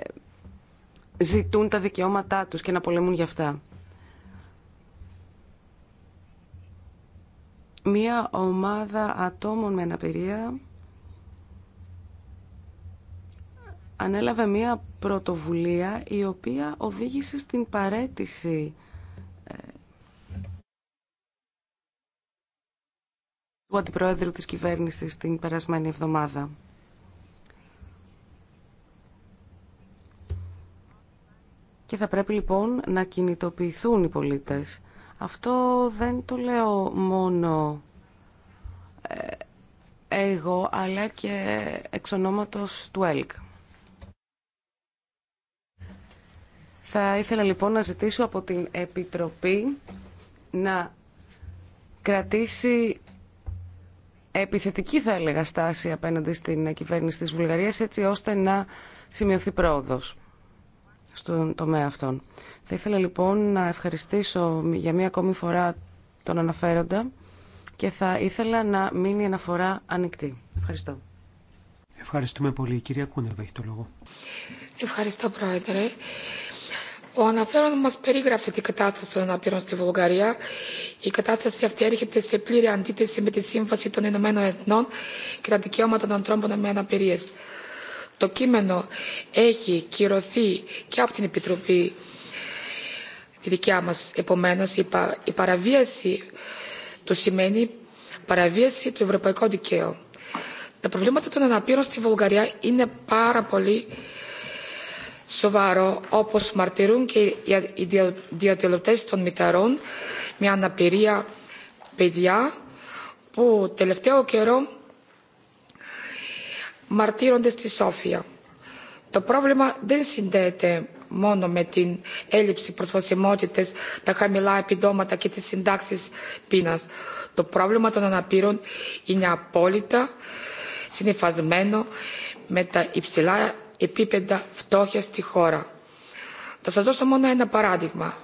ζητούν τα δικαιώματά τους και να πολεμούν για αυτά. Μία ομάδα ατόμων με αναπηρία ανέλαβε μία πρωτοβουλία η οποία οδήγησε στην παρέτηση ε, του αντιπρόεδρου της κυβέρνησης την περασμένη εβδομάδα. Και θα πρέπει λοιπόν να κινητοποιηθούν οι πολίτες. Αυτό δεν το λέω μόνο ε, εγώ, αλλά και εξ του ΕΛΚ. Θα ήθελα λοιπόν να ζητήσω από την Επιτροπή να κρατήσει επιθετική θα έλεγα στάση απέναντι στην κυβέρνηση της Βουλγαρίας έτσι ώστε να σημειωθεί πρόοδος στον τομέα αυτόν. Θα ήθελα λοιπόν να ευχαριστήσω για μία ακόμη φορά τον αναφέροντα και θα ήθελα να μείνει αναφορά ανοιχτή. Ευχαριστώ. Ευχαριστούμε πολύ. Η κυρία Κούνεβα έχει το λόγο. Ευχαριστώ, Πρόεδρε. Ο αναφέρον μας περίγραψε την κατάσταση των αναπήρων στη Βουλγαρία. Η κατάσταση αυτή έρχεται σε πλήρη αντίθεση με τη Σύμβαση των Ηνωμένων Εθνών και τα δικαιώματα των ανθρώπων με αναπηρίες. Το κείμενο έχει κυρωθεί και από την Επιτροπή τη δικιά μας. Επομένως, η παραβίαση του σημαίνει παραβίαση του ευρωπαϊκού δικαίου. Τα προβλήματα των αναπήρων στη Βουλγαρία είναι πάρα πολύ σοβαρό όπως μαρτυρούν και οι διαδηλωτές των μητέρων με αναπηρία παιδιά που τελευταίο καιρό μαρτύρονται στη Σόφια. Το πρόβλημα δεν συνδέεται μόνο με την έλλειψη προσβασιμότητας, τα χαμηλά επιδόματα και τις συντάξεις πείνας. Το πρόβλημα των αναπήρων είναι απόλυτα συνειφασμένο με τα υψηλά επίπεδα φτώχεια στη χώρα. Θα σας δώσω μόνο ένα παράδειγμα.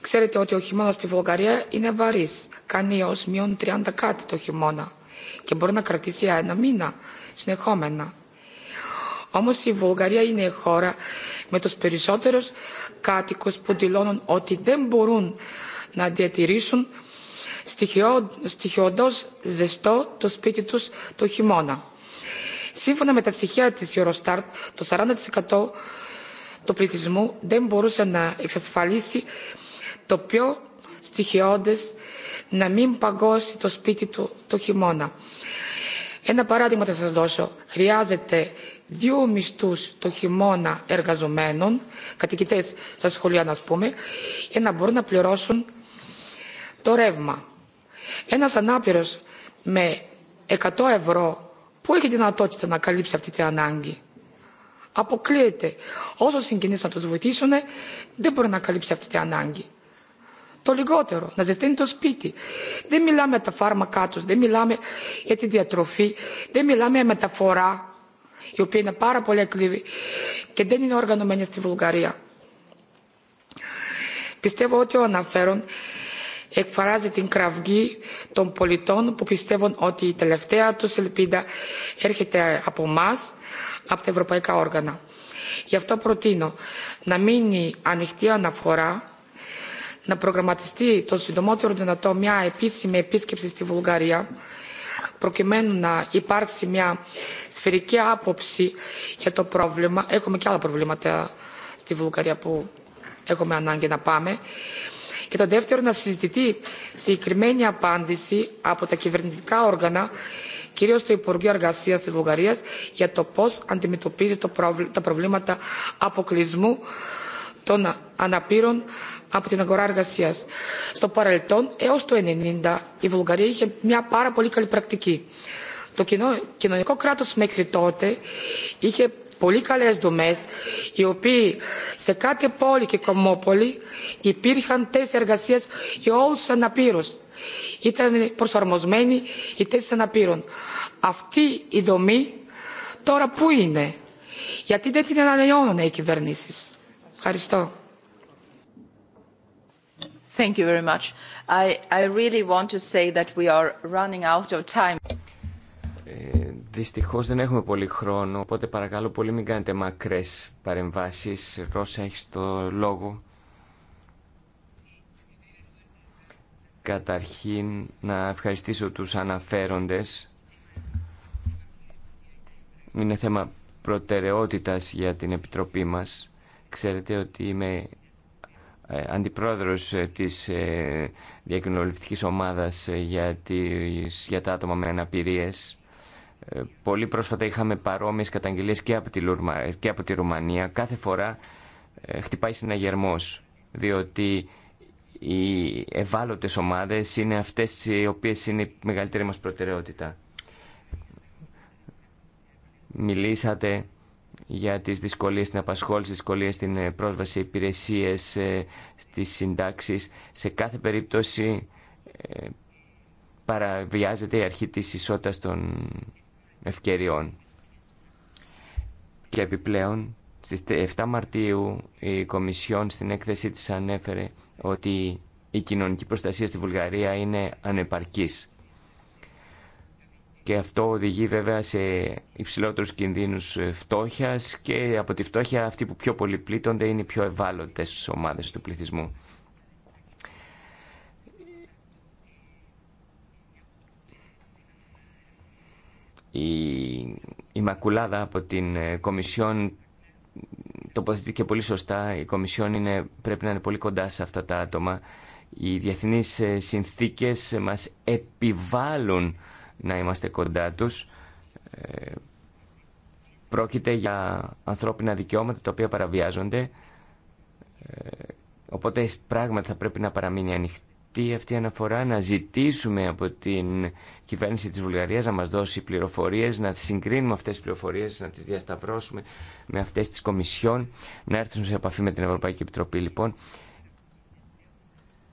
Ξέρετε ότι ο χειμώνας στη Βουλγαρία είναι βαρύς. Κάνει έως μείον 30 κάτι το χειμώνα και μπορεί να κρατήσει ένα μήνα συνεχόμενα. Όμως η Βουλγαρία είναι η χώρα με τους περισσότερους κάτοικους που δηλώνουν ότι δεν μπορούν να διατηρήσουν στοιχειώδως ζεστό το σπίτι τους το χειμώνα. Σύμφωνα με τα στοιχεία της Eurostat, το 40% του πληθυσμού δεν μπορούσε να εξασφαλίσει το πιο στοιχειώδες να μην παγώσει το σπίτι του το χειμώνα. Ένα παράδειγμα θα σας δώσω. Χρειάζεται δύο μισθούς το χειμώνα εργαζομένων, κατοικητέ, στα σχολεία να πούμε, για να μπορούν να πληρώσουν το ρεύμα. Ένας ανάπηρος με 100 ευρώ Πού έχει δυνατότητα να καλύψει αυτή την ανάγκη. Αποκλείεται. Όσο συγκινήσει να του βοηθήσουν, δεν μπορεί να καλύψει αυτή την ανάγκη. Το λιγότερο, να ζεσταίνει το σπίτι. Δεν μιλάμε για τα φάρμακά του, δεν μιλάμε για τη διατροφή, δεν μιλάμε για μεταφορά, η οποία είναι πάρα πολύ ακριβή και δεν είναι οργανωμένη στη Βουλγαρία. Πιστεύω ότι ο αναφέρον εκφράζει την κραυγή των πολιτών που πιστεύουν ότι η τελευταία τους ελπίδα έρχεται από εμά, από τα ευρωπαϊκά όργανα. Γι' αυτό προτείνω να μείνει ανοιχτή αναφορά να προγραμματιστεί το συντομότερο δυνατό μια επίσημη επίσκεψη στη Βουλγαρία προκειμένου να υπάρξει μια σφαιρική άποψη για το πρόβλημα. Έχουμε και άλλα προβλήματα στη Βουλγαρία που έχουμε ανάγκη να πάμε και το δεύτερο, να συζητηθεί συγκεκριμένη απάντηση από τα κυβερνητικά όργανα, κυρίω το Υπουργείο Εργασία τη Βουλγαρία, για το πώ αντιμετωπίζει το τα προβλήματα αποκλεισμού των αναπήρων από την αγορά εργασία. Στο παρελθόν, έω το 1990, η Βουλγαρία είχε μια πάρα πολύ καλή πρακτική. Το κοινωνικό κράτο μέχρι τότε είχε πολύ καλές δομές οι οποίοι σε κάθε πόλη και κομμόπολη υπήρχαν τέσσερις εργασίες για όλους τους αναπήρους. Ήταν προσαρμοσμένοι οι τέσσερις αναπήρων. Αυτή η δομή τώρα πού είναι. Γιατί δεν την ανανεώνουν οι κυβερνήσεις. Ευχαριστώ. Thank you very much. I, I really want to say that we are running out of time. Δυστυχώ δεν έχουμε πολύ χρόνο, οπότε παρακαλώ πολύ μην κάνετε μακρές παρεμβάσεις. Ρώσα, έχει το λόγο. Καταρχήν, να ευχαριστήσω τους αναφέροντες. Είναι θέμα προτεραιότητας για την Επιτροπή μας. Ξέρετε ότι είμαι ε, αντιπρόεδρος ε, της ε, διακοινωνιστικής ομάδας για, για τα άτομα με αναπηρίες ε, πολύ πρόσφατα είχαμε παρόμοιε καταγγελίε και από τη, και από τη Ρουμανία. Κάθε φορά ε, χτυπάει συναγερμό, διότι οι ευάλωτε ομάδες είναι αυτές οι οποίες είναι η μεγαλύτερη μας προτεραιότητα. Μιλήσατε για τις δυσκολίες στην απασχόληση, δυσκολίες στην ε, πρόσβαση υπηρεσίες, στις συντάξεις. Σε κάθε περίπτωση παραβιάζεται η αρχή της ισότητας των ευκαιριών. Και επιπλέον, στις 7 Μαρτίου η Κομισιόν στην έκθεσή της ανέφερε ότι η κοινωνική προστασία στη Βουλγαρία είναι ανεπαρκής. Και αυτό οδηγεί βέβαια σε υψηλότερους κινδύνους ε, φτώχειας και από τη φτώχεια αυτοί που πιο πολύ πλήττονται είναι οι πιο ευάλωτες ομάδες του πληθυσμού. Ιμακουλάδα από την ε, Κομισιόν τοποθετήθηκε πολύ σωστά. Η Κομισιόν είναι, πρέπει να είναι πολύ κοντά σε αυτά τα άτομα. Οι διεθνείς ε, συνθήκες μας επιβάλλουν να είμαστε κοντά τους. Ε, πρόκειται για ανθρώπινα δικαιώματα τα οποία παραβιάζονται. Οπότε πράγματι θα πρέπει να παραμείνει ανοιχτή τι αυτή η αναφορά να ζητήσουμε από την κυβέρνηση της Βουλγαρίας να μας δώσει πληροφορίες, να τις συγκρίνουμε αυτές τις πληροφορίες, να τις διασταυρώσουμε με αυτές τις κομισιόν, να έρθουμε σε επαφή με την Ευρωπαϊκή Επιτροπή λοιπόν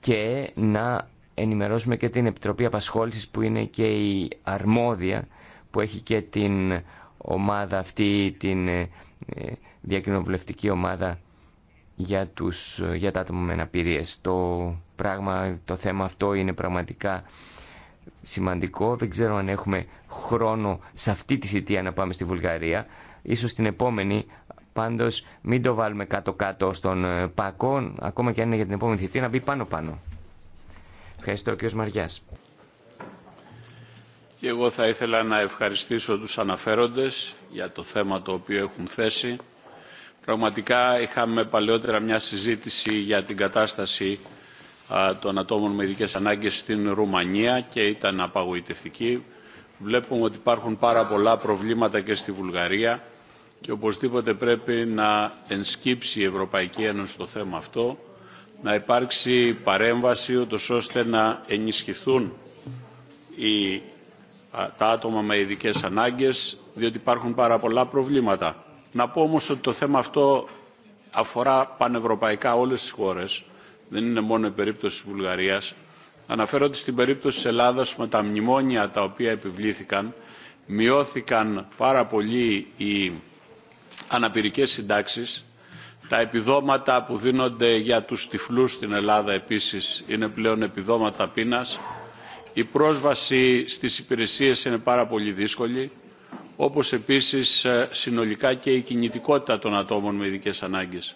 και να ενημερώσουμε και την Επιτροπή Απασχόλησης που είναι και η αρμόδια που έχει και την ομάδα αυτή, την ε, διακοινοβουλευτική ομάδα για, τους, για τα άτομα με Το, πράγμα, το θέμα αυτό είναι πραγματικά σημαντικό. Δεν ξέρω αν έχουμε χρόνο σε αυτή τη θητεία να πάμε στη Βουλγαρία. Ίσως την επόμενη, πάντως μην το βάλουμε κάτω-κάτω στον ε, πακό, ακόμα και αν είναι για την επόμενη θητεία, να μπει πάνω-πάνω. Ευχαριστώ κ. Μαριάς. Και εγώ θα ήθελα να ευχαριστήσω τους αναφέροντες για το θέμα το οποίο έχουν θέσει. Πραγματικά είχαμε παλαιότερα μια συζήτηση για την κατάσταση των ατόμων με ειδικέ ανάγκες στην Ρουμανία και ήταν απαγοητευτική. Βλέπουμε ότι υπάρχουν πάρα πολλά προβλήματα και στη Βουλγαρία και οπωσδήποτε πρέπει να ενσκύψει η Ευρωπαϊκή Ένωση το θέμα αυτό, να υπάρξει παρέμβαση ώστε να ενισχυθούν τα άτομα με ειδικέ ανάγκες, διότι υπάρχουν πάρα πολλά προβλήματα. Να πω όμως ότι το θέμα αυτό αφορά πανευρωπαϊκά όλες τις χώρες. Δεν είναι μόνο η περίπτωση της Βουλγαρίας. ότι στην περίπτωση της Ελλάδας με τα μνημόνια τα οποία επιβλήθηκαν. Μειώθηκαν πάρα πολύ οι αναπηρικές συντάξεις. Τα επιδόματα που δίνονται για τους τυφλούς στην Ελλάδα επίσης είναι πλέον επιδόματα πείνας. Η πρόσβαση στις υπηρεσίες είναι πάρα πολύ δύσκολη όπως επίσης ε, συνολικά και η κινητικότητα των ατόμων με ειδικέ ανάγκες.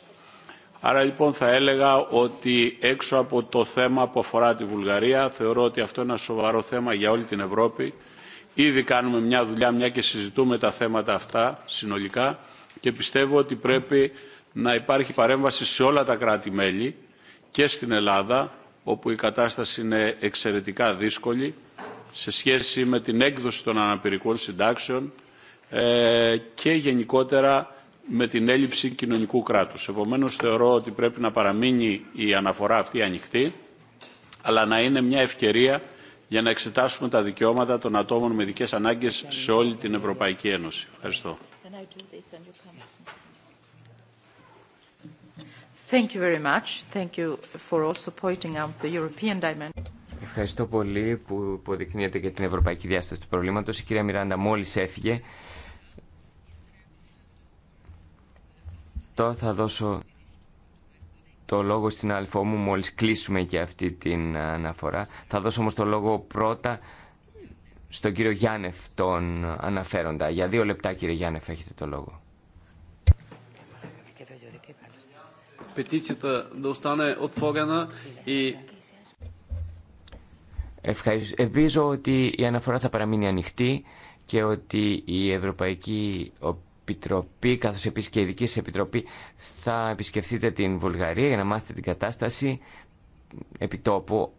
Άρα λοιπόν θα έλεγα ότι έξω από το θέμα που αφορά τη Βουλγαρία θεωρώ ότι αυτό είναι ένα σοβαρό θέμα για όλη την Ευρώπη. Ήδη κάνουμε μια δουλειά, μια και συζητούμε τα θέματα αυτά συνολικά και πιστεύω ότι πρέπει να υπάρχει παρέμβαση σε όλα τα κράτη-μέλη και στην Ελλάδα όπου η κατάσταση είναι εξαιρετικά δύσκολη σε σχέση με την έκδοση των αναπηρικών συντάξεων ε, και γενικότερα με την έλλειψη κοινωνικού κράτους. Επομένως θεωρώ ότι πρέπει να παραμείνει η αναφορά αυτή ανοιχτή, αλλά να είναι μια ευκαιρία για να εξετάσουμε τα δικαιώματα των ατόμων με ειδικές ανάγκες σε όλη την Ευρωπαϊκή Ένωση. Ευχαριστώ. Ευχαριστώ πολύ που υποδεικνύεται και την ευρωπαϊκή διάσταση του προβλήματος. Η κυρία Μιράντα μόλις έφυγε. Τώρα θα δώσω το λόγο στην αλφόμου μου μόλις κλείσουμε και αυτή την αναφορά. Θα δώσω όμως το λόγο πρώτα στον κύριο Γιάννεφ τον αναφέροντα. Για δύο λεπτά κύριε Γιάννεφ έχετε το λόγο. Ευχαριστώ. Ελπίζω ότι η αναφορά θα παραμείνει ανοιχτή και ότι η Ευρωπαϊκή Επιτροπή, καθώς επίσης και η Επιτροπή, θα επισκεφτείτε την Βουλγαρία για να μάθετε την κατάσταση επί τόπου,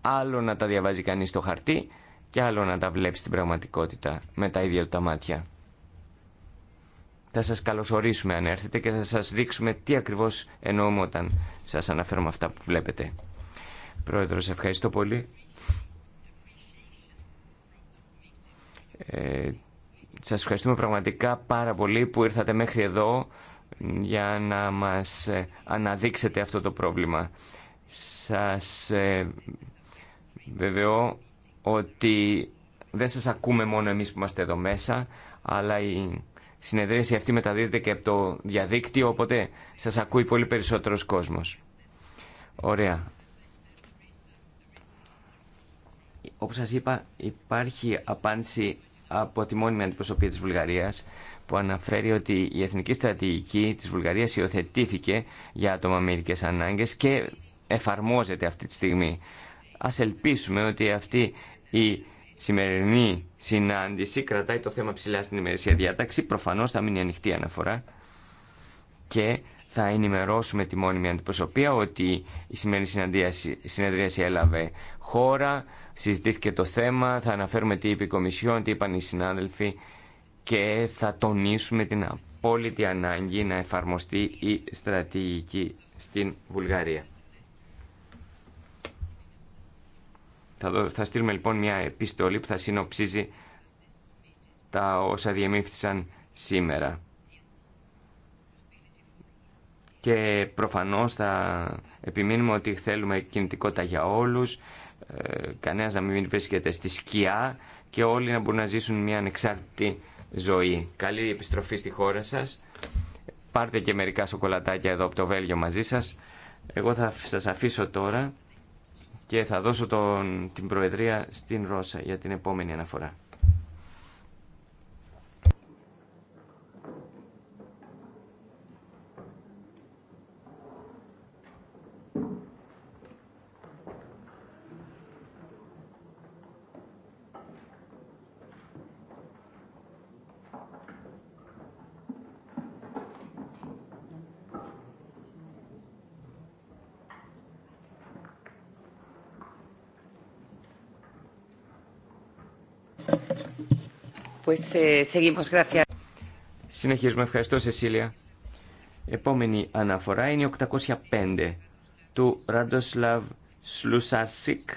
Άλλο να τα διαβάζει κανείς στο χαρτί και άλλο να τα βλέπει στην πραγματικότητα με τα ίδια του τα μάτια. Θα σας καλωσορίσουμε αν έρθετε και θα σας δείξουμε τι ακριβώς εννοούμε όταν σας αναφέρουμε αυτά που βλέπετε. Πρόεδρος, ευχαριστώ πολύ. Ε, σας ευχαριστούμε πραγματικά πάρα πολύ που ήρθατε μέχρι εδώ για να μας ε, αναδείξετε αυτό το πρόβλημα. Σας ε, βεβαιώ ότι δεν σας ακούμε μόνο εμείς που είμαστε εδώ μέσα, αλλά η συνεδρίαση αυτή μεταδίδεται και από το διαδίκτυο, οπότε σας ακούει πολύ περισσότερος κόσμος. Ωραία. Όπως σας είπα, υπάρχει απάντηση από τη μόνιμη αντιπροσωπεία της Βουλγαρίας που αναφέρει ότι η εθνική στρατηγική της Βουλγαρίας υιοθετήθηκε για άτομα με ειδικές ανάγκες και εφαρμόζεται αυτή τη στιγμή. Ας ελπίσουμε ότι αυτή η σημερινή συνάντηση κρατάει το θέμα ψηλά στην ημερησία διάταξη. Προφανώς θα μείνει ανοιχτή αναφορά και θα ενημερώσουμε τη μόνιμη αντιπροσωπεία ότι η σημερινή συνεδρίαση έλαβε χώρα συζητήθηκε το θέμα, θα αναφέρουμε τι είπε η Κομισιόν, τι είπαν οι συνάδελφοι και θα τονίσουμε την απόλυτη ανάγκη να εφαρμοστεί η στρατηγική στην Βουλγαρία. Θα, θα στείλουμε λοιπόν μια επιστολή που θα συνοψίζει τα όσα διεμήφθησαν σήμερα. Και προφανώς θα επιμείνουμε ότι θέλουμε κινητικότητα για όλους, ε, κανένας να μην βρίσκεται στη σκιά και όλοι να μπορούν να ζήσουν μια ανεξάρτητη ζωή. Καλή επιστροφή στη χώρα σας. Πάρτε και μερικά σοκολατάκια εδώ από το Βέλγιο μαζί σας. Εγώ θα σας αφήσω τώρα και θα δώσω τον, την Προεδρία στην Ρώσα για την επόμενη αναφορά. Eh, Συνεχίζουμε. Ευχαριστώ, Σεσίλια. Επόμενη αναφορά είναι η 805 του Ραντοσλαβ Σλουσαρσίκ,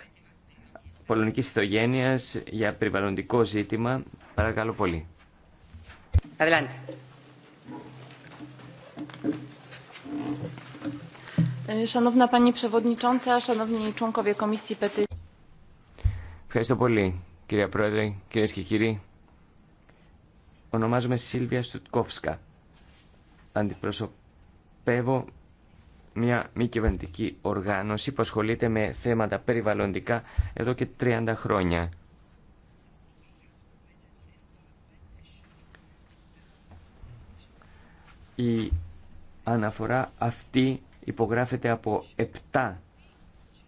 πολωνικής ηθογένειας για περιβαλλοντικό ζήτημα. Παρακαλώ πολύ. Ε, Ευχαριστώ πολύ, κυρία Πρόεδρε, κυρίες και κύριοι. Ονομάζομαι Σίλβια Στουτκόφσκα. Αντιπροσωπεύω μια μη κυβερνητική οργάνωση που ασχολείται με θέματα περιβαλλοντικά εδώ και 30 χρόνια. Η αναφορά αυτή υπογράφεται από 7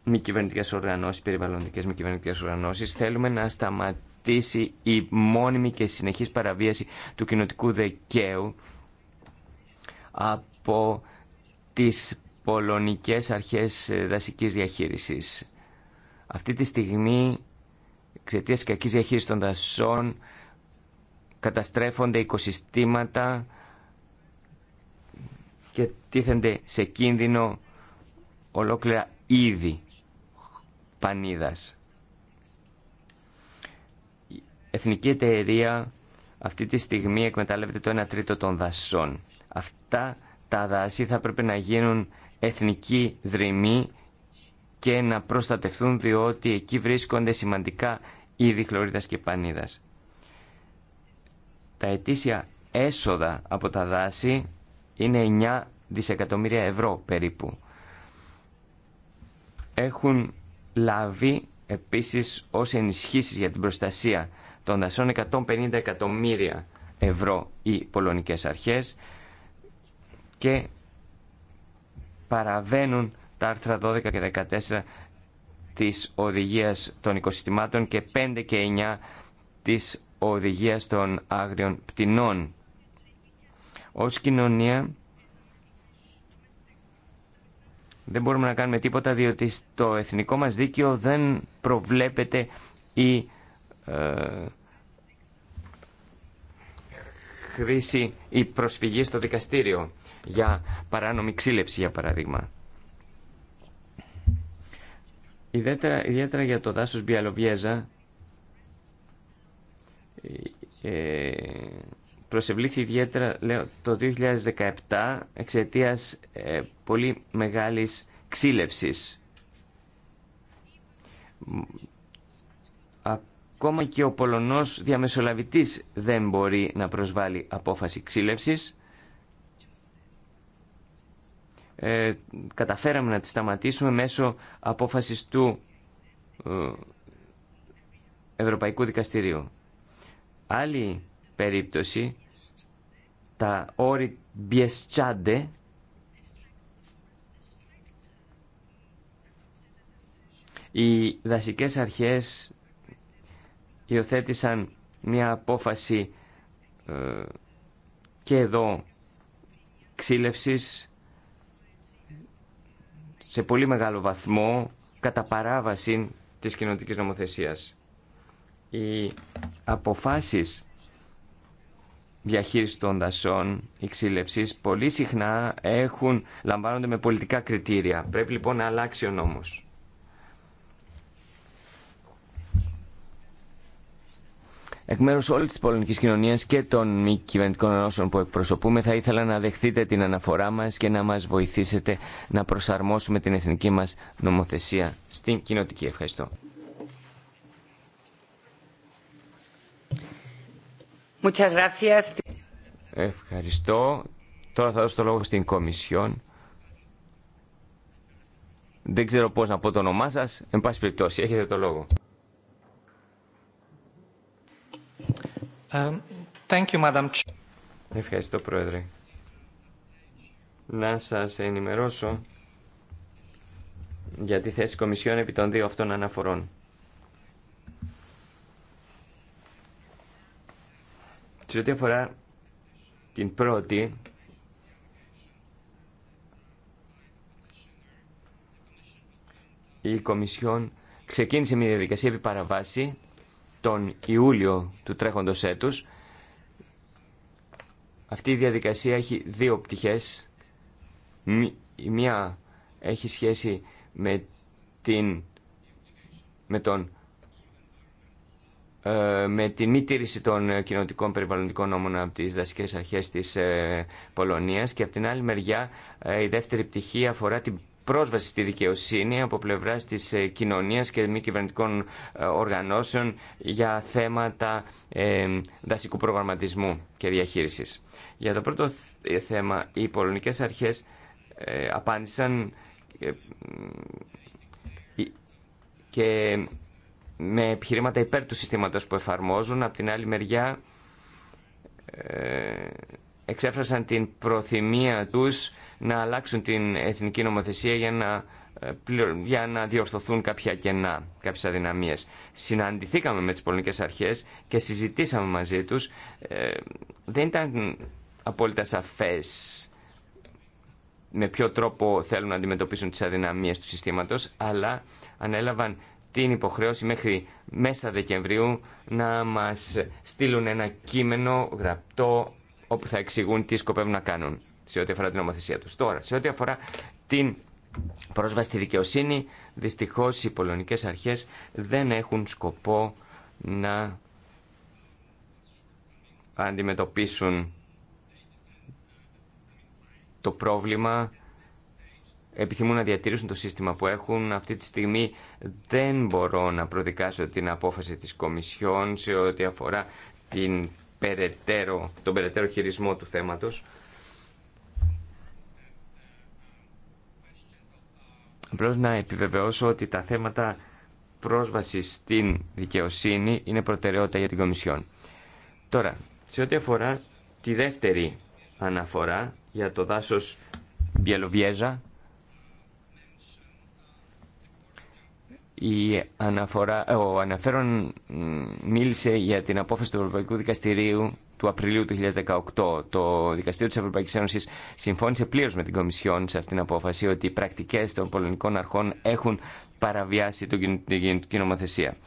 μη κυβερνητικέ οργανώσει, περιβαλλοντικέ μη κυβερνητικέ οργανώσει. Θέλουμε να σταματήσουμε η μόνιμη και συνεχής παραβίαση του κοινωτικού δικαίου από τις πολωνικές αρχές δασικής διαχείρισης. Αυτή τη στιγμή, εξαιτία κακής διαχείρισης των δασών, καταστρέφονται οικοσυστήματα και τίθενται σε κίνδυνο ολόκληρα είδη πανίδας εθνική εταιρεία αυτή τη στιγμή εκμεταλλεύεται το 1 τρίτο των δασών. Αυτά τα δάση θα πρέπει να γίνουν εθνική δρυμή και να προστατευτούν διότι εκεί βρίσκονται σημαντικά είδη χλωρίδας και πανίδας. Τα ετήσια έσοδα από τα δάση είναι 9 δισεκατομμύρια ευρώ περίπου. Έχουν λάβει επίσης ως ενισχύσεις για την προστασία των δασών 150 εκατομμύρια ευρώ οι πολωνικές αρχές και παραβαίνουν τα άρθρα 12 και 14 της οδηγίας των οικοσυστημάτων και 5 και 9 της οδηγίας των άγριων πτηνών. Ως κοινωνία δεν μπορούμε να κάνουμε τίποτα διότι στο εθνικό μας δίκαιο δεν προβλέπεται η ε, χρήση ή προσφυγή στο δικαστήριο για παράνομη ξύλευση για παράδειγμα. Ιδιαίτερα, ιδιαίτερα για το δάσος Μπιαλοβιέζα ε, προσευλήθη ιδιαίτερα λέω, το 2017 εξαιτίας ε, πολύ μεγάλης ξύλευσης ακόμα και ο Πολωνός διαμεσολαβητής δεν μπορεί να προσβάλλει απόφαση ξύλευσης. Ε, καταφέραμε να τη σταματήσουμε μέσω απόφασης του ε, Ευρωπαϊκού Δικαστηρίου. Άλλη περίπτωση, τα όρη Μπιεστσάντε, οι δασικές αρχές υιοθέτησαν μια απόφαση ε, και εδώ ξύλευσης σε πολύ μεγάλο βαθμό κατά παράβαση της κοινωνικής νομοθεσίας. Οι αποφάσεις διαχείριση των δασών, η ξύλευσεις πολύ συχνά έχουν, λαμβάνονται με πολιτικά κριτήρια. Πρέπει λοιπόν να αλλάξει ο νόμος. Εκ μέρους όλης της πολωνικής κοινωνίας και των μη κυβερνητικών ενώσεων που εκπροσωπούμε θα ήθελα να δεχτείτε την αναφορά μας και να μας βοηθήσετε να προσαρμόσουμε την εθνική μας νομοθεσία στην κοινοτική. Ευχαριστώ. Ευχαριστώ. Τώρα θα δώσω το λόγο στην Κομισιόν. Δεν ξέρω πώς να πω το όνομά σας. Εν πάση περιπτώσει, έχετε το λόγο. Um, Ευχαριστώ, Πρόεδρε. Να σας ενημερώσω για τη θέση Κομισιόν επί των δύο αυτών αναφορών. Σε ό,τι αφορά την πρώτη, η Κομισιόν ξεκίνησε μια διαδικασία επί παραβάση τον Ιούλιο του τρέχοντος έτους. Αυτή η διαδικασία έχει δύο πτυχές. Η μία έχει σχέση με, την, με, τον, ε, με τη μη τήρηση των ε, κοινωτικών περιβαλλοντικών νόμων από τις δασικές αρχές της ε, Πολωνίας και από την άλλη μεριά η δεύτερη πτυχή αφορά την πρόσβαση στη δικαιοσύνη από πλευρά της ε, κοινωνίας και μη κυβερνητικών ε, οργανώσεων για θέματα ε, δασικού προγραμματισμού και διαχείρισης. Για το πρώτο θέμα, οι πολωνικέ αρχές απάντησαν και με επιχειρήματα υπέρ του συστήματος που εφαρμόζουν. Από την άλλη μεριά εξέφρασαν την προθυμία τους να αλλάξουν την εθνική νομοθεσία για να, ε, για να διορθωθούν κάποια κενά, κάποιες αδυναμίες. Συναντηθήκαμε με τις πολιτικές αρχές και συζητήσαμε μαζί τους. Ε, δεν ήταν απόλυτα σαφές με ποιο τρόπο θέλουν να αντιμετωπίσουν τις αδυναμίες του συστήματος, αλλά ανέλαβαν την υποχρέωση μέχρι μέσα Δεκεμβρίου να μας στείλουν ένα κείμενο γραπτό όπου θα εξηγούν τι σκοπεύουν να κάνουν σε ό,τι αφορά την νομοθεσία τους. Τώρα, σε ό,τι αφορά την πρόσβαση στη δικαιοσύνη, Δυστυχώ, οι πολωνικέ αρχές δεν έχουν σκοπό να αντιμετωπίσουν το πρόβλημα επιθυμούν να διατηρήσουν το σύστημα που έχουν. Αυτή τη στιγμή δεν μπορώ να προδικάσω την απόφαση της Κομισιόν σε ό,τι αφορά την περαιτέρω, τον περαιτέρω χειρισμό του θέματος. Απλώ να επιβεβαιώσω ότι τα θέματα πρόσβαση στην δικαιοσύνη είναι προτεραιότητα για την Κομισιόν. Τώρα, σε ό,τι αφορά τη δεύτερη αναφορά για το δάσος Μπιελοβιέζα, Η αναφορά, ε, ο αναφέρον μίλησε για την απόφαση του Ευρωπαϊκού Δικαστηρίου του Απριλίου του 2018. Το Δικαστήριο της Ευρωπαϊκής Ένωσης συμφώνησε πλήρως με την Κομισιόν σε αυτήν την απόφαση ότι οι πρακτικές των πολωνικών αρχών έχουν παραβιάσει την κοινωνική νομοθεσία.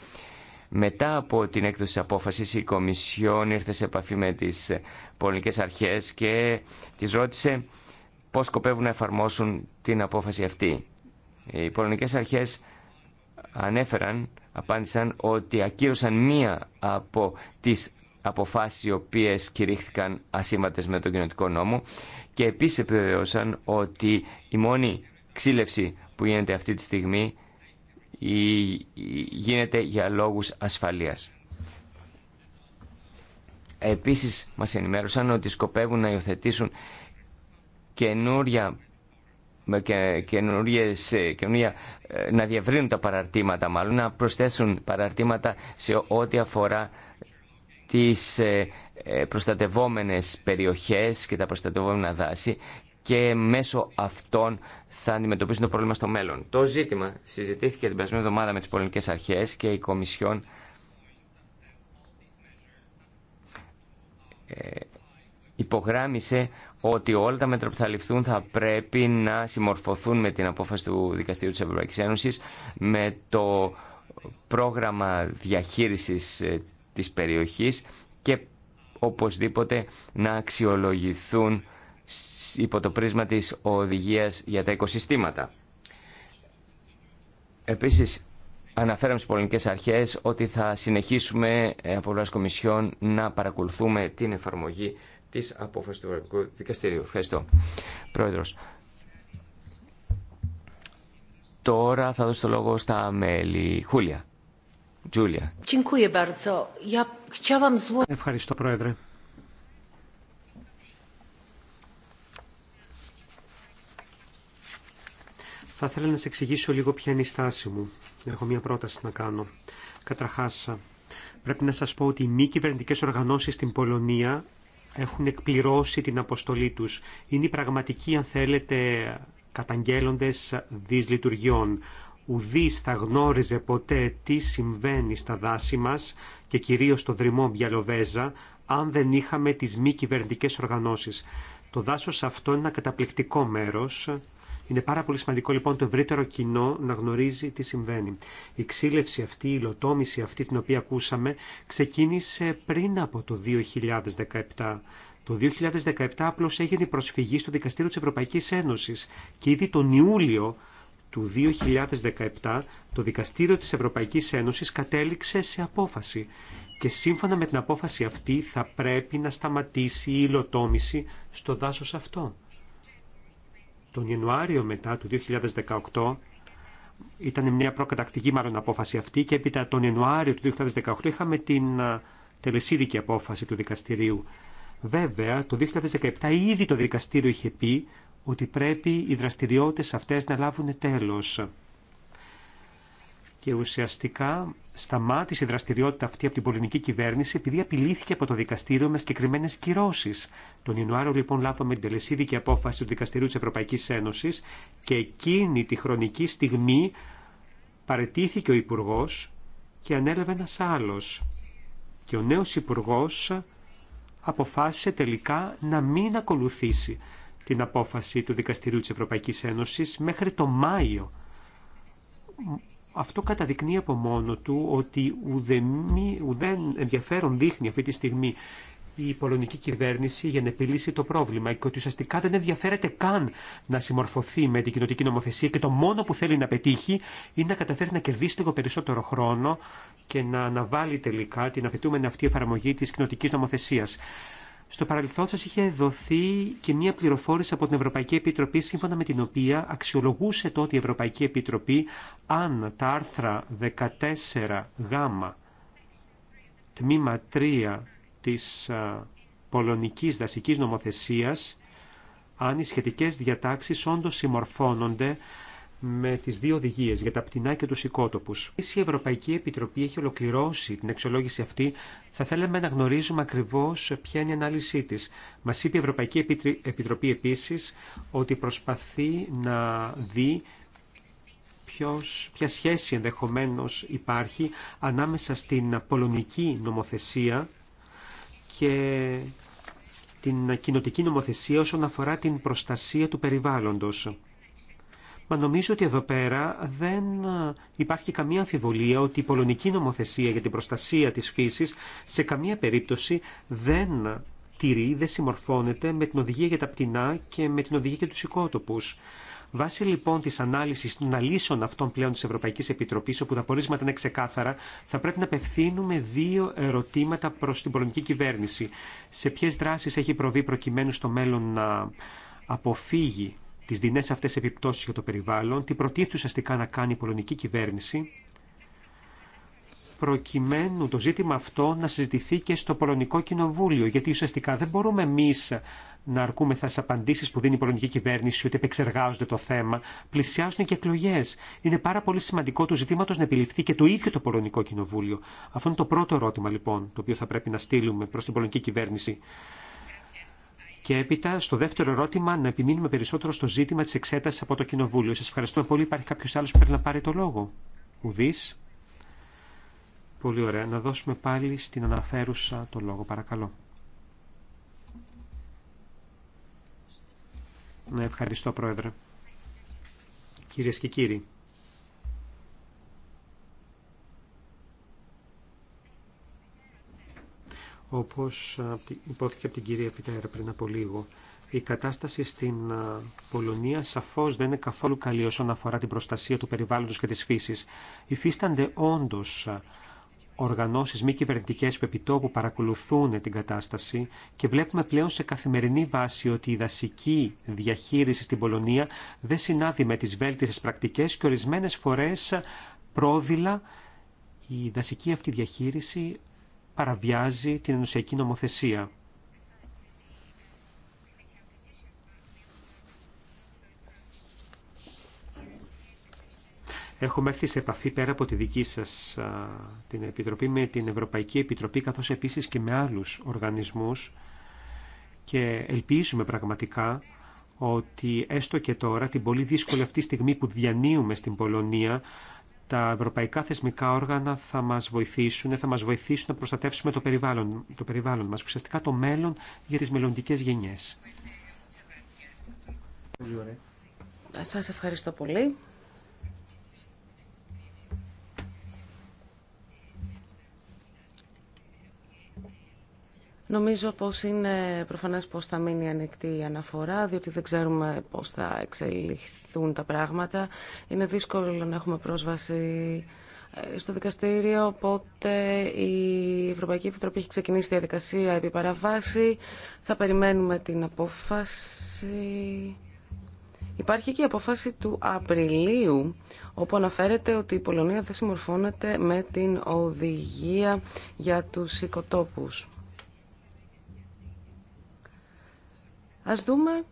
Μετά από την έκδοση της απόφασης, η Κομισιόν ήρθε σε επαφή με τις πολωνικές αρχές και τις ρώτησε πώς σκοπεύουν να εφαρμόσουν την απόφαση αυτή. Οι πολωνικές αρχές ανέφεραν, απάντησαν ότι ακύρωσαν μία από τις αποφάσεις οι οποίες κηρύχθηκαν ασύμβατες με τον κοινωτικό νόμο και επίσης επιβεβαιώσαν ότι η μόνη ξύλευση που γίνεται αυτή τη στιγμή γίνεται για λόγους ασφαλείας. Επίσης μας ενημέρωσαν ότι σκοπεύουν να υιοθετήσουν καινούρια και, ε, ε, να διευρύνουν τα παραρτήματα μάλλον, να προσθέσουν παραρτήματα σε ό,τι αφορά τις ε, προστατευόμενες περιοχές και τα προστατευόμενα δάση και μέσω αυτών θα αντιμετωπίσουν το πρόβλημα στο μέλλον. Το ζήτημα συζητήθηκε την περασμένη εβδομάδα με τις πολιτικές αρχές και η Κομισιόν υπογράμμισε ότι όλα τα μέτρα που θα ληφθούν θα πρέπει να συμμορφωθούν με την απόφαση του Δικαστηρίου της Ευρωπαϊκής Ένωσης με το πρόγραμμα διαχείρισης ε, της περιοχής και οπωσδήποτε να αξιολογηθούν υπό το πρίσμα της οδηγίας για τα οικοσυστήματα. Επίσης, αναφέραμε στις πολιτικές αρχές ότι θα συνεχίσουμε ε, από πλευράς Κομισιόν να παρακολουθούμε την εφαρμογή της απόφασης του Ευρωπαϊκού Δικαστηρίου. Ευχαριστώ. Πρόεδρος. Τώρα θα δώσω το λόγο στα μέλη. Χούλια. Τζούλια. Ευχαριστώ, Πρόεδρε. Θα ήθελα να σε εξηγήσω λίγο ποια είναι η στάση μου. Έχω μια πρόταση να κάνω. Κατραχάσα. πρέπει να σας πω ότι οι μη κυβερνητικέ οργανώσεις στην Πολωνία έχουν εκπληρώσει την αποστολή τους. Είναι οι πραγματικοί, αν θέλετε, καταγγέλλοντες δυσλειτουργιών. Ουδής θα γνώριζε ποτέ τι συμβαίνει στα δάση μας και κυρίως στο δρυμό Μπιαλοβέζα, αν δεν είχαμε τις μη κυβερνητικέ οργανώσεις. Το δάσος αυτό είναι ένα καταπληκτικό μέρος είναι πάρα πολύ σημαντικό λοιπόν το ευρύτερο κοινό να γνωρίζει τι συμβαίνει. Η ξύλευση αυτή, η υλοτόμηση αυτή την οποία ακούσαμε ξεκίνησε πριν από το 2017. Το 2017 απλώ έγινε η προσφυγή στο Δικαστήριο της Ευρωπαϊκής Ένωσης και ήδη τον Ιούλιο του 2017 το Δικαστήριο της Ευρωπαϊκής Ένωσης κατέληξε σε απόφαση και σύμφωνα με την απόφαση αυτή θα πρέπει να σταματήσει η υλοτόμηση στο δάσος αυτό τον Ιανουάριο μετά του 2018 ήταν μια προκατακτική μάλλον απόφαση αυτή και έπειτα τον Ιανουάριο του 2018 είχαμε την τελεσίδικη απόφαση του δικαστηρίου. Βέβαια, το 2017 ήδη το δικαστήριο είχε πει ότι πρέπει οι δραστηριότητες αυτές να λάβουν τέλος. Και ουσιαστικά σταμάτησε η δραστηριότητα αυτή από την πολιτική κυβέρνηση επειδή απειλήθηκε από το δικαστήριο με συγκεκριμένε κυρώσει. Τον Ιανουάριο λοιπόν λάβαμε την τελεσίδικη απόφαση του Δικαστηρίου τη Ευρωπαϊκή Ένωση και εκείνη τη χρονική στιγμή παρετήθηκε ο Υπουργό και ανέλαβε ένα άλλο. Και ο νέο Υπουργό αποφάσισε τελικά να μην ακολουθήσει την απόφαση του Δικαστηρίου της Ευρωπαϊκής Ένωσης μέχρι το Μάιο αυτό καταδεικνύει από μόνο του ότι ουδέν ενδιαφέρον δείχνει αυτή τη στιγμή η πολωνική κυβέρνηση για να επιλύσει το πρόβλημα και ότι ουσιαστικά δεν ενδιαφέρεται καν να συμμορφωθεί με την κοινωτική νομοθεσία και το μόνο που θέλει να πετύχει είναι να καταφέρει να κερδίσει λίγο περισσότερο χρόνο και να αναβάλει τελικά την απαιτούμενη αυτή εφαρμογή της κοινοτικής νομοθεσίας. Στο παρελθόν σα είχε δοθεί και μία πληροφόρηση από την Ευρωπαϊκή Επιτροπή σύμφωνα με την οποία αξιολογούσε τότε η Ευρωπαϊκή Επιτροπή αν τα άρθρα 14 γάμα τμήμα 3 της πολωνικής δασικής νομοθεσίας αν οι σχετικές διατάξεις όντως συμμορφώνονται με τι δύο οδηγίε για τα πτηνά και του οικότοπου. Η Ευρωπαϊκή Επιτροπή έχει ολοκληρώσει την εξολόγηση αυτή. Θα θέλαμε να γνωρίζουμε ακριβώ ποια είναι η ανάλυση τη. Μα είπε η Ευρωπαϊκή Επιτροπή επίση ότι προσπαθεί να δει ποιος, ποια σχέση ενδεχομένως υπάρχει ανάμεσα στην πολωνική νομοθεσία και την κοινοτική νομοθεσία όσον αφορά την προστασία του περιβάλλοντος. Μα νομίζω ότι εδώ πέρα δεν ε, υπάρχει καμία αμφιβολία ότι η πολωνική νομοθεσία για την προστασία της φύσης σε καμία περίπτωση δεν τηρεί, δεν συμμορφώνεται με την οδηγία για τα πτηνά και με την οδηγία για τους οικότοπους. Βάσει λοιπόν τη ανάλυση των αλύσεων αυτών πλέον τη Ευρωπαϊκή Επιτροπή, όπου τα πορίσματα είναι ξεκάθαρα, θα πρέπει να απευθύνουμε δύο ερωτήματα προ την πολωνική κυβέρνηση. Σε ποιε δράσει έχει προβεί προκειμένου στο μέλλον να αποφύγει τι δεινέ αυτέ επιπτώσει για το περιβάλλον, τι προτίθεται ουσιαστικά να κάνει η πολωνική κυβέρνηση, προκειμένου το ζήτημα αυτό να συζητηθεί και στο Πολωνικό Κοινοβούλιο. Γιατί ουσιαστικά δεν μπορούμε εμεί να αρκούμεθα στι απαντήσει που δίνει η πολωνική κυβέρνηση, ότι επεξεργάζονται το θέμα. Πλησιάζουν και εκλογέ. Είναι πάρα πολύ σημαντικό του ζητήματο να επιληφθεί και το ίδιο το Πολωνικό Κοινοβούλιο. Αυτό είναι το πρώτο ερώτημα λοιπόν, το οποίο θα πρέπει να στείλουμε προ την πολωνική κυβέρνηση και έπειτα στο δεύτερο ερώτημα να επιμείνουμε περισσότερο στο ζήτημα της εξέτασης από το Κοινοβούλιο. Σας ευχαριστούμε πολύ. Υπάρχει κάποιος άλλος που θέλει να πάρει το λόγο. Ουδή. Πολύ ωραία. Να δώσουμε πάλι στην αναφέρουσα το λόγο. Παρακαλώ. Ναι, ευχαριστώ Πρόεδρε. Κυρίες και κύριοι. Όπως υπόθηκε από την κυρία Πιτέρα πριν από λίγο, η κατάσταση στην Πολωνία σαφώ δεν είναι καθόλου καλή όσον αφορά την προστασία του περιβάλλοντος και τη φύσης. Υφίστανται όντω οργανώσει μη κυβερνητικέ που επιτόπου παρακολουθούν την κατάσταση και βλέπουμε πλέον σε καθημερινή βάση ότι η δασική διαχείριση στην Πολωνία δεν συνάδει με τις βέλτιστες πρακτικέ, και ορισμένε φορέ πρόδειλα η δασική αυτή διαχείριση παραβιάζει την ενωσιακή νομοθεσία. Έχουμε έρθει σε επαφή πέρα από τη δική σας την Επιτροπή με την Ευρωπαϊκή Επιτροπή καθώς επίσης και με άλλους οργανισμούς και ελπίζουμε πραγματικά ότι έστω και τώρα την πολύ δύσκολη αυτή στιγμή που διανύουμε στην Πολωνία τα ευρωπαϊκά θεσμικά όργανα θα μας βοηθήσουν, θα μας βοηθήσουν να προστατεύσουμε το περιβάλλον, το περιβάλλον μας, ουσιαστικά το μέλλον για τις μελλοντικέ γενιές. Σας ευχαριστώ πολύ. Νομίζω πως είναι προφανές πως θα μείνει ανοιχτή η αναφορά, διότι δεν ξέρουμε πως θα εξελιχθούν τα πράγματα. Είναι δύσκολο να έχουμε πρόσβαση ε, στο δικαστήριο, οπότε η Ευρωπαϊκή Επιτροπή έχει ξεκινήσει τη διαδικασία επί παραβάση. Θα περιμένουμε την απόφαση. Υπάρχει και η απόφαση του Απριλίου, όπου αναφέρεται ότι η Πολωνία δεν συμμορφώνεται με την οδηγία για του οικοτόπους. Ας δούμε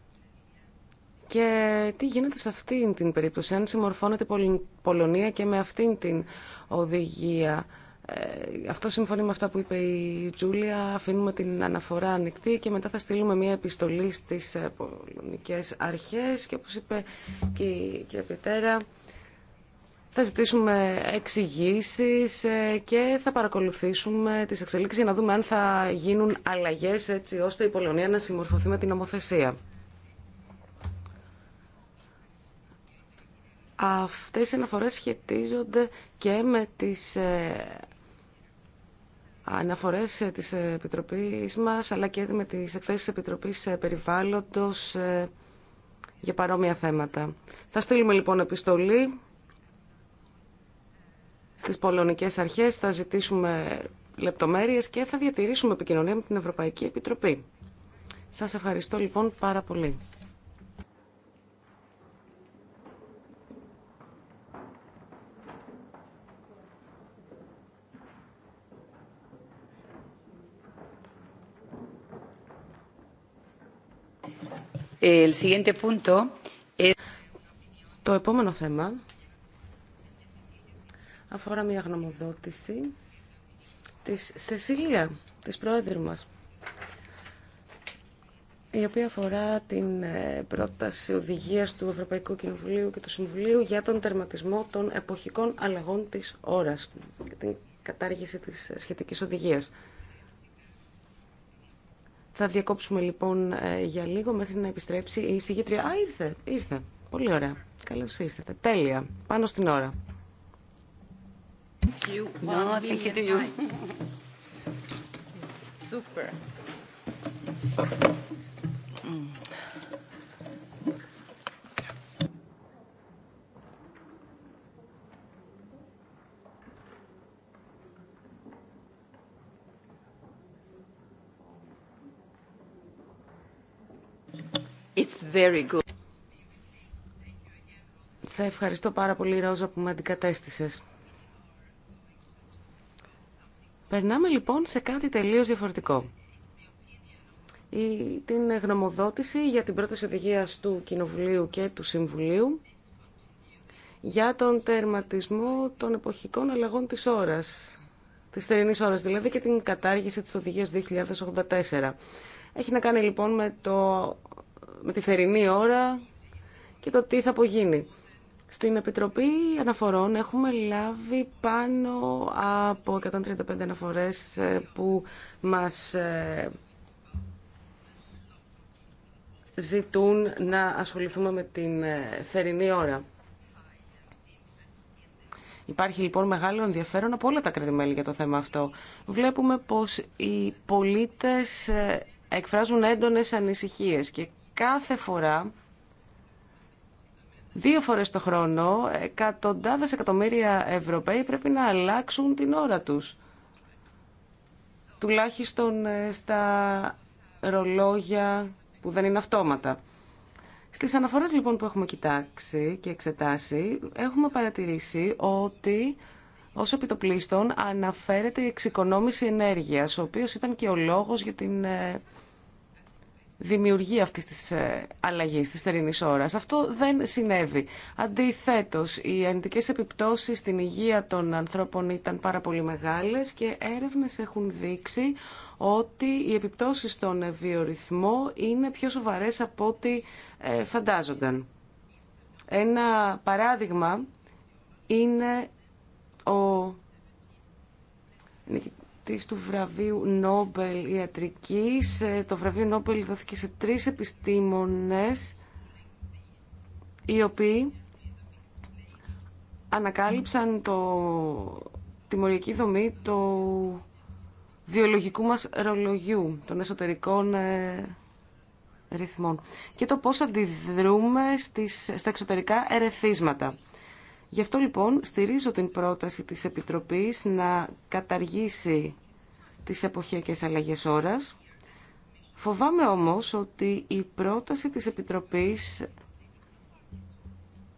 και τι γίνεται σε αυτήν την περίπτωση, αν συμμορφώνεται η Πολωνία και με αυτήν την οδηγία. Ε, αυτό συμφωνεί με αυτά που είπε η Τζούλια. Αφήνουμε την αναφορά ανοιχτή και μετά θα στείλουμε μια επιστολή στις ε, πολωνικές αρχές και όπως είπε και η κυρία θα ζητήσουμε εξηγήσει ε, και θα παρακολουθήσουμε τις εξελίξεις για να δούμε αν θα γίνουν αλλαγές έτσι ώστε η Πολωνία να συμμορφωθεί με την νομοθεσία. Αυτές οι αναφορές σχετίζονται και με τις ε, αναφορές της Επιτροπής μας αλλά και με τις εκθέσεις της Επιτροπής Περιβάλλοντος ε, για παρόμοια θέματα. Θα στείλουμε λοιπόν επιστολή τις πολωνικές αρχές, θα ζητήσουμε λεπτομέρειες και θα διατηρήσουμε επικοινωνία με την Ευρωπαϊκή Επιτροπή. Σας ευχαριστώ λοιπόν πάρα πολύ. Το επόμενο θέμα αφορά μια γνωμοδότηση της Σεσίλια, της πρόεδρου μας, η οποία αφορά την ε, πρόταση οδηγίας του Ευρωπαϊκού Κοινοβουλίου και του Συμβουλίου για τον τερματισμό των εποχικών αλλαγών της ώρας, την κατάργηση της σχετικής οδηγίας. Θα διακόψουμε λοιπόν ε, για λίγο μέχρι να επιστρέψει η συγγήτρια. Α, ήρθε, ήρθε. Πολύ ωραία. Καλώς ήρθατε. Τέλεια. Πάνω στην ώρα thank you. No, Super. ευχαριστώ πάρα πολύ, Ρόζα, που με αντικατέστησες. Περνάμε λοιπόν σε κάτι τελείως διαφορετικό. Η, την γνωμοδότηση για την πρώτη οδηγία του Κοινοβουλίου και του Συμβουλίου για τον τερματισμό των εποχικών αλλαγών της ώρας, της θερινής ώρας δηλαδή και την κατάργηση της οδηγίας 2084. Έχει να κάνει λοιπόν με, το, με τη θερινή ώρα και το τι θα απογίνει. Στην Επιτροπή Αναφορών έχουμε λάβει πάνω από 135 αναφορές ε, που μας ε, ζητούν να ασχοληθούμε με την ε, θερινή ώρα. Υπάρχει λοιπόν μεγάλο ενδιαφέρον από όλα τα κρατημέλη για το θέμα αυτό. Βλέπουμε πως οι πολίτες εκφράζουν έντονες ανησυχίες και κάθε φορά Δύο φορές το χρόνο, εκατοντάδες εκατομμύρια Ευρωπαίοι πρέπει να αλλάξουν την ώρα τους. Τουλάχιστον ε, στα ρολόγια που δεν είναι αυτόματα. Στις αναφορές λοιπόν που έχουμε κοιτάξει και εξετάσει, έχουμε παρατηρήσει ότι ως επιτοπλίστων αναφέρεται η εξοικονόμηση ενέργειας, ο οποίος ήταν και ο λόγος για την ε, δημιουργεί αυτή τη ε, αλλαγή τη θερινή ώρα. Αυτό δεν συνέβη. Αντιθέτω, οι αρνητικέ επιπτώσει στην υγεία των ανθρώπων ήταν πάρα πολύ μεγάλε και έρευνε έχουν δείξει ότι οι επιπτώσεις στον βιορυθμό είναι πιο σοβαρές από ό,τι ε, φαντάζονταν. Ένα παράδειγμα είναι ο νικητής του βραβείου Νόμπελ Ιατρικής. Ε, το βραβείο Νόμπελ δόθηκε σε τρει επιστήμονες οι οποίοι ανακάλυψαν το, τη μοριακή δομή του βιολογικού μας ρολογιού, των εσωτερικών ε, ρυθμών και το πώς αντιδρούμε στις, στα εξωτερικά ερεθίσματα. Γι' αυτό λοιπόν στηρίζω την πρόταση της Επιτροπής να καταργήσει τις εποχιακές αλλαγές ώρας. Φοβάμαι όμως ότι η πρόταση της Επιτροπής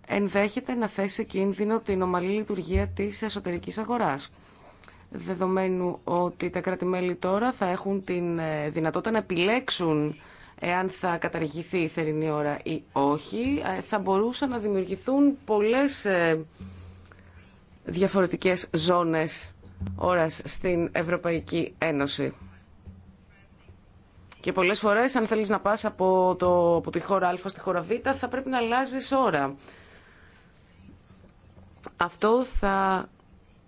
ενδέχεται να θέσει κίνδυνο την ομαλή λειτουργία της εσωτερικής αγοράς. Δεδομένου ότι τα κρατη τώρα θα έχουν τη ε, δυνατότητα να επιλέξουν εάν θα καταργηθεί η θερινή ώρα ή όχι, ε, θα μπορούσαν να δημιουργηθούν πολλές ε, διαφορετικές ζώνες ώρας στην Ευρωπαϊκή Ένωση. Και πολλές φορές, αν θέλεις να πας από, το, από τη χώρα Α στη χώρα Β, θα πρέπει να αλλάζει ώρα. Αυτό θα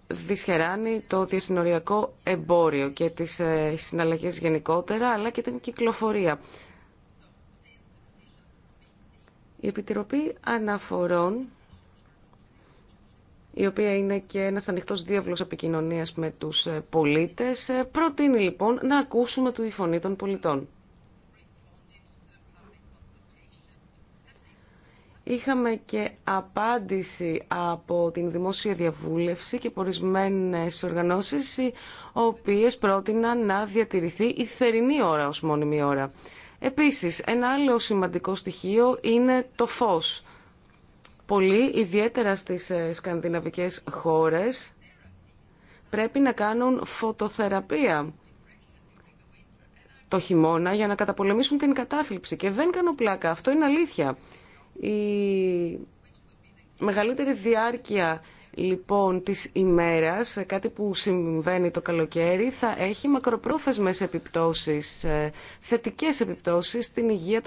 δυσχεράνει το διασυνοριακό εμπόριο και τις ε, συναλλαγές γενικότερα, αλλά και την κυκλοφορία. Η Επιτροπή Αναφορών, η οποία είναι και ένας ανοιχτός διάβλος επικοινωνίας με τους ε, πολίτες, ε, προτείνει λοιπόν να ακούσουμε τη φωνή των πολιτών. Είχαμε και απάντηση από την δημόσια διαβούλευση και ορισμένε οργανώσεις οι οποίες πρότειναν να διατηρηθεί η θερινή ώρα ως μόνιμη ώρα. Επίσης, ένα άλλο σημαντικό στοιχείο είναι το φως. Πολλοί, ιδιαίτερα στις ε, σκανδιναβικές χώρες, πρέπει να κάνουν φωτοθεραπεία το χειμώνα για να καταπολεμήσουν την κατάθλιψη. Και δεν κάνω πλάκα, αυτό είναι αλήθεια. Η μεγαλύτερη διάρκεια λοιπόν της ημέρας, κάτι που συμβαίνει το καλοκαίρι, θα έχει μακροπρόθεσμες επιπτώσεις, ε, θετικές επιπτώσεις στην υγεία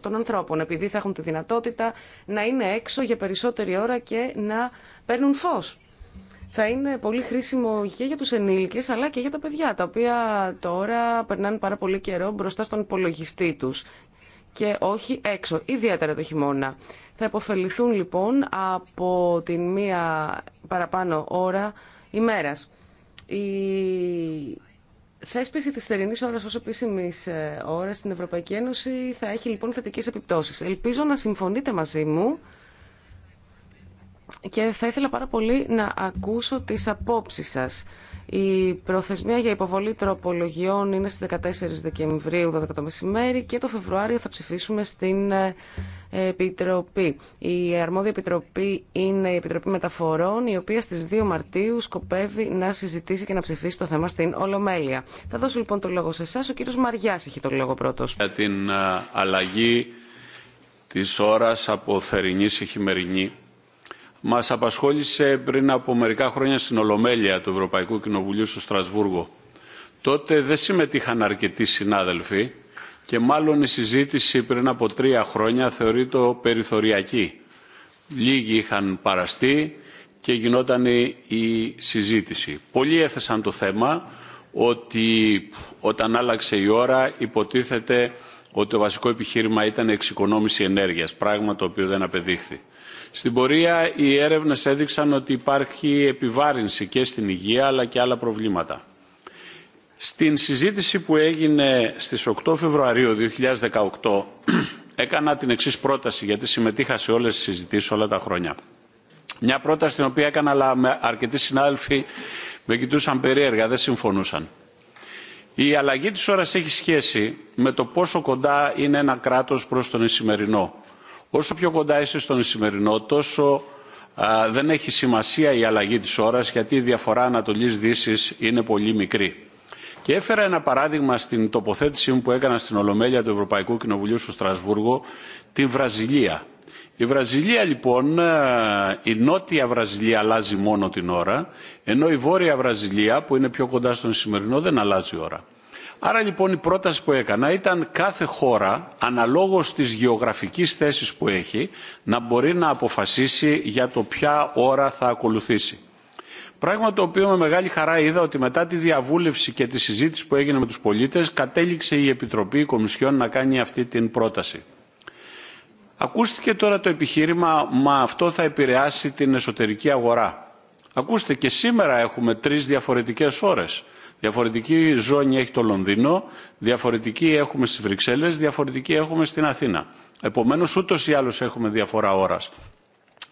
των, ανθρώπων, επειδή θα έχουν τη δυνατότητα να είναι έξω για περισσότερη ώρα και να παίρνουν φως. Θα είναι πολύ χρήσιμο και για τους ενήλικες αλλά και για τα παιδιά, τα οποία τώρα περνάνε πάρα πολύ καιρό μπροστά στον υπολογιστή τους και όχι έξω, ιδιαίτερα το χειμώνα. Θα υποφεληθούν λοιπόν από την μία παραπάνω ώρα ημέρας. Η θέσπιση της θερινής ώρας ως επίσημης ε, ώρα στην Ευρωπαϊκή Ένωση θα έχει λοιπόν θετικές επιπτώσεις. Ελπίζω να συμφωνείτε μαζί μου και θα ήθελα πάρα πολύ να ακούσω τις απόψεις σας. Η προθεσμία για υποβολή τροπολογιών είναι στις 14 Δεκεμβρίου, 12 το μεσημέρι και το Φεβρουάριο θα ψηφίσουμε στην ε, Επιτροπή. Η αρμόδια Επιτροπή είναι η Επιτροπή Μεταφορών, η οποία στις 2 Μαρτίου σκοπεύει να συζητήσει και να ψηφίσει το θέμα στην Ολομέλεια. Θα δώσω λοιπόν το λόγο σε εσά. Ο κύριος Μαριάς έχει το λόγο πρώτος. Για την ε, αλλαγή της ώρας από θερινή σε χειμερινή μας απασχόλησε πριν από μερικά χρόνια στην Ολομέλεια του Ευρωπαϊκού Κοινοβουλίου στο Στρασβούργο. Τότε δεν συμμετείχαν αρκετοί συνάδελφοι και μάλλον η συζήτηση πριν από τρία χρόνια θεωρείται περιθωριακή. Λίγοι είχαν παραστεί και γινόταν η συζήτηση. Πολλοί έθεσαν το θέμα ότι όταν άλλαξε η ώρα υποτίθεται ότι το βασικό επιχείρημα ήταν εξοικονόμηση ενέργειας, πράγμα το οποίο δεν απεδείχθη. Στην πορεία οι έρευνες έδειξαν ότι υπάρχει επιβάρυνση και στην υγεία αλλά και άλλα προβλήματα. Στην συζήτηση που έγινε στις 8 Φεβρουαρίου 2018 [clears throat] έκανα την εξής πρόταση γιατί συμμετείχα σε όλες τις συζητήσεις όλα τα χρόνια. Μια πρόταση την οποία έκανα αλλά αρκετοί συνάδελφοι με κοιτούσαν περίεργα, δεν συμφωνούσαν. Η αλλαγή της ώρας έχει σχέση με το πόσο κοντά είναι ένα κράτο προς τον Ισημερινό. Όσο πιο κοντά είσαι στον σημερινό, τόσο δεν έχει σημασία η αλλαγή της ώρας, γιατί η διαφορά Ανατολής-Δύσης είναι πολύ μικρή. Και έφερα ένα παράδειγμα στην τοποθέτησή μου που έκανα στην Ολομέλεια του Ευρωπαϊκού Κοινοβουλίου στο Στρασβούργο, τη Βραζιλία. Η Βραζιλία λοιπόν, η νότια Βραζιλία αλλάζει μόνο την ώρα, ενώ η βόρεια Βραζιλία που είναι πιο κοντά στον σημερινό δεν αλλάζει ώρα. Άρα λοιπόν η πρόταση που έκανα ήταν κάθε χώρα αναλόγως της γεωγραφικής θέσης που έχει να μπορεί να αποφασίσει για το ποια ώρα θα ακολουθήσει. Πράγμα το οποίο με μεγάλη χαρά είδα ότι μετά τη διαβούλευση και τη συζήτηση που έγινε με τους πολίτες κατέληξε η Επιτροπή η Κομισιόν να κάνει αυτή την πρόταση. Ακούστηκε τώρα το επιχείρημα «Μα αυτό θα επηρεάσει την εσωτερική αγορά». Ακούστε και σήμερα έχουμε τρεις διαφορετικές ώρες Διαφορετική ζώνη έχει το Λονδίνο, διαφορετική έχουμε στις Βρυξέλλες, διαφορετική έχουμε στην Αθήνα. Επομένως ούτως ή άλλως έχουμε διαφορά ώρας.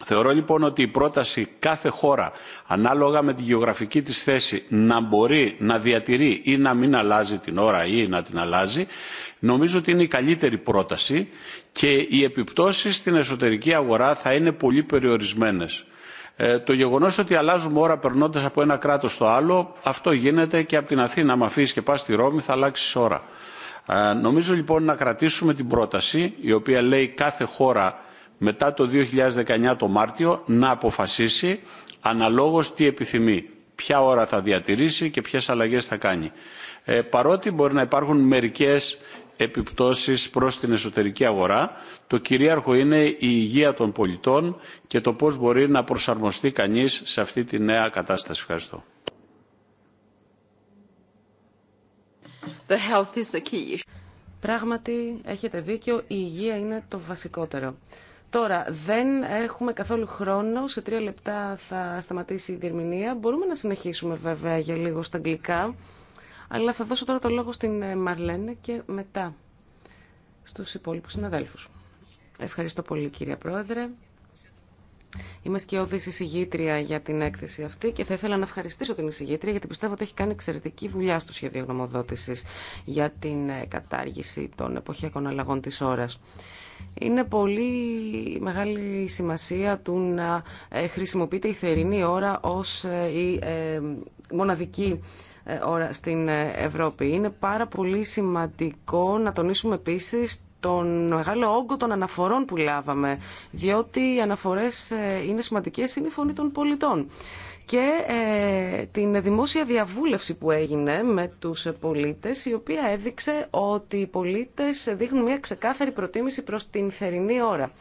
Θεωρώ λοιπόν ότι η πρόταση κάθε χώρα ανάλογα με τη γεωγραφική της θέση να μπορεί να διατηρεί ή να μην αλλάζει την ώρα ή να την αλλάζει νομίζω ότι είναι η καλύτερη πρόταση και οι επιπτώσεις στην εσωτερική αγορά θα είναι πολύ περιορισμένες. Ε, το γεγονό ότι αλλάζουμε ώρα περνώντα από ένα κράτο στο άλλο, αυτό γίνεται και από την Αθήνα. Αν αφήσει και πα στη Ρώμη, θα αλλάξει ώρα. Ε, νομίζω λοιπόν να κρατήσουμε την πρόταση, η οποία λέει κάθε χώρα μετά το 2019 το Μάρτιο να αποφασίσει αναλόγως τι επιθυμεί, ποια ώρα θα διατηρήσει και ποιες αλλαγές θα κάνει. Ε, παρότι μπορεί να υπάρχουν μερικές επιπτώσεις προς την εσωτερική αγορά. Το κυρίαρχο είναι η υγεία των πολιτών και το πώς μπορεί να προσαρμοστεί κανείς σε αυτή τη νέα κατάσταση. Ευχαριστώ. Πράγματι, έχετε δίκιο, η υγεία είναι το βασικότερο. Τώρα, δεν έχουμε καθόλου χρόνο. Σε τρία λεπτά θα σταματήσει η διερμηνία. Μπορούμε να συνεχίσουμε βέβαια για λίγο στα αγγλικά αλλά θα δώσω τώρα το λόγο στην ε, Μαρλένε και μετά στους υπόλοιπους συναδέλφους. Ευχαριστώ πολύ κυρία Πρόεδρε. Είμαι σκιώδη εισηγήτρια για την έκθεση αυτή και θα ήθελα να ευχαριστήσω την εισηγήτρια γιατί πιστεύω ότι έχει κάνει εξαιρετική δουλειά στο σχέδιο γνωμοδότηση για την ε, κατάργηση των εποχιακών αλλαγών τη ώρα. Είναι πολύ μεγάλη σημασία του να ε, χρησιμοποιείται η θερινή ώρα ως η μοναδική ε, στην ε, Ευρώπη. Είναι πάρα πολύ σημαντικό να τονίσουμε επίσης τον μεγάλο όγκο των αναφορών που λάβαμε, διότι οι αναφορές ε, είναι σημαντικές, είναι η φωνή των πολιτών. Και την δημόσια διαβούλευση που έγινε με τους πολίτες, η οποία έδειξε ότι οι πολίτες δείχνουν μια ξεκάθαρη προτίμηση προς την θερινή ώρα.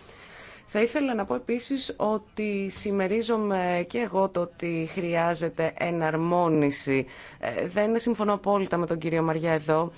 Θα ήθελα να πω επίσης ότι συμμερίζομαι και εγώ το ότι χρειάζεται εναρμόνιση. Ε, δεν συμφωνώ απόλυτα με τον κύριο Μαριά εδώ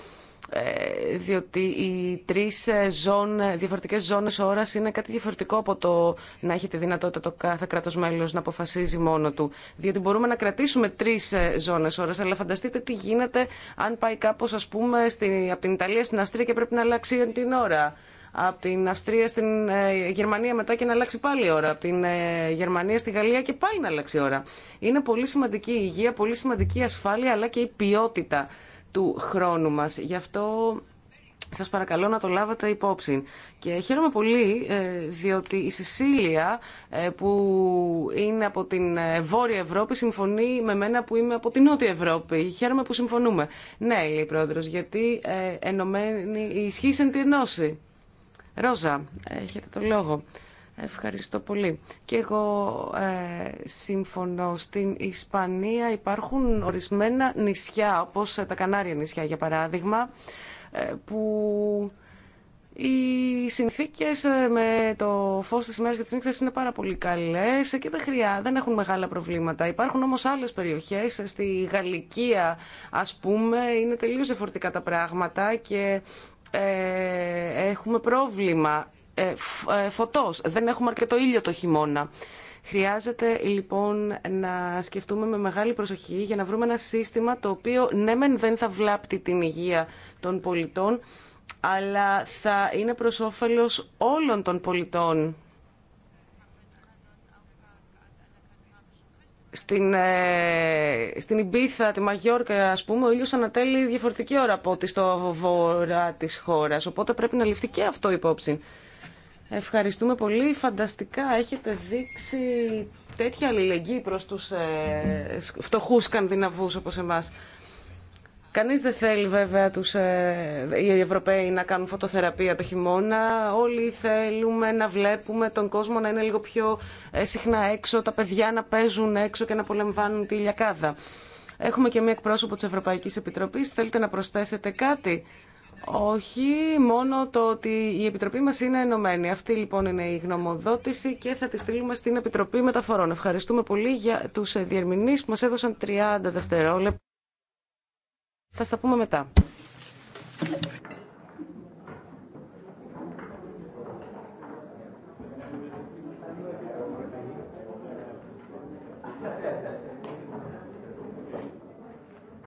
ε, διότι οι τρεις ε, ζώνε, διαφορετικές ζώνες ώρας είναι κάτι διαφορετικό από το να έχει τη δυνατότητα το κάθε κράτος μέλος να αποφασίζει μόνο του. Διότι μπορούμε να κρατήσουμε τρεις ζώνες ώρας, αλλά φανταστείτε τι γίνεται αν πάει κάπως ας πούμε στην, από την Ιταλία στην Αστρία και πρέπει να αλλάξει την ώρα από την Αυστρία στην ε, Γερμανία μετά και να αλλάξει πάλι η ώρα, από την ε, Γερμανία στη Γαλλία και πάλι να αλλάξει η ώρα. Είναι πολύ σημαντική η υγεία, πολύ σημαντική η ασφάλεια αλλά και η ποιότητα του χρόνου μας. Γι' αυτό σας παρακαλώ να το λάβατε υπόψη. Και χαίρομαι πολύ ε, διότι η Συσίλια, που είναι από την Βόρεια Ευρώπη συμφωνεί με μένα που είμαι από την Νότια Ευρώπη. Χαίρομαι που συμφωνούμε. Ναι, λέει η Πρόεδρος, γιατί ενωμένη ισχύει τη ενώση. Ρόζα, έχετε το λόγο. Ευχαριστώ πολύ. Και εγώ ε, συμφωνώ. Στην Ισπανία υπάρχουν ορισμένα νησιά, όπως τα Κανάρια νησιά για παράδειγμα, ε, που οι συνθήκες ε, με το φως της ημέρας και της νύχτας είναι πάρα πολύ καλές και δεν χρειάζεται δεν έχουν μεγάλα προβλήματα. Υπάρχουν όμως άλλες περιοχές, ε, στη Γαλλικία ας πούμε, είναι τελείως εφορτικά τα πράγματα και ε, έχουμε πρόβλημα ε, ε, φωτός, δεν έχουμε αρκετό ήλιο το χειμώνα. Χρειάζεται λοιπόν να σκεφτούμε με μεγάλη προσοχή για να βρούμε ένα σύστημα το οποίο ναι μεν δεν θα βλάπτει την υγεία των πολιτών αλλά θα είναι προς όφελος όλων των πολιτών στην, ε, στην Ιμπίθα, τη Μαγιόρκα, ας πούμε, ο ήλιος ανατέλει διαφορετική ώρα από ό,τι στο βορρά της χώρας. Οπότε πρέπει να ληφθεί και αυτό υπόψη. Ευχαριστούμε πολύ. Φανταστικά έχετε δείξει τέτοια αλληλεγγύη προς τους ε, φτωχούς Σκανδιναβούς όπως εμάς. Κανείς δεν θέλει βέβαια τους, ε, οι Ευρωπαίοι να κάνουν φωτοθεραπεία το χειμώνα. Όλοι θέλουμε να βλέπουμε τον κόσμο να είναι λίγο πιο ε, συχνά έξω, τα παιδιά να παίζουν έξω και να πολεμβάνουν τη λιακάδα. Έχουμε και μία εκπρόσωπο της Ευρωπαϊκής Επιτροπής. Θέλετε να προσθέσετε κάτι. Όχι, μόνο το ότι η Επιτροπή μας είναι ενωμένη. Αυτή λοιπόν είναι η γνωμοδότηση και θα τη στείλουμε στην Επιτροπή Μεταφορών. Ευχαριστούμε πολύ για τους ε, διερμηνείς που μας έδωσαν 30 δευτερόλεπτα. Θα στα πούμε μετά.